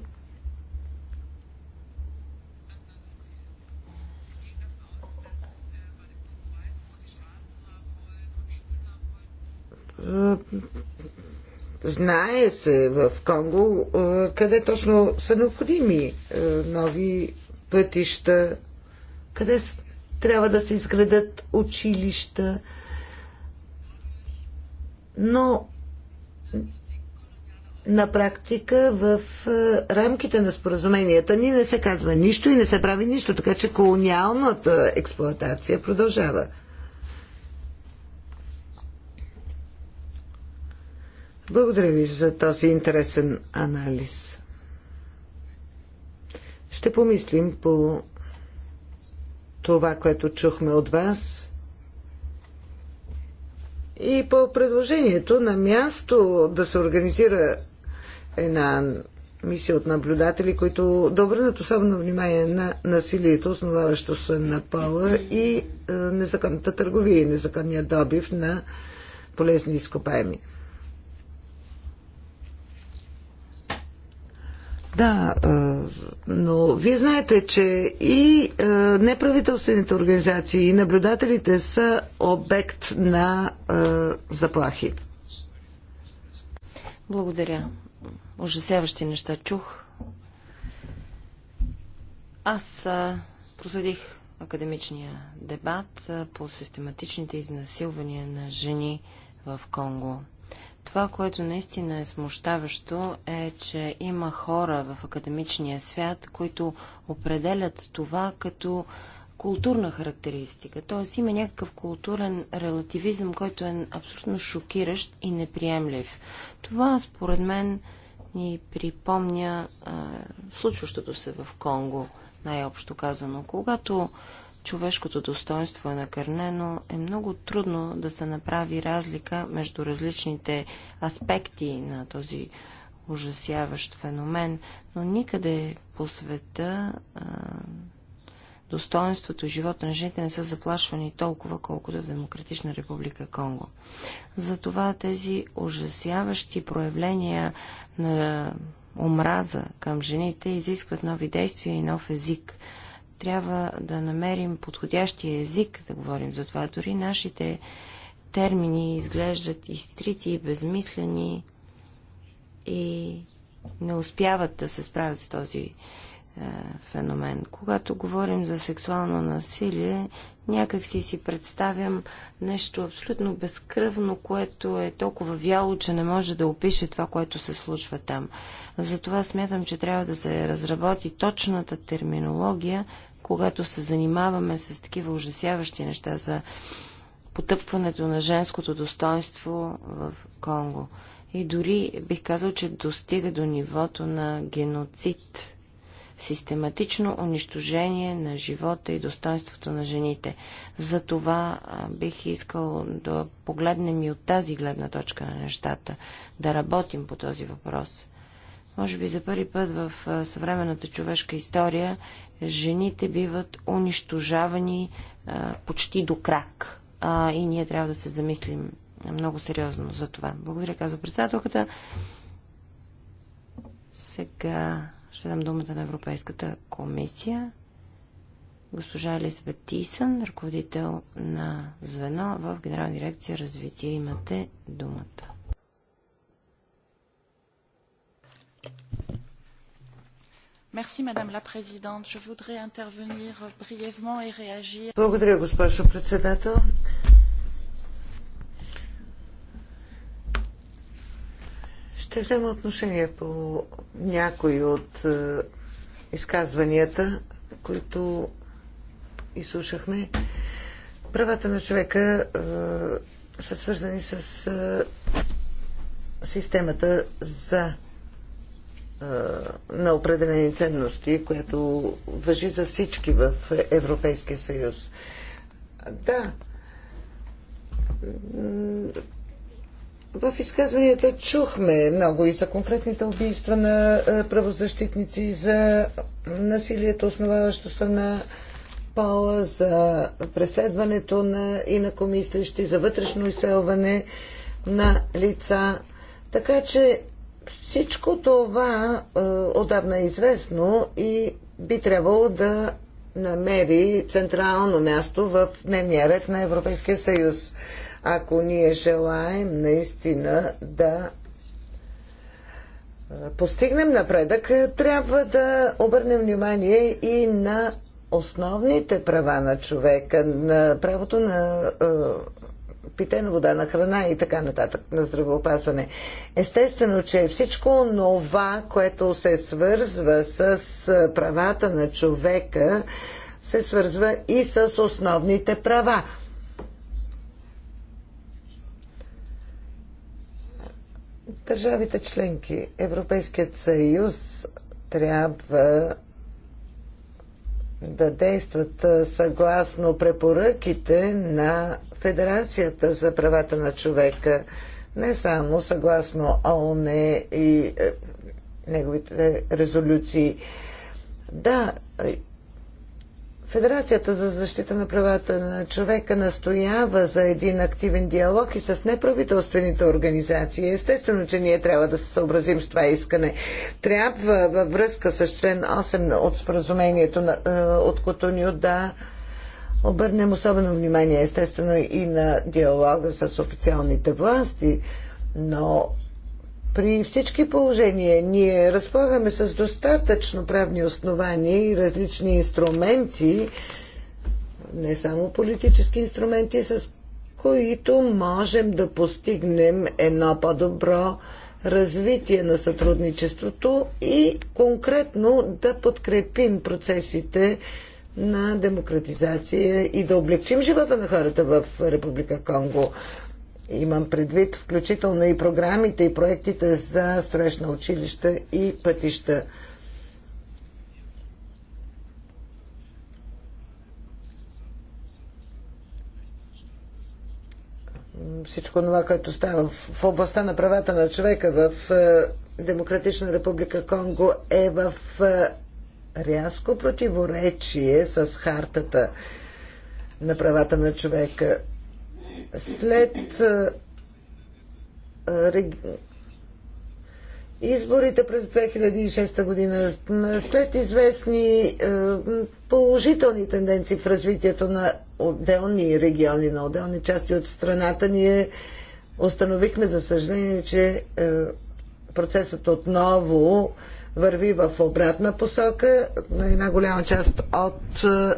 Е, знае се в Конго е, къде точно са необходими е, нови пътища, къде трябва да се изградат училища. Но на практика в рамките на споразуменията ни не се казва нищо и не се прави нищо, така че колониалната експлоатация продължава. Благодаря ви за този интересен анализ. Ще помислим по това, което чухме от вас и по предложението на място да се организира една мисия от наблюдатели, които да обърнат особено внимание на насилието, основаващо се на пола и е, незаконната търговия и незаконния добив на полезни изкопаеми. Да, е, но вие знаете, че и е, неправителствените организации и наблюдателите са обект на е, заплахи. Благодаря. Ужасяващи неща чух. Аз проследих академичния дебат по систематичните изнасилвания на жени в Конго. Това, което наистина е смущаващо, е, че има хора в академичния свят, които определят това като културна характеристика. Т.е. има някакъв културен релативизъм, който е абсолютно шокиращ и неприемлив. Това, според мен, ни припомня а, случващото се в Конго, най-общо казано. Когато човешкото достоинство е накърнено, е много трудно да се направи разлика между различните аспекти на този ужасяващ феномен, но никъде по света а, достоинството и живота на жените не са заплашвани толкова, колкото е в Демократична република Конго. Затова тези ужасяващи проявления на омраза към жените изискват нови действия и нов език – трябва да намерим подходящия език да говорим за това. Дори нашите термини изглеждат изтрити и безмислени и не успяват да се справят с този е, феномен. Когато говорим за сексуално насилие, някак си си представям нещо абсолютно безкръвно, което е толкова вяло, че не може да опише това, което се случва там. Затова смятам, че трябва да се разработи точната терминология, когато се занимаваме с такива ужасяващи неща за потъпването на женското достоинство в Конго. И дори бих казал, че достига до нивото на геноцид. Систематично унищожение на живота и достоинството на жените. За това бих искал да погледнем и от тази гледна точка на нещата, да работим по този въпрос. Може би за първи път в съвременната човешка история жените биват унищожавани а, почти до крак. А, и ние трябва да се замислим много сериозно за това. Благодаря, казва председателката. Сега ще дам думата на Европейската комисия. Госпожа Елизабет Тисън, ръководител на звено в Генерална дирекция развитие. Имате думата. Madame la Présidente. Je voudrais intervenir brièvement et réagir. Благодаря, госпожо председател. Ще взема отношение по някои от е, изказванията, които изслушахме. Правата на човека е, са свързани с е, системата за на определени ценности, което въжи за всички в Европейския съюз. Да. В изказванията чухме много и за конкретните убийства на правозащитници, за насилието, основаващо се на пола, за преследването на инакомислещи, за вътрешно изселване на лица. Така че всичко това е, отдавна е известно и би трябвало да намери централно място в дневния ред на Европейския съюз. Ако ние желаем наистина да е, постигнем напредък, трябва да обърнем внимание и на основните права на човека, на правото на е, питена вода, на храна и така нататък, на здравеопазване. Естествено, че всичко това, което се свързва с правата на човека, се свързва и с основните права. Държавите членки, Европейският съюз трябва да действат съгласно препоръките на Федерацията за правата на човека, не само съгласно ООН и е, неговите резолюции. Да, е, Федерацията за защита на правата на човека настоява за един активен диалог и с неправителствените организации. Естествено, че ние трябва да се съобразим с това искане. Трябва във връзка с член 8 от споразумението на, е, от Котонио да обърнем особено внимание, естествено, и на диалога с официалните власти, но при всички положения ние разполагаме с достатъчно правни основания и различни инструменти, не само политически инструменти, с които можем да постигнем едно по-добро развитие на сътрудничеството и конкретно да подкрепим процесите на демократизация и да облегчим живота на хората в Република Конго. Имам предвид включително и програмите и проектите за строеж на училища и пътища. Всичко това, което става в областта на правата на човека в е, Демократична република Конго е в е, рязко противоречие с хартата на правата на човека. След изборите през 2006 година, след известни положителни тенденции в развитието на отделни региони, на отделни части от страната, ние установихме, за съжаление, че процесът отново върви в обратна посока. на Една голяма част от е,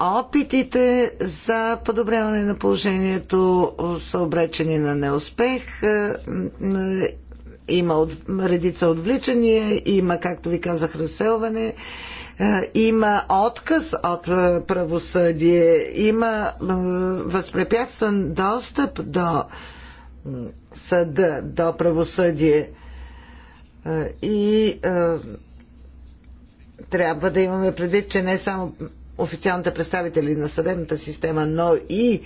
опитите за подобряване на положението са обречени на неуспех. Е, е, има от, редица отвличания, има, както ви казах, разселване, има отказ от правосъдие, има възпрепятстван достъп до съда, до правосъдие – и трябва да имаме предвид, че не само официалните представители на съдебната система, но и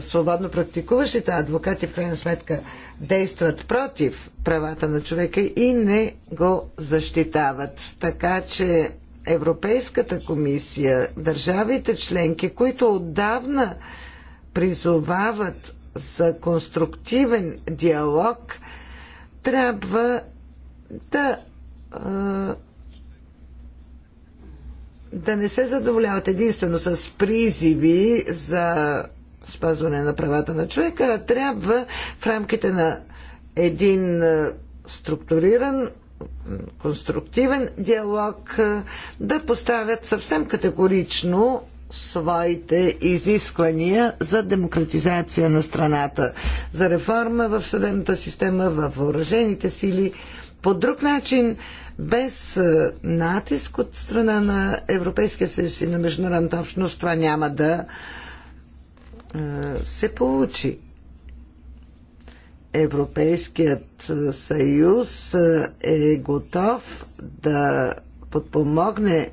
свободно практикуващите адвокати в крайна сметка действат против правата на човека и не го защитават. Така че Европейската комисия, държавите членки, които отдавна призовават за конструктивен диалог, трябва да да не се задоволяват единствено с призиви за спазване на правата на човека, а трябва в рамките на един структуриран, конструктивен диалог да поставят съвсем категорично своите изисквания за демократизация на страната, за реформа в съдебната система, в въоръжените сили, по друг начин, без е, натиск от страна на Европейския съюз и на международната общност, това няма да е, се получи. Европейският е, съюз е готов да подпомогне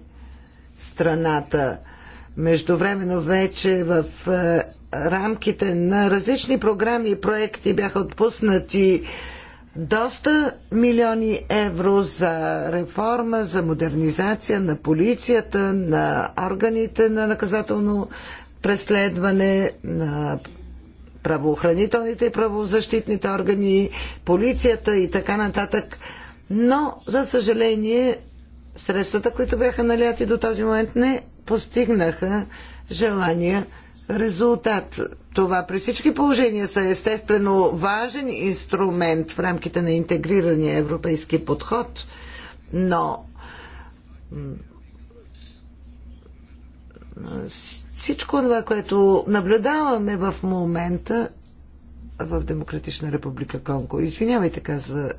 страната. Междувременно вече в рамките на различни програми и проекти бяха отпуснати доста милиони евро за реформа, за модернизация на полицията, на органите на наказателно преследване, на правоохранителните и правозащитните органи, полицията и така нататък. Но, за съжаление, средствата, които бяха наляти до този момент, не постигнаха желания резултат. Това при всички положения са естествено важен инструмент в рамките на интегрирания европейски подход, но всичко това, което наблюдаваме в момента в Демократична република Конго. Извинявайте, казва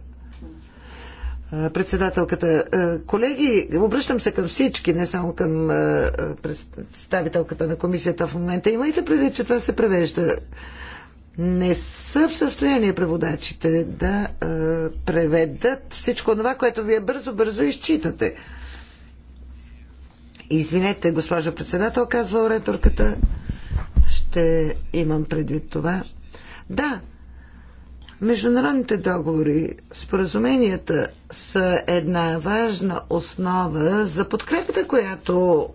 председателката. Колеги, обръщам се към всички, не само към представителката на комисията в момента. Имайте предвид, че това се превежда. Не са в състояние преводачите да преведат всичко това, което вие бързо-бързо изчитате. Извинете, госпожо председател, казва ораторката. Ще имам предвид това. Да, Международните договори, споразуменията са една важна основа за подкрепата, която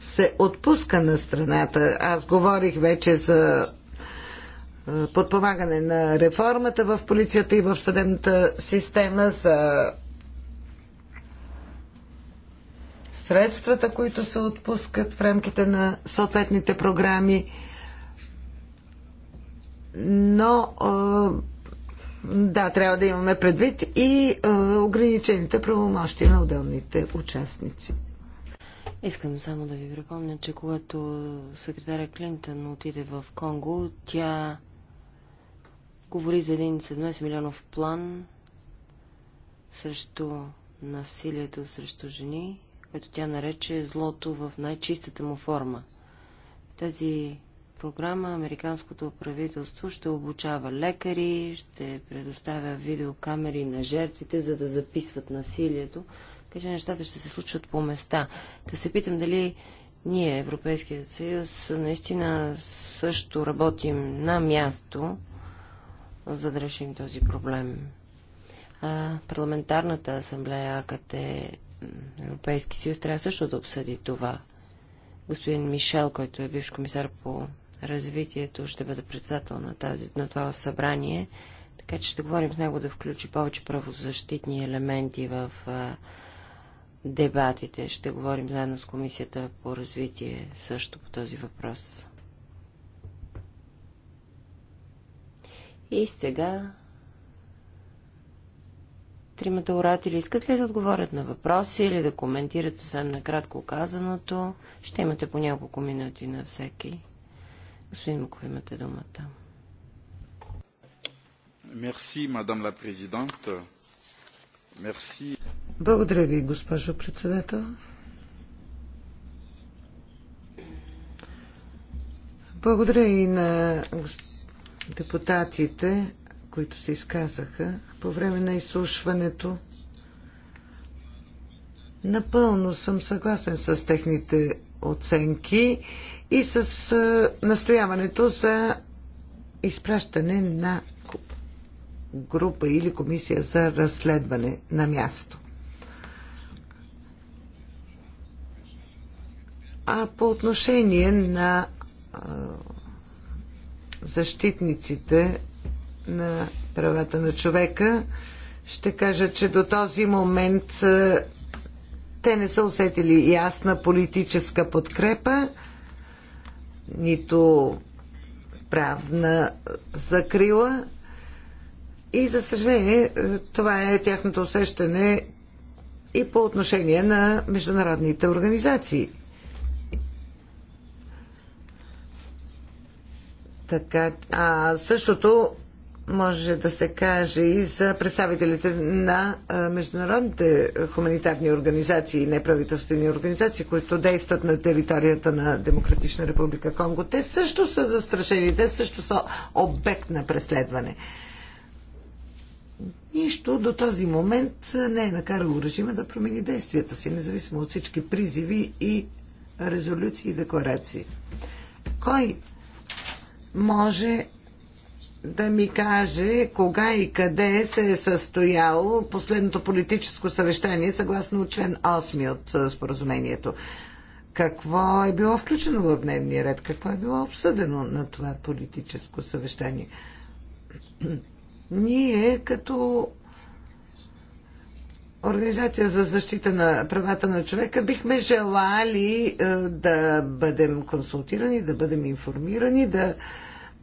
се отпуска на страната. Аз говорих вече за подпомагане на реформата в полицията и в съдебната система, за средствата, които се отпускат в рамките на съответните програми. Но да, трябва да имаме предвид и е, ограничените правомощия на отделните участници. Искам само да ви припомня, че когато секретаря Клинтън отиде в Конго, тя говори за един 17 милионов план срещу насилието срещу жени, което тя нарече злото в най-чистата му форма. Тази програма американското правителство ще обучава лекари, ще предоставя видеокамери на жертвите, за да записват насилието. Така че нещата ще се случват по места. Да се питам дали ние, Европейският съюз, наистина също работим на място, за да решим този проблем. А парламентарната асамблея АКТ Европейски съюз трябва също да обсъди това. Господин Мишел, който е бивш комисар по развитието ще бъде председател на, тази, на това събрание, така че ще говорим с него да включи повече правозащитни елементи в а, дебатите. Ще говорим заедно с Комисията по развитие също по този въпрос. И сега тримата оратели искат ли да отговорят на въпроси или да коментират съвсем накратко казаното? Ще имате по няколко минути на всеки. Господин Муков, имате думата. Мерси, мадам ла президент. Мерси. Благодаря ви, госпожо председател. Благодаря и на депутатите, които се изказаха по време на изслушването. Напълно съм съгласен с техните оценки и с настояването за изпращане на група или комисия за разследване на място. А по отношение на защитниците на правата на човека, ще кажа, че до този момент те не са усетили ясна политическа подкрепа нито правна закрила. И за съжаление, е, това е тяхното усещане и по отношение на международните организации. Така, а същото може да се каже и за представителите на международните хуманитарни организации и неправителствени организации, които действат на територията на Демократична република Конго. Те също са застрашени, те също са обект на преследване. Нищо до този момент не е накарало режима да промени действията си, независимо от всички призиви и резолюции и декларации. Кой може да ми каже кога и къде се е състояло последното политическо съвещание съгласно член 8 от споразумението. Какво е било включено в дневния ред? Какво е било обсъдено на това политическо съвещание? [clears throat] Ние като Организация за защита на правата на човека бихме желали да бъдем консултирани, да бъдем информирани, да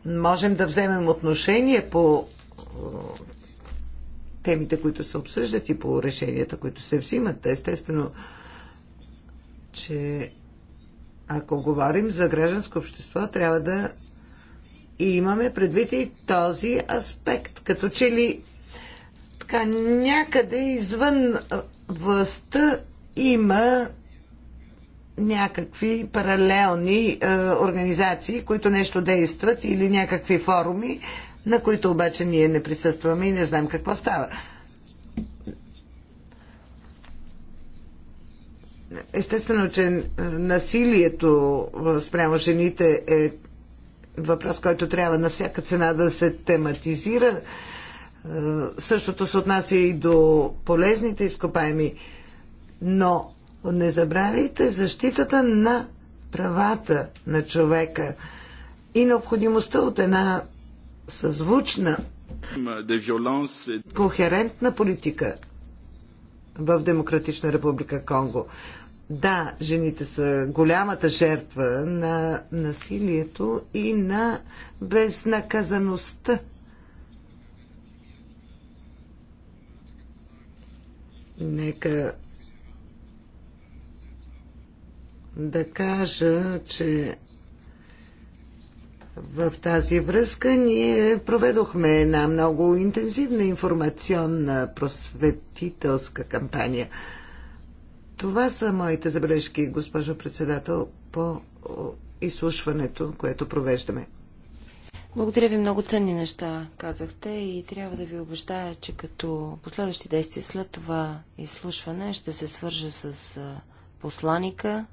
можем да вземем отношение по е, темите, които се обсъждат и по решенията, които се взимат. Естествено, че ако говорим за гражданско общество, трябва да и имаме предвид и този аспект. Като че ли така някъде извън е, властта има някакви паралелни е, организации, които нещо действат или някакви форуми, на които обаче ние не присъстваме и не знаем какво става. Естествено, че насилието е, спрямо жените е въпрос, който трябва на всяка цена да се тематизира. Е, същото се отнася и до полезните изкопаеми. Но не забравяйте защитата на правата на човека и необходимостта от една съзвучна, кохерентна политика в Демократична република Конго. Да, жените са голямата жертва на насилието и на безнаказаността. Нека да кажа, че в тази връзка ние проведохме една много интензивна информационна просветителска кампания. Това са моите забележки, госпожо председател, по изслушването, което провеждаме. Благодаря ви, много ценни неща казахте и трябва да ви обещая, че като последващи действия след това изслушване ще се свържа с посланика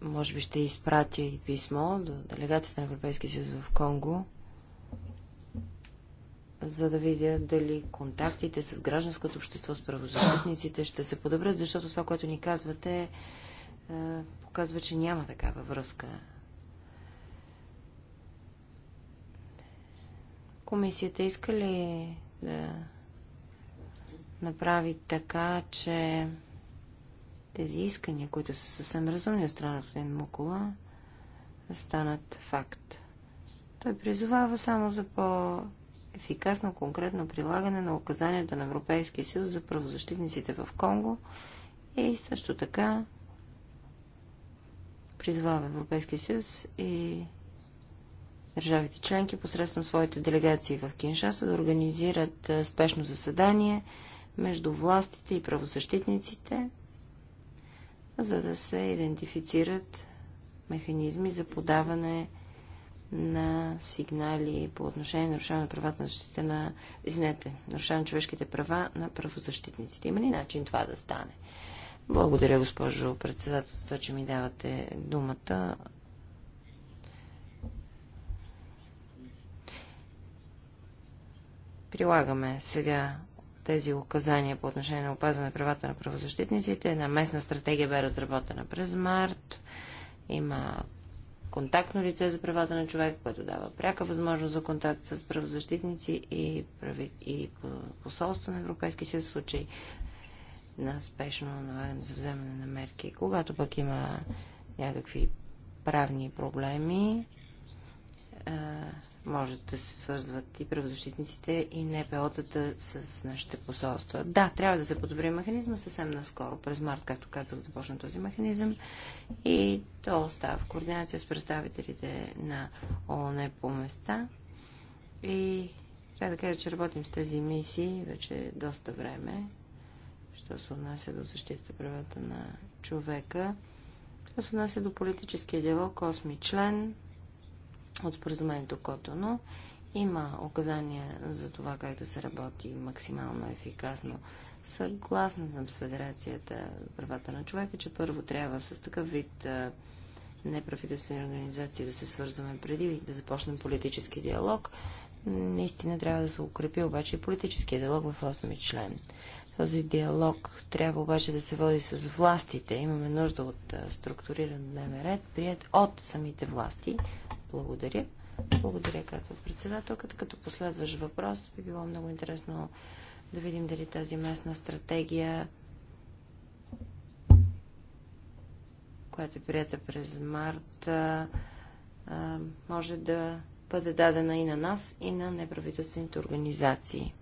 Може би ще изпратя и писмо до делегацията на Европейския съюз в Конго, за да видя дали контактите с гражданското общество, с правозащитниците ще се подобрят, защото това, което ни казвате, е, показва, че няма такава връзка Комисията иска ли да направи така, че тези искания, които са съвсем разумни от страна на Мукола, станат факт. Той призовава само за по-ефикасно, конкретно прилагане на указанията на Европейския съюз за правозащитниците в Конго и също така призвава Европейския съюз и държавите членки посредством своите делегации в Киншаса да организират спешно заседание между властите и правозащитниците за да се идентифицират механизми за подаване на сигнали по отношение на нарушаване на правата на защита на... Извинете, нарушаване на човешките права на правозащитниците. Има ли начин това да стане? Благодаря, госпожо председател, за това, че ми давате думата. Прилагаме сега тези указания по отношение на опазване правата на правозащитниците. Една местна стратегия бе разработена през март. Има контактно лице за правата на човек, което дава пряка възможност за контакт с правозащитници и, прави... и посолство на Европейски съюз в случай на спешно налагане за вземане на мерки. Когато пък има някакви правни проблеми, може да се свързват и правозащитниците и НПО-тата с нашите посолства. Да, трябва да се подобри механизма съвсем наскоро. През март, както казах, започна този механизъм и то става в координация с представителите на ООН по места. И трябва да кажа, че работим с тези мисии вече доста време, що се отнася до защитата правата на човека. Що се отнася до политическия диалог, осми член, от споразумението Котоно. Има указания за това как да се работи максимално ефикасно. Съгласна съм с Федерацията за правата на човека, че първо трябва с такъв вид неправителствени организации да се свързваме преди да започнем политически диалог. Наистина трябва да се укрепи обаче и политическия диалог в 8 ми член. Този диалог трябва обаче да се води с властите. Имаме нужда от структуриран дневен ред, прият от самите власти, благодаря. Благодаря, казва председателката. Като последваш въпрос би било много интересно да видим дали тази местна стратегия, която е прията през март, може да бъде дадена и на нас, и на неправителствените организации.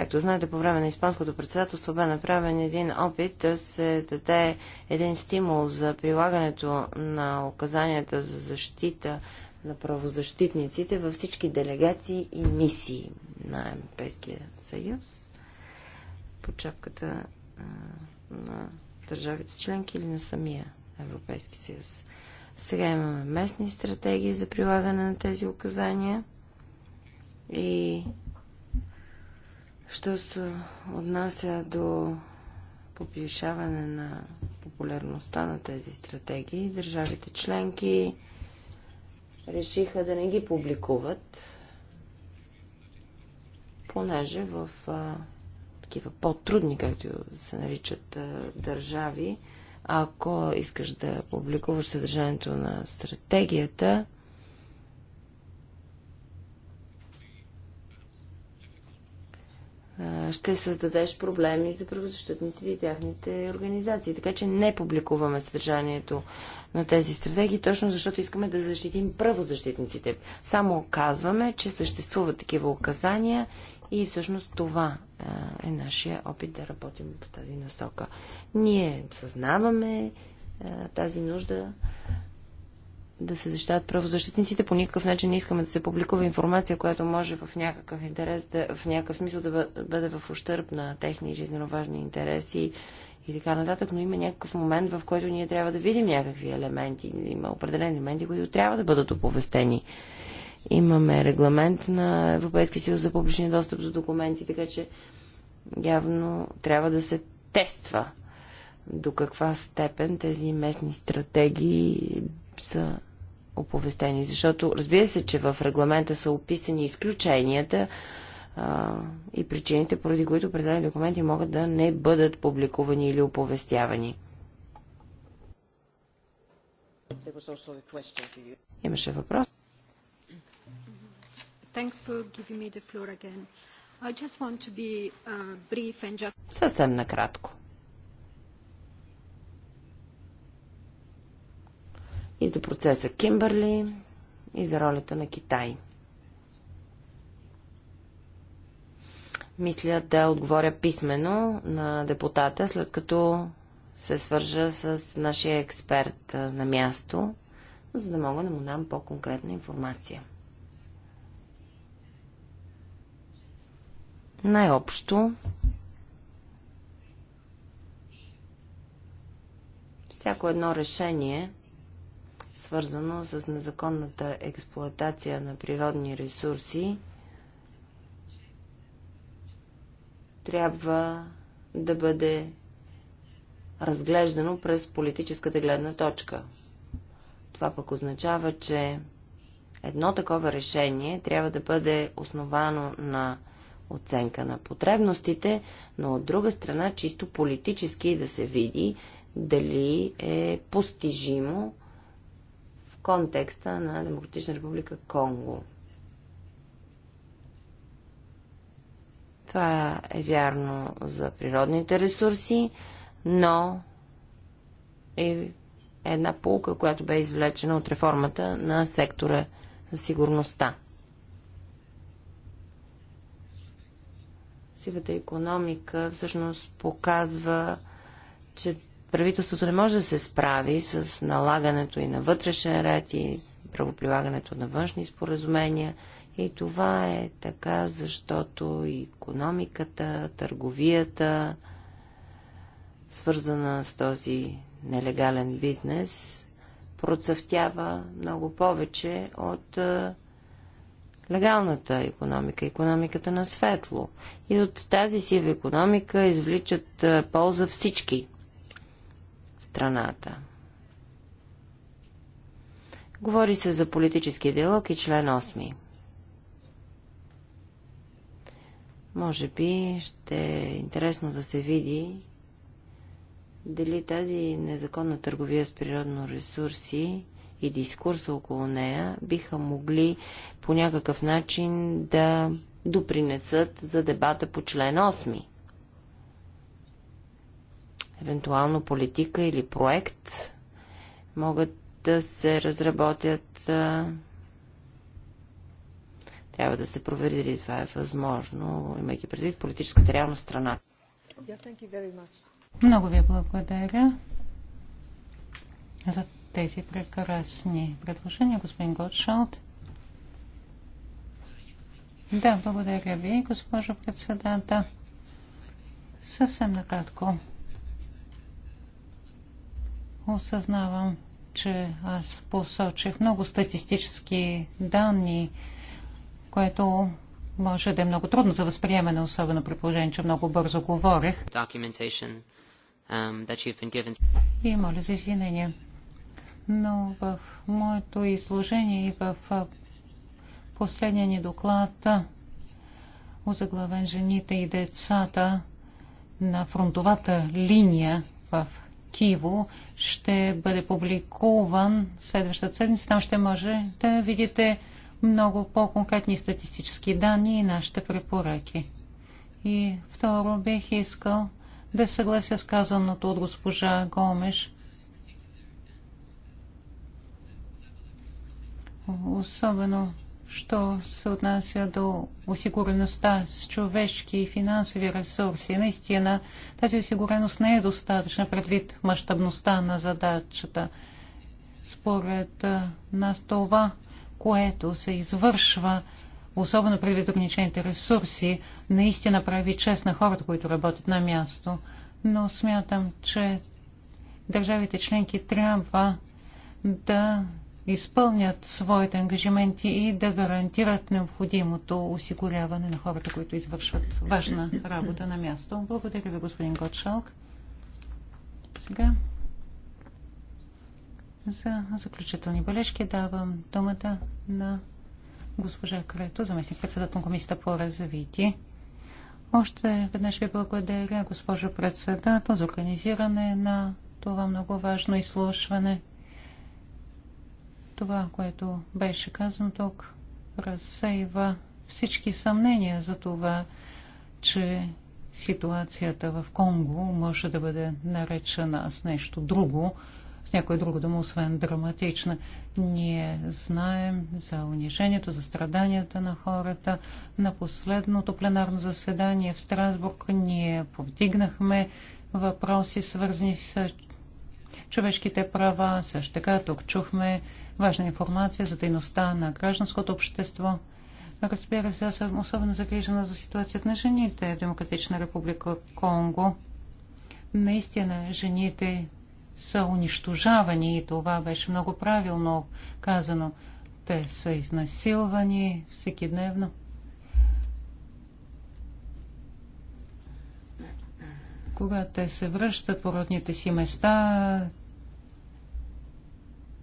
Както знаете, по време на Испанското председателство бе направен един опит да се даде един стимул за прилагането на указанията за защита на правозащитниците във всички делегации и мисии на Европейския съюз. Почапката на държавите членки или на самия Европейски съюз. Сега имаме местни стратегии за прилагане на тези указания и Що се отнася до повишаване на популярността на тези стратегии, държавите членки решиха да не ги публикуват, понеже в а, такива по-трудни, както се наричат а, държави, ако искаш да публикуваш съдържанието на стратегията, ще създадеш проблеми за правозащитниците и тяхните организации. Така че не публикуваме съдържанието на тези стратегии, точно защото искаме да защитим правозащитниците. Само казваме, че съществуват такива указания и всъщност това е нашия опит да работим по тази насока. Ние съзнаваме тази нужда да се защитават правозащитниците. По никакъв начин не искаме да се публикува информация, която може в някакъв интерес, да, в някакъв смисъл да бъде в ущърп на техни жизненно важни интереси и така нататък, но има някакъв момент, в който ние трябва да видим някакви елементи. Има определени елементи, които трябва да бъдат оповестени. Имаме регламент на Европейския съюз за публичния достъп до документи, така че явно трябва да се тества до каква степен тези местни стратегии са оповестени, защото разбира се, че в регламента са описани изключенията а, и причините, поради които определени документи могат да не бъдат публикувани или оповестявани. Имаше въпрос. Just... Съвсем накратко. и за процеса Кимбърли, и за ролята на Китай. Мисля да отговоря писменно на депутата, след като се свържа с нашия експерт на място, за да мога да му дам по-конкретна информация. Най-общо всяко едно решение свързано с незаконната експлоатация на природни ресурси, трябва да бъде разглеждано през политическата гледна точка. Това пък означава, че едно такова решение трябва да бъде основано на оценка на потребностите, но от друга страна чисто политически да се види дали е постижимо контекста на Демократична република Конго. Това е вярно за природните ресурси, но е една полка, която бе извлечена от реформата на сектора за сигурността. Сивата економика всъщност показва, че правителството не може да се справи с налагането и на вътрешен ред и правоприлагането на външни споразумения. И това е така, защото и економиката, търговията, свързана с този нелегален бизнес, процъфтява много повече от легалната економика, економиката на светло. И от тази сива економика извличат полза всички страната. Говори се за политически диалог и член 8. Може би ще е интересно да се види дали тази незаконна търговия с природно ресурси и дискурса около нея биха могли по някакъв начин да допринесат за дебата по член 8 евентуално политика или проект, могат да се разработят. Трябва да се провери дали това е възможно, имайки предвид политическата реалност страна. Много ви благодаря за тези прекрасни предложения, господин Готшалт. Да, благодаря ви, госпожо председател. Съвсем накратко осъзнавам, че аз посочих много статистически данни, което може да е много трудно за възприемане, особено при положение, че много бързо говорех. Um, и моля за извинение. Но в моето изложение и в последния ни доклад, озаглавен жените и децата на фронтовата линия в Киво ще бъде публикуван следващата седмица. Там ще може да видите много по-конкретни статистически данни и нашите препоръки. И второ, бих искал да съглася с казаното от госпожа Гомеш. Особено що се отнася до осигуреността с човешки и финансови ресурси. Наистина тази осигуреност не е достатъчна предвид мащабността на задачата. Според нас това, което се извършва, особено предвид ограничените ресурси, наистина прави чест на хората, които работят на място. Но смятам, че държавите членки трябва да изпълнят своите ангажименти и да гарантират необходимото осигуряване на хората, които извършват важна работа на място. Благодаря ви, господин Готшалк. Сега за заключителни бележки давам думата на госпожа Крето, заместник председател на комисията по развитие. Още веднъж ви благодаря, госпожо председател, за организиране на това много важно изслушване. Това, което беше казано тук, разсейва всички съмнения за това, че ситуацията в Конго може да бъде наречена с нещо друго, с някой друга дума, освен драматична. Ние знаем за унижението, за страданията на хората. На последното пленарно заседание в Страсбург ние повдигнахме въпроси, свързани с човешките права. Също така тук чухме важна информация за дейността на гражданското общество. Разбира се, аз съм особено загрижена за ситуацията на жените в Демократична република Конго. Наистина, жените са унищожавани и това беше много правилно казано. Те са изнасилвани всеки дневно. когато те се връщат по родните си места,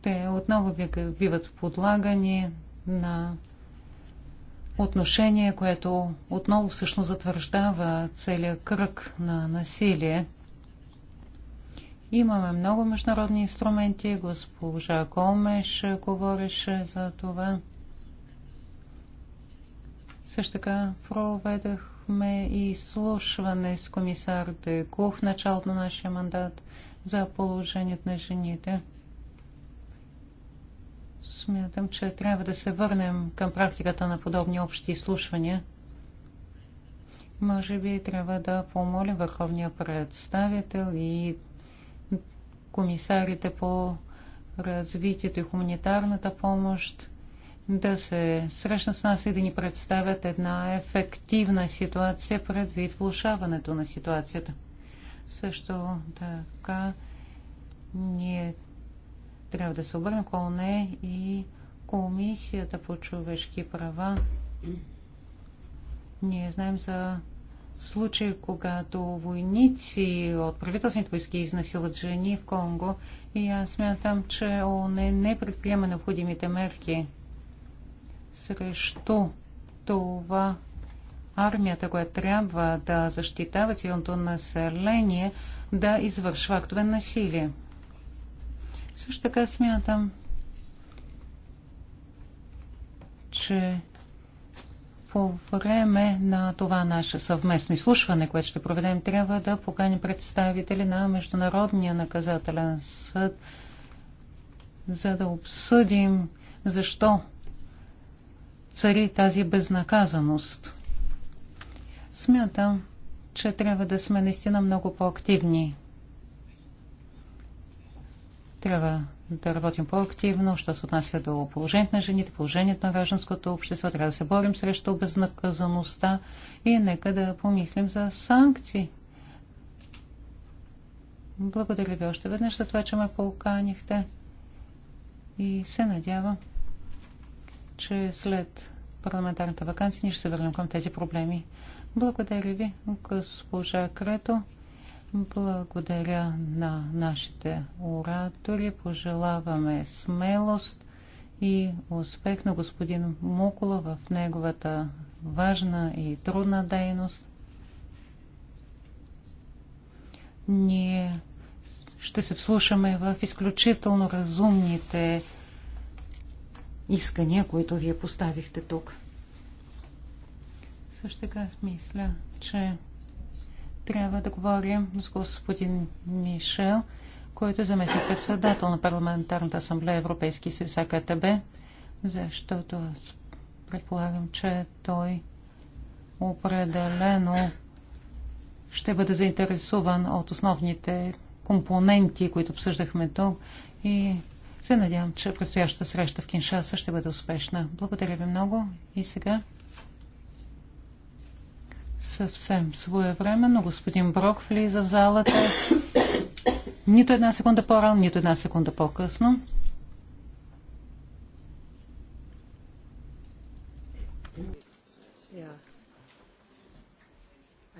те отново биват подлагани на отношение, което отново всъщност затвърждава целият кръг на насилие. Имаме много международни инструменти. Госпожа Колмеш говореше за това. Също така проведахме и слушване с комисар Декух в началото на нашия мандат за положението на жените. Смятам, че трябва да се върнем към практиката на подобни общи изслушвания. Може би трябва да помолим върховния представител и комисарите по развитието и хуманитарната помощ да се срещнат с нас и да ни представят една ефективна ситуация предвид влушаването на ситуацията. Също така ние трябва да се обърна, ако не и Комисията по човешки права. Ние знаем за случай, когато войници от правителствените войски изнасилват жени в Конго и аз смятам, че ООН не предприема необходимите мерки срещу това армията, която трябва да защитава цивилното население, да извършва актове насилие. Също така смятам, че по време на това наше съвместно изслушване, което ще проведем, трябва да поканим представители на Международния наказателен съд, за да обсъдим защо цари тази безнаказаност. Смятам, че трябва да сме наистина много по-активни трябва да работим по-активно, що се отнася до положението на жените, положението на гражданското общество. Трябва да се борим срещу безнаказаността и нека да помислим за санкции. Благодаря ви още веднъж за това, че ме поканихте. И се надявам, че след парламентарната вакансия ние ще се върнем към тези проблеми. Благодаря ви, госпожа Крето. Благодаря на нашите оратори. Пожелаваме смелост и успех на господин Мукула в неговата важна и трудна дейност. Ние ще се вслушаме в изключително разумните искания, които вие поставихте тук. Също така мисля, че трябва да говорим с господин Мишел, който е заместник председател на Парламентарната асамблея Европейски съюз АКТБ, защото предполагам, че той определено ще бъде заинтересуван от основните компоненти, които обсъждахме тук и се надявам, че предстоящата среща в Киншаса ще бъде успешна. Благодаря ви много и сега Съвсем своевременно господин Брок влиза в залата. Нито една секунда по-рано, нито една секунда по-късно.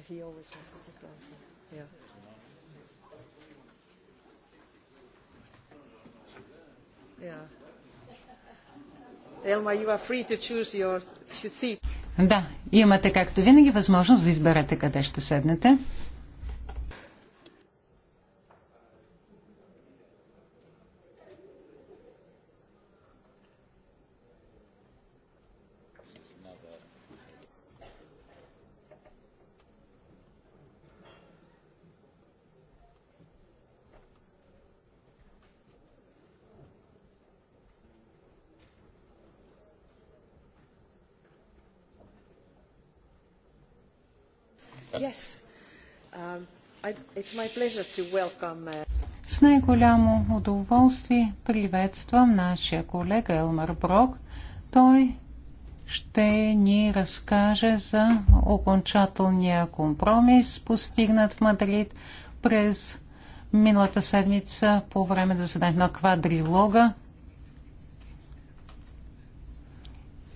Елма, always wants to sit down. Yeah. Yeah. you are free to choose your seat. Да, имате както винаги възможност да изберете къде ще седнете. Uh, uh, С най-голямо удоволствие приветствам нашия колега Елмар Брок. Той ще ни разкаже за окончателния компромис, постигнат в Мадрид през миналата седмица по време да се на квадрилога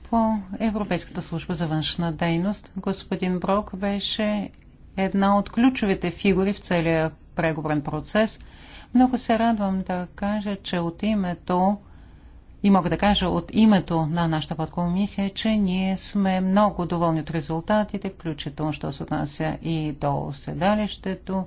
по Европейската служба за външна дейност. Господин Брок беше една от ключовите фигури в целия преговорен процес. Много се радвам да кажа, че от името и мога да кажа от името на нашата подкомисия, че ние сме много доволни от резултатите, включително, що се отнася и до седалището.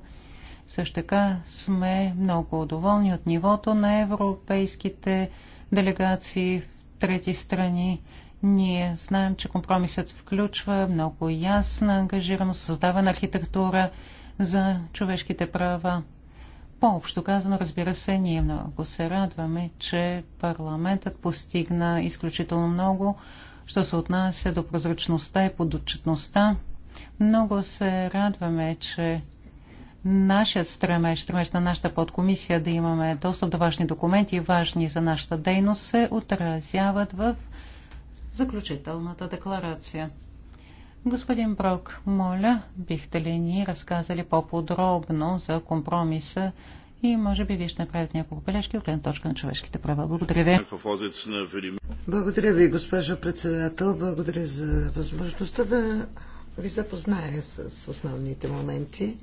Също така сме много доволни от нивото на европейските делегации в трети страни. Ние знаем, че компромисът включва много ясна ангажираност, създавана архитектура за човешките права. По-общо казано, разбира се, ние много се радваме, че парламентът постигна изключително много, що се отнася до прозрачността и подотчетността. Много се радваме, че нашият стремеж, стремеж на нашата подкомисия да имаме достъп до важни документи, важни за нашата дейност, се отразяват в заключителната декларация. Господин Брок, моля, бихте ли ни разказали по-подробно за компромиса и може би вие ще направят няколко бележки от гледна точка на човешките права. Благодаря ви. Благодаря ви, госпожа председател. Благодаря за възможността да ви запозная с основните моменти.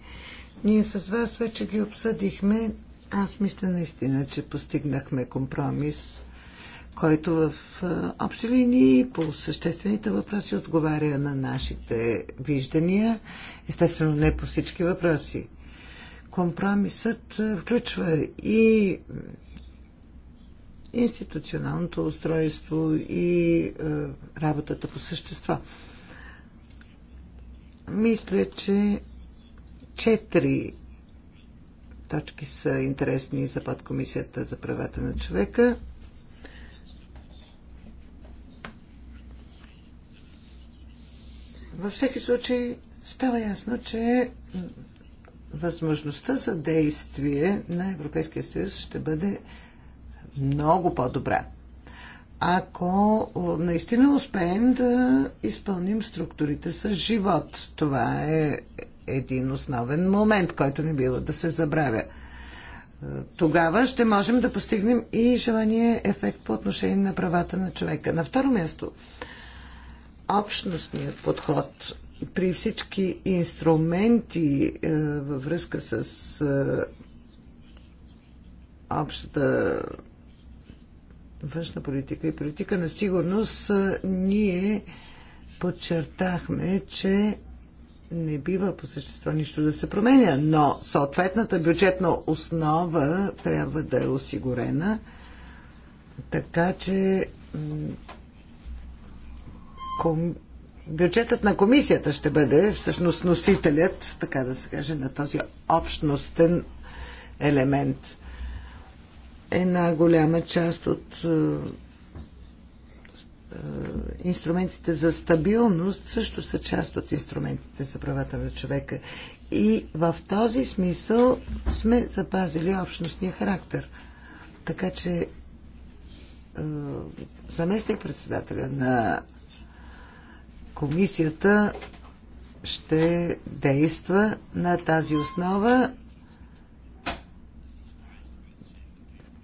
Ние с вас вече ги обсъдихме. Аз мисля наистина, че постигнахме компромис който в общи линии по съществените въпроси отговаря на нашите виждания. Естествено, не по всички въпроси. Компромисът включва и институционалното устройство и работата по същества. Мисля, че четири точки са интересни за подкомисията за правата на човека. Във всеки случай става ясно, че възможността за действие на Европейския съюз ще бъде много по-добра. Ако наистина успеем да изпълним структурите с живот, това е един основен момент, който не бива да се забравя. Тогава ще можем да постигнем и желания ефект по отношение на правата на човека. На второ място, общностният подход при всички инструменти е, във връзка с е, общата външна политика и политика на сигурност, е, ние подчертахме, че не бива по същество нищо да се променя, но съответната бюджетна основа трябва да е осигурена, така че ком... бюджетът на комисията ще бъде всъщност носителят, така да се каже, на този общностен елемент. Една голяма част от е, е, инструментите за стабилност също са част от инструментите за правата на човека. И в този смисъл сме запазили общностния характер. Така че е, заместник председателя на комисията ще действа на тази основа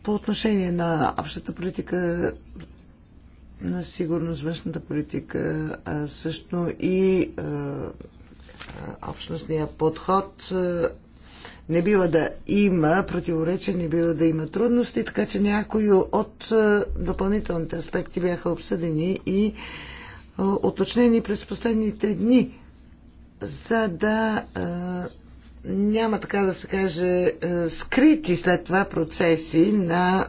по отношение на общата политика на сигурност, външната политика, също и общностния подход не бива да има противоречия, не бива да има трудности, така че някои от допълнителните аспекти бяха обсъдени и уточнени през последните дни, за да няма така да се каже скрити след това процеси на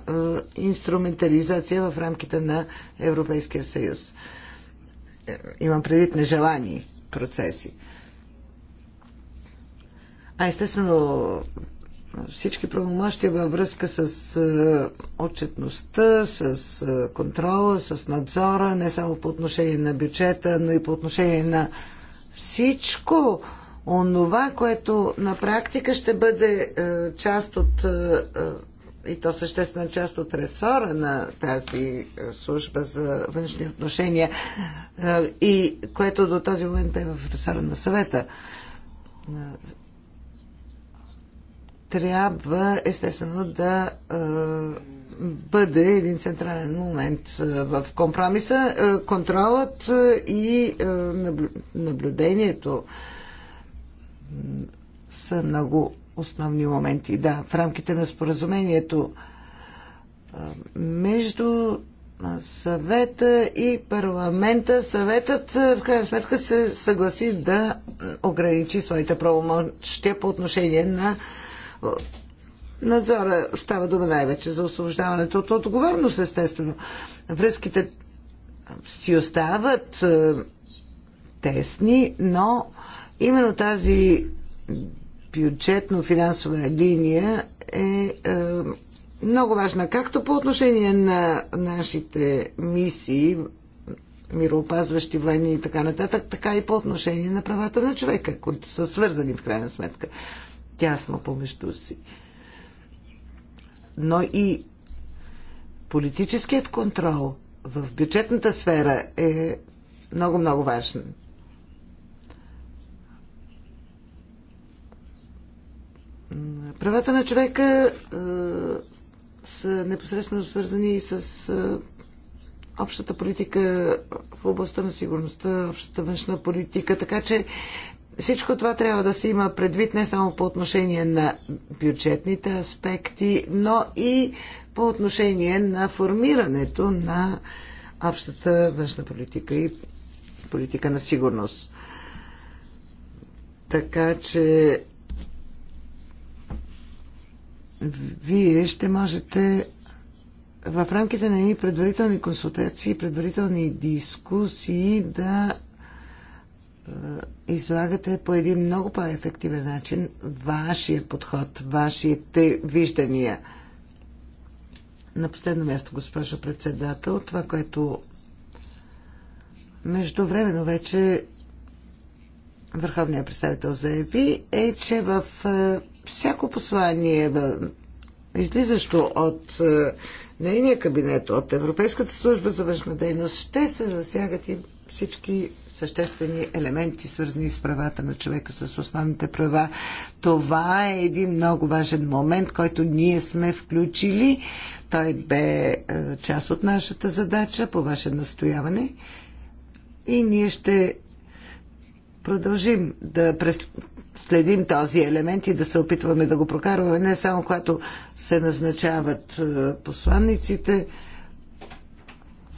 инструментализация в рамките на Европейския съюз. Е, имам предвид нежелани процеси. А естествено всички правомощия във връзка с отчетността, с контрола, с надзора, не само по отношение на бюджета, но и по отношение на всичко онова, което на практика ще бъде част от и то съществена част от ресора на тази служба за външни отношения и което до този момент бе в ресора на съвета трябва естествено да бъде един централен момент в компромиса. Контролът и наблюдението са много основни моменти. Да, в рамките на споразумението между съвета и парламента. Съветът в крайна сметка се съгласи да ограничи своите правомощия по отношение на надзора става дума най-вече за освобождаването от отговорност, естествено. Връзките си остават е, тесни, но именно тази бюджетно-финансова линия е, е много важна, както по отношение на нашите мисии, мироопазващи войни и така нататък, така и по отношение на правата на човека, които са свързани в крайна сметка тясно помежду си. Но и политическият контрол в бюджетната сфера е много-много важен. Правата на човека е, са непосредствено свързани и с е, общата политика в областта на сигурността, общата външна политика, така че всичко това трябва да се има предвид не само по отношение на бюджетните аспекти, но и по отношение на формирането на общата външна политика и политика на сигурност. Така че вие ще можете в рамките на едни предварителни консултации, предварителни дискусии да е, излагате по един много по-ефективен начин вашия подход, вашите виждания. На последно място, госпожо председател, това, което междувременно вече върховният представител заяви, е, че в е, всяко послание, излизащо от е, нейния кабинет, от Европейската служба за външна дейност, ще се засягат и всички съществени елементи, свързани с правата на човека, с основните права. Това е един много важен момент, който ние сме включили. Той бе е, част от нашата задача по ваше настояване. И ние ще продължим да следим този елемент и да се опитваме да го прокарваме, не само когато се назначават е, посланниците,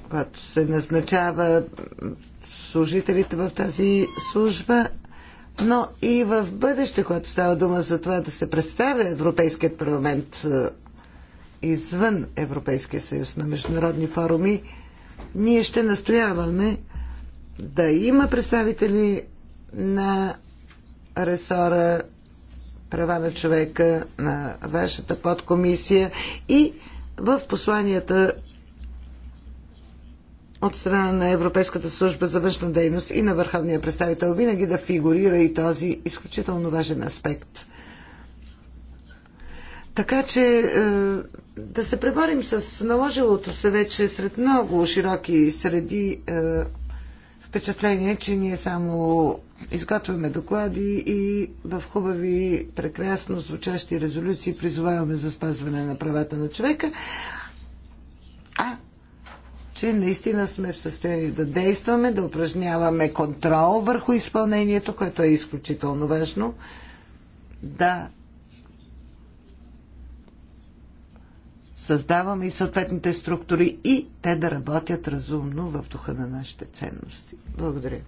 когато се назначава служителите в тази служба, но и в бъдеще, когато става дума за това да се представя Европейският парламент е, извън Европейския съюз на международни форуми, ние ще настояваме да има представители на ресора права на човека, на вашата подкомисия и в посланията от страна на Европейската служба за външна дейност и на върховния представител винаги да фигурира и този изключително важен аспект. Така че е, да се преборим с наложилото се вече сред много широки среди е, впечатление, че ние само изготвяме доклади и в хубави, прекрасно звучащи резолюции призоваваме за спазване на правата на човека, а че наистина сме в състояние да действаме, да упражняваме контрол върху изпълнението, което е изключително важно, да създаваме и съответните структури и те да работят разумно в духа на нашите ценности. Благодаря.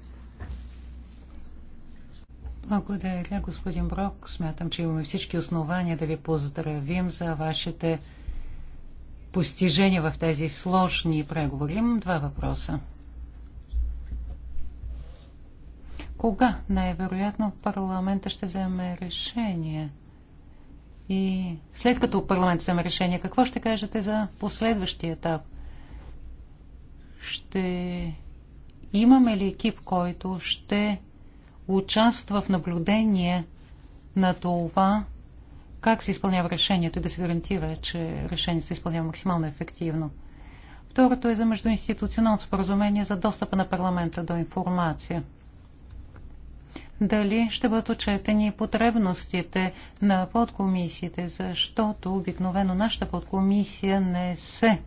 Благодаря, господин Брок. Смятам, че имаме всички основания да ви поздравим за вашите постижения в тези сложни преговори. Имам два въпроса. Кога най-вероятно парламента ще вземе решение? И след като парламент вземе решение, какво ще кажете за последващия етап? Ще имаме ли екип, който ще участва в наблюдение на това, как се изпълнява решението и да се гарантира, че решението се изпълнява максимално ефективно. Второто е за междуинституционално споразумение за достъпа на парламента до информация. Дали ще бъдат отчетени потребностите на подкомисиите, защото обикновено нашата подкомисия не се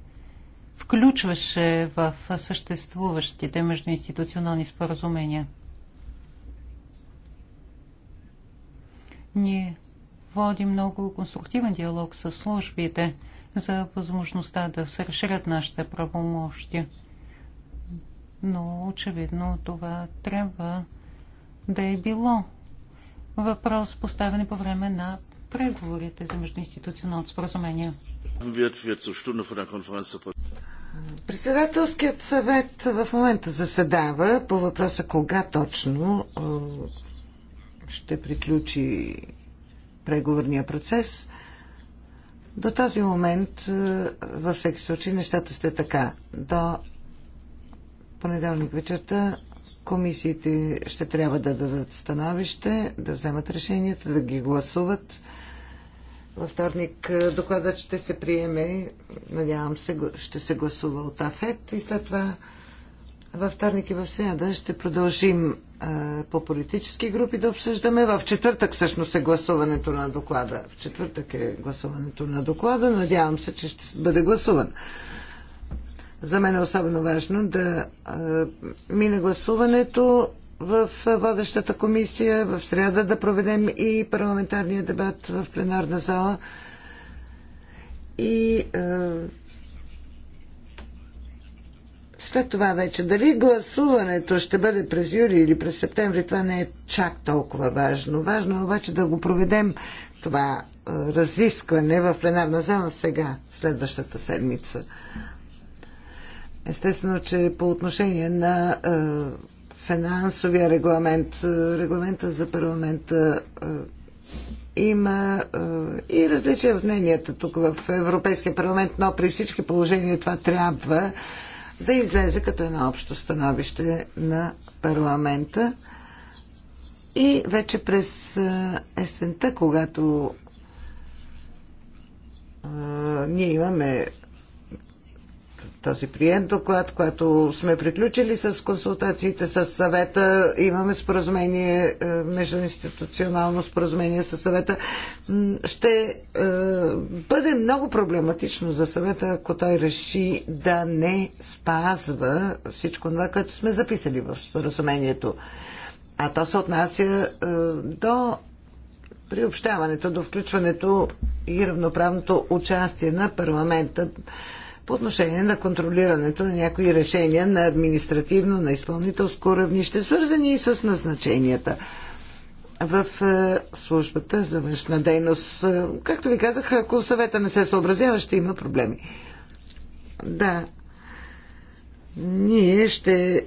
включваше в съществуващите междуинституционални споразумения. Ние води много конструктивен диалог с службите за възможността да се разширят нашите правомощи. Но очевидно това трябва да е било въпрос поставен по време на преговорите за междуинституционалното споразумение. Председателският съвет в момента заседава по въпроса кога точно ще приключи преговорния процес. До този момент, е, във всеки случай, нещата сте е така. До понеделник вечерта комисиите ще трябва да дадат становище, да вземат решенията, да ги гласуват. Във вторник е, докладът ще се приеме, надявам се, ще се гласува от АФЕТ и след това във вторник и в среда ще продължим по политически групи да обсъждаме. В четвъртък всъщност е гласуването на доклада. В четвъртък е гласуването на доклада. Надявам се, че ще бъде гласуван. За мен е особено важно да мине гласуването в водещата комисия, в среда да проведем и парламентарния дебат в пленарна зала. И след това вече, дали гласуването ще бъде през юли или през септември, това не е чак толкова важно. Важно е обаче да го проведем това е, разискване в пленарна зала сега, следващата седмица. Естествено, че по отношение на е, финансовия регламент, е, регламента за парламента има и различия в мненията тук в Европейския парламент, но при всички положения това трябва да излезе като едно общо становище на парламента. И вече през е, есента, когато ние имаме този прият доклад, което сме приключили с консултациите с съвета. Имаме споразумение, е, междуинституционално споразумение с съвета. Ще е, бъде много проблематично за съвета, ако той реши да не спазва всичко това, което сме записали в споразумението. А то се отнася е, до приобщаването, до включването и равноправното участие на парламента по отношение на контролирането на някои решения на административно, на изпълнителско равнище, свързани и с назначенията в е, службата за външна дейност. Е, както ви казах, ако съвета не се съобразява, ще има проблеми. Да. Ние ще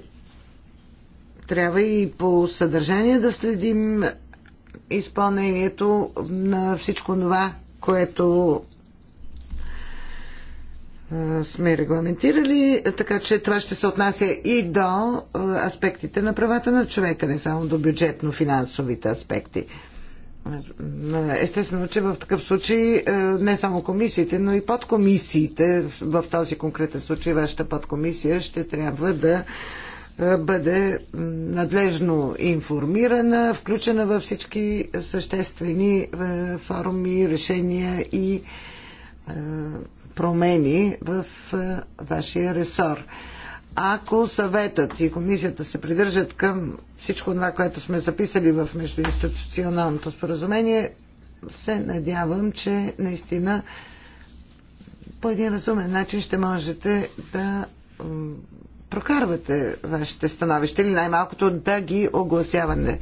трябва и по съдържание да следим изпълнението на всичко това, което е, сме регламентирали, така че това ще се отнася и до е, аспектите на правата на човека, не само до бюджетно-финансовите аспекти. Естествено, че в такъв случай е, не само комисиите, но и подкомисиите, в този конкретен случай вашата подкомисия ще трябва да бъде надлежно информирана, включена във всички съществени форуми, решения и промени в е, вашия ресор. Ако съветът и комисията се придържат към всичко това, което сме записали в междуинституционалното споразумение, се надявам, че наистина по един разумен начин ще можете да прокарвате вашите становища или най-малкото да ги огласяване.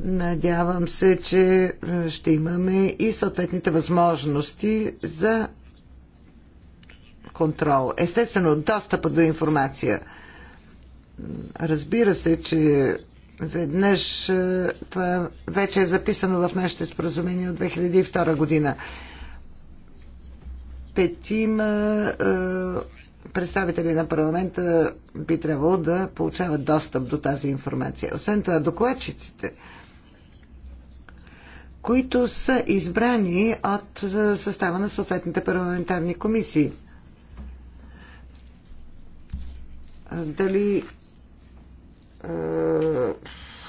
Надявам се, че е, ще имаме и съответните възможности за контрол. Естествено, достъпа до информация. Разбира се, че веднъж е, това вече е записано в нашите споразумения от 2002 година. Петима е, представители на парламента би трябвало да получават достъп до тази информация. Освен това, докладчиците – които са избрани от състава на съответните парламентарни комисии. Дали е,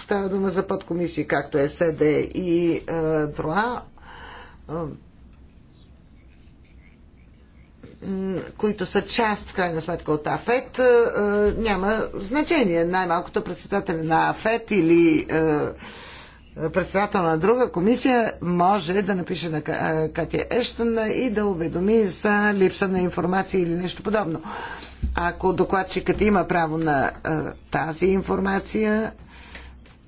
става дума за подкомисии, както е СД и е, ДРОА, е, които са част, в крайна сметка, от АФЕТ, няма значение. Най-малкото председателя на АФЕТ или председател на друга комисия може да напише на Катя Ещана и да уведоми за липса на информация или нещо подобно. Ако докладчикът има право на тази информация,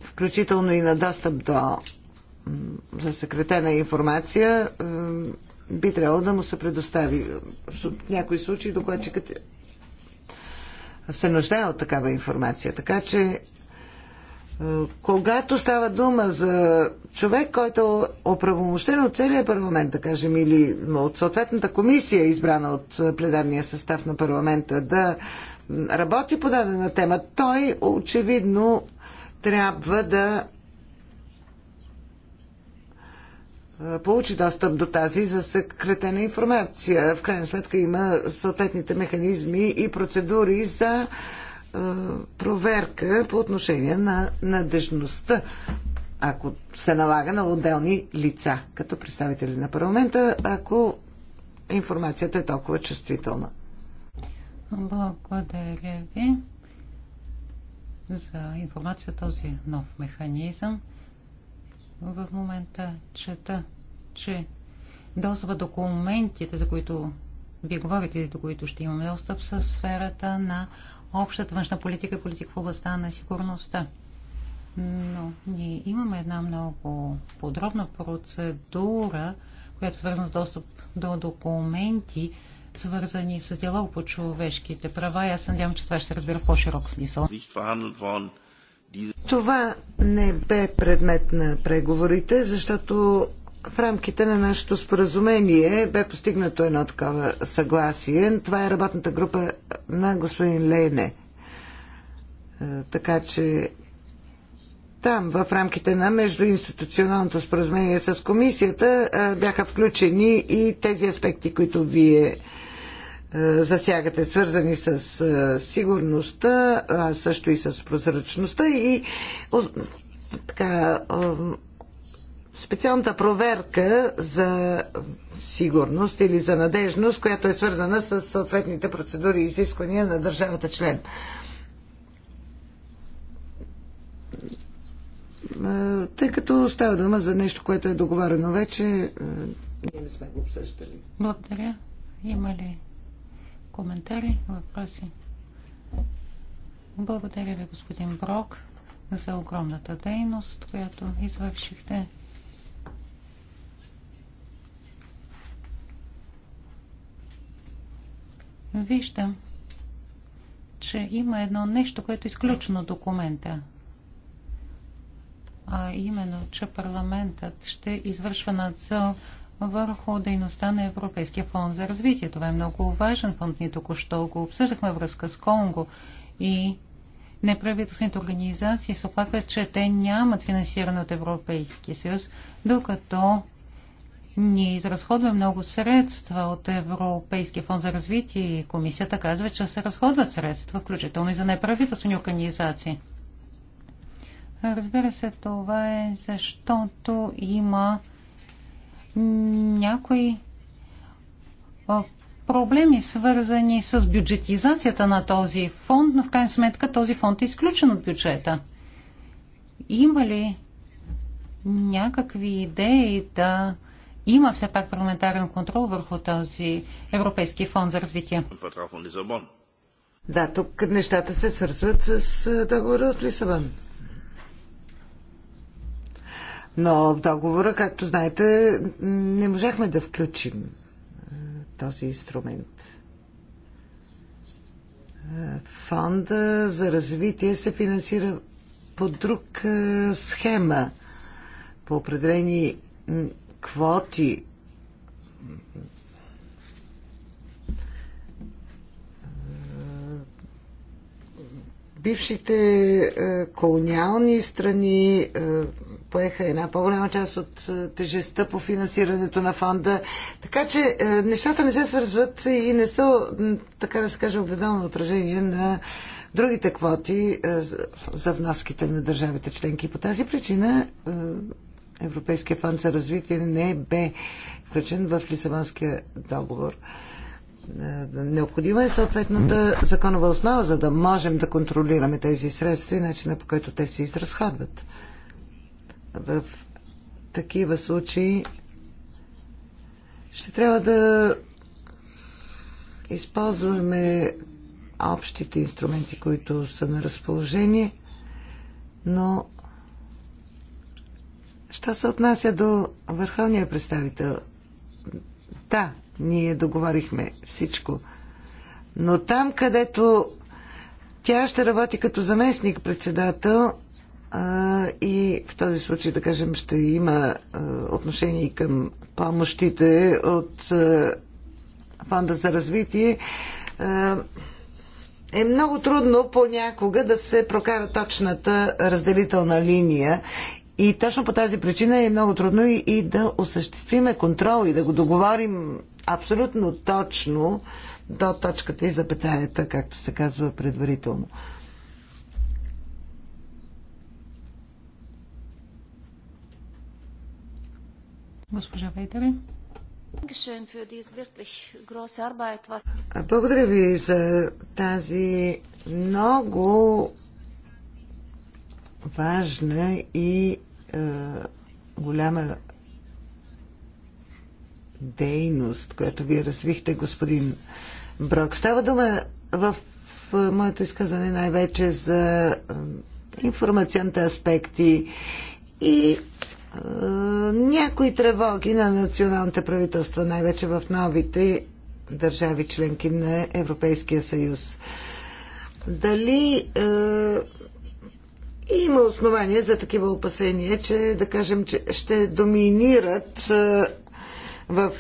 включително и на достъп до засекретена информация, би трябвало да му се предостави. В някои случаи докладчикът се нуждае от такава информация. Така че когато става дума за човек, който е оправомощен от целия парламент, да кажем, или от съответната комисия, избрана от пледарния състав на парламента, да работи по дадена тема, той очевидно трябва да получи достъп до тази засекретена информация. В крайна сметка има съответните механизми и процедури за е, проверка по отношение на надежността, ако се налага на отделни лица, като представители на парламента, ако информацията е толкова чувствителна. Благодаря ви за информация този нов механизъм. В момента чета, че достъпа документите, за които вие говорите, до които ще имаме достъп, са в сферата на общата външна политика и политика в областта на сигурността. Но ние имаме една много подробна процедура, която е свързана с достъп до документи, свързани с диалог по човешките права. И аз надявам, че това ще се разбира в по-широк смисъл. Това не бе предмет на преговорите, защото в рамките на нашето споразумение бе постигнато едно такова съгласие. Това е работната група на господин Лейне. Е, така че там, в рамките на междуинституционалното споразумение с комисията, е, бяха включени и тези аспекти, които вие е, засягате, свързани с сигурността, а също и с прозрачността и така специалната проверка за сигурност или за надежност, която е свързана с съответните процедури и изисквания на държавата член. Тъй като става дума за нещо, което е договорено вече, ние не сме го обсъждали. Благодаря. Има ли коментари, въпроси? Благодаря ви, господин Брок, за огромната дейност, която извършихте. виждам, че има едно нещо, което е изключено документа. А именно, че парламентът ще извършва надзор върху дейността на Европейския фонд за развитие. Това е много важен фонд. Ние току-що го обсъждахме връзка с Конго и неправителствените организации се оплакват, че те нямат финансиране от Европейския съюз, докато ние изразходваме много средства от Европейския фонд за развитие и комисията казва, че се разходват средства, включително и за неправителствени организации. Разбира се, това е защото има някои проблеми, свързани с бюджетизацията на този фонд, но в крайна сметка този фонд е изключен от бюджета. Има ли някакви идеи да има все пак парламентарен контрол върху този Европейски фонд за развитие. Да, тук нещата се свързват с договора от Лисабон. Но в договора, както знаете, не можахме да включим този инструмент. Фонда за развитие се финансира по друг схема, по определени квоти бившите е, колониални страни е, поеха една по-голяма част от е, тежестта по финансирането на фонда. Така че нещата не се свързват и не са, така да се каже, огледално отражение на другите квоти за вноските на държавите членки. По тази причина Европейския фонд за развитие не бе включен в Лисабонския договор. Е, необходима е съответната законова основа, за да можем да контролираме тези средства и начина по който те се изразходват. В такива случаи ще трябва да използваме общите инструменти, които са на разположение, но Що се отнася до върховния представител? Да, ние договорихме всичко. Но там, където тя ще работи като заместник-председател и в този случай, да кажем, ще има отношение към помощите от Фонда за развитие, е много трудно понякога да се прокара точната разделителна линия и точно по тази причина е много трудно и, и да осъществиме контрол и да го договорим абсолютно точно до точката и запетаята, както се казва предварително. Госпожа Вейтери. Благодаря ви за тази много важна и е, голяма дейност, която вие развихте, господин Брок. Става дума в моето изказване най-вече за е, информационните аспекти и е, някои тревоги на националните правителства, най-вече в новите държави членки на Европейския съюз. Дали е, и има основания за такива опасения, че да кажем, че ще доминират в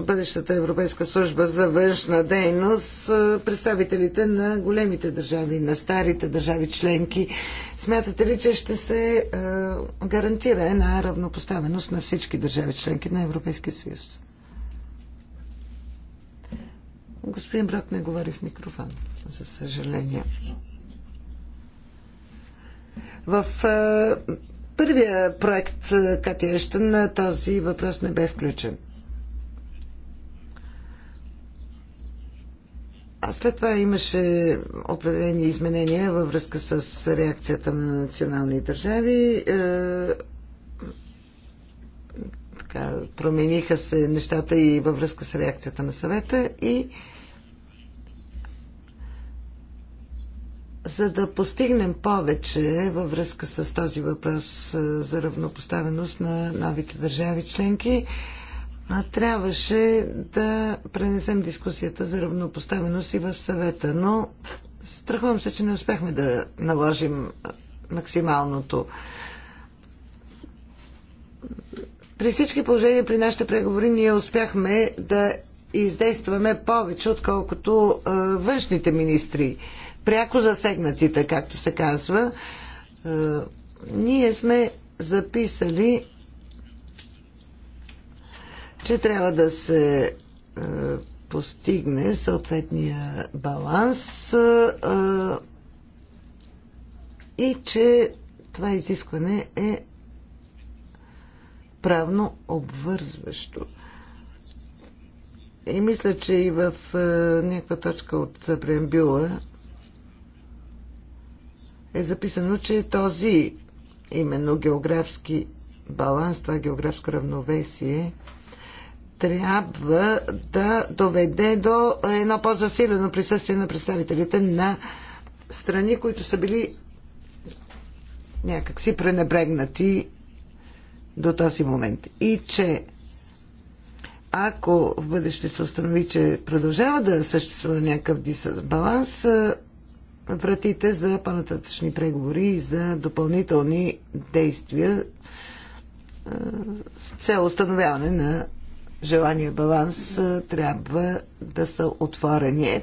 бъдещата Европейска служба за външна дейност представителите на големите държави, на старите държави членки. Смятате ли, че ще се гарантира една равнопоставеност на всички държави членки на Европейския съюз? Господин Брак не говори в микрофон, за съжаление. В е, първия проект е, Катя Ещен е, този въпрос не бе включен. А след това имаше определени изменения във връзка с реакцията на национални държави. Е, така, промениха се нещата и във връзка с реакцията на съвета и За да постигнем повече във връзка с този въпрос за равнопоставеност на новите държави членки, трябваше да пренесем дискусията за равнопоставеност и в съвета, но страхувам се, че не успяхме да наложим максималното. При всички положения при нашите преговори ние успяхме да издействаме повече, отколкото външните министри пряко засегнатите, както се казва, е, ние сме записали, че трябва да се е, постигне съответния баланс е, и че това изискване е правно обвързващо. И мисля, че и в някаква точка от преамбюла е записано, че този именно географски баланс, това географско равновесие, трябва да доведе до едно по-засилено присъствие на представителите на страни, които са били някакси пренебрегнати до този момент. И че ако в бъдеще се установи, че продължава да съществува някакъв дисбаланс, вратите за панататъчни преговори и за допълнителни действия е, с цел установяване на желания баланс е, трябва да са отворени.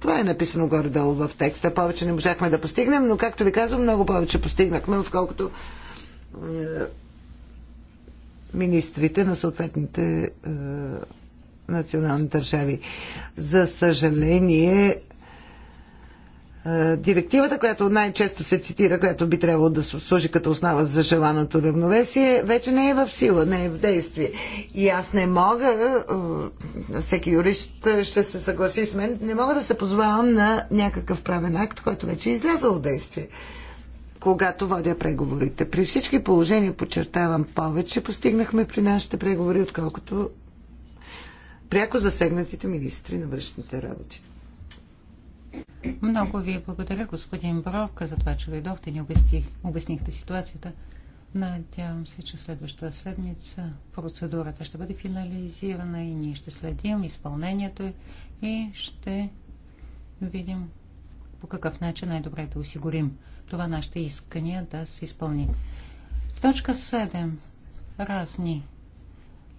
Това е написано горе-долу в текста. Повече не можахме да постигнем, но както ви казвам, много повече постигнахме, отколкото е, министрите на съответните национални държави. За съжаление, е, директивата, която най-често се цитира, която би трябвало да служи като основа за желаното равновесие, вече не е в сила, не е в действие. И аз не мога, е, всеки юрист е, ще се съгласи с мен, не мога да се позвавам на някакъв правен акт, който вече е излязъл от действие когато водя преговорите. При всички положения, подчертавам, повече постигнахме при нашите преговори, отколкото пряко засегнатите министри на външните работи. Много ви благодаря, господин Бровка, за това, че дойдохте и ни обясних, обяснихте ситуацията. Надявам се, че следващата седмица процедурата ще бъде финализирана и ние ще следим изпълнението и ще видим по какъв начин най-добре да осигурим това нашите искания да се изпълни. Точка 7. Разни.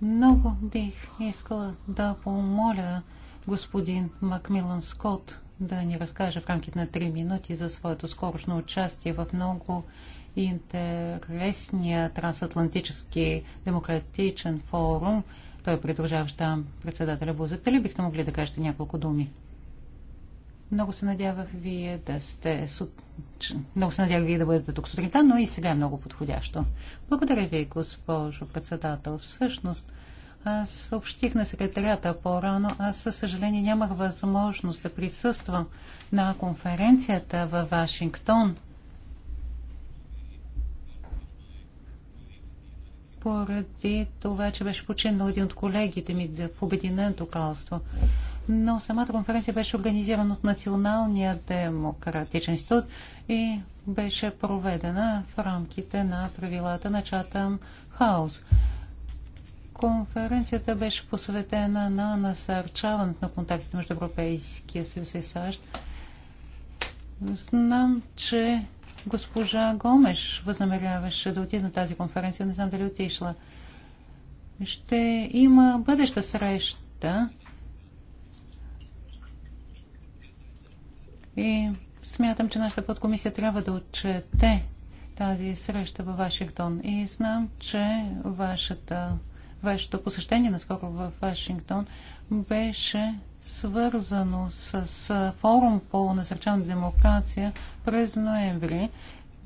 Много бих искала да помоля господин Макмилан Скот да ни разкаже в рамките на 3 минути за своето скорошно участие в много интересния трансатлантически демократичен форум. Той е придружаващ там председателя Бузък. Дали бихте могли да кажете няколко думи? Много се надявах вие да сте много се надявах вие да бъдете тук сутринта, но и сега е много подходящо. Благодаря ви, госпожо председател. Всъщност, аз съобщих на секретарята по-рано. Аз, със съжаление, нямах възможност да присъствам на конференцията във Вашингтон. Поради това, че беше починал един от колегите ми в Обединеното кралство. Но самата конференция беше организирана от Националния демократичен институт и беше проведена в рамките на правилата на Чатъм Хаус. Конференцията беше посветена на насърчаването на контактите между Европейския съюз и САЩ. Знам, че госпожа Гомеш възнамеряваше да отиде на тази конференция. Не знам дали отишла. Ще има бъдеща среща. И смятам, че нашата подкомисия трябва да отчете тази среща във Вашингтон. И знам, че вашата вашето посещение наскоро в Вашингтон беше свързано с, с форум по насърчаване демокрация през ноември.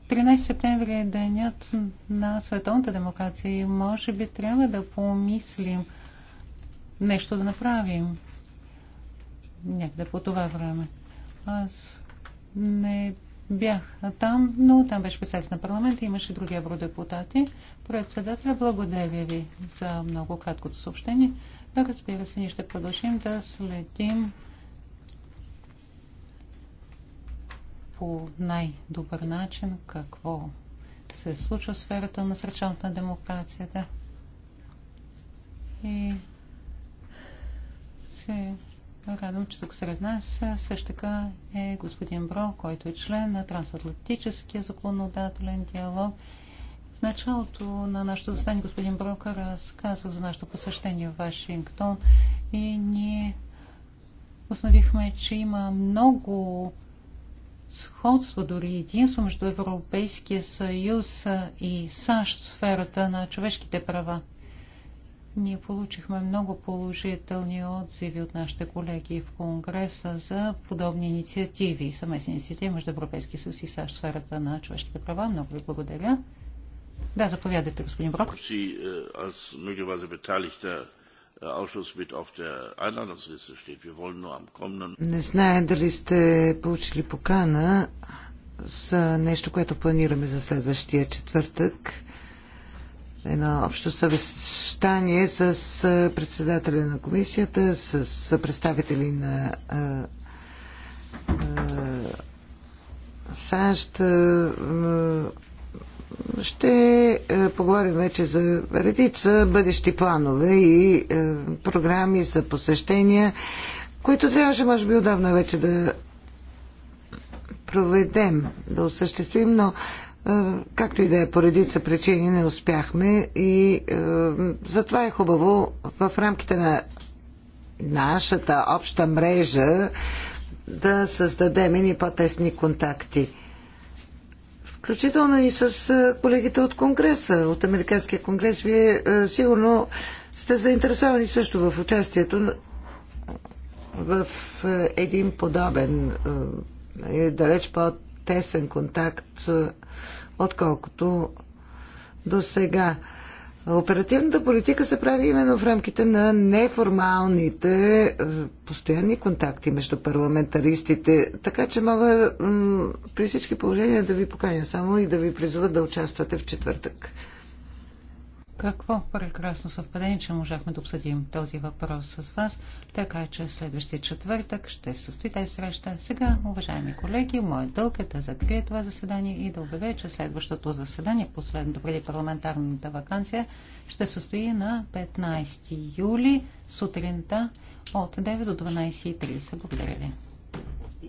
13 септември е денят на световната демокрация и може би трябва да помислим нещо да направим някъде по това време. Аз не бях там, но там беше председател на парламента, имаше други евродепутати. Председателя, благодаря ви за много краткото съобщение. Разбира се, ние ще продължим да следим по най-добър начин какво се случва в сферата на сръчаването на демокрацията. И се радвам, че тук сред нас също така е господин Бро, който е член на Трансатлантическия законодателен диалог. В началото на нашето заседание господин Брок разказва за нашето посещение в Вашингтон и ние установихме, че има много сходство, дори единство между Европейския съюз и САЩ в сферата на човешките права. Ние получихме много положителни отзиви от нашите колеги в Конгреса за подобни инициативи, съместни инициативи между Европейския съюз и САЩ в сферата на човешките права. Много ви благодаря. Да, заповядайте, господин Брок. Е, е, Не знае дали сте получили покана за нещо, което планираме за следващия четвъртък едно общо съвещание с председателя на комисията, с представители на САЩ. Ще поговорим вече за редица бъдещи планове и програми за посещения, които трябваше, може би, отдавна вече да проведем, да осъществим, но Както и да е, по редица причини не успяхме и е, затова е хубаво в рамките на нашата обща мрежа да създадем и по-тесни контакти. Включително и с колегите от Конгреса, от Американския конгрес. Вие е, сигурно сте заинтересовани също в участието в един подобен, е, далеч под тесен контакт, е, отколкото до сега. Оперативната политика се прави именно в рамките на неформалните е, постоянни контакти между парламентаристите, така че мога при всички положения да ви поканя само и да ви призова да участвате в четвъртък. Какво прекрасно съвпадение, че можахме да обсъдим този въпрос с вас, така че следващия четвъртък ще се състои тази среща. Сега, уважаеми колеги, моят дълг е да закрия това заседание и да обявя, че следващото заседание, последното преди парламентарната вакансия, ще състои на 15 юли сутринта от 9 до 12.30. Благодаря ви.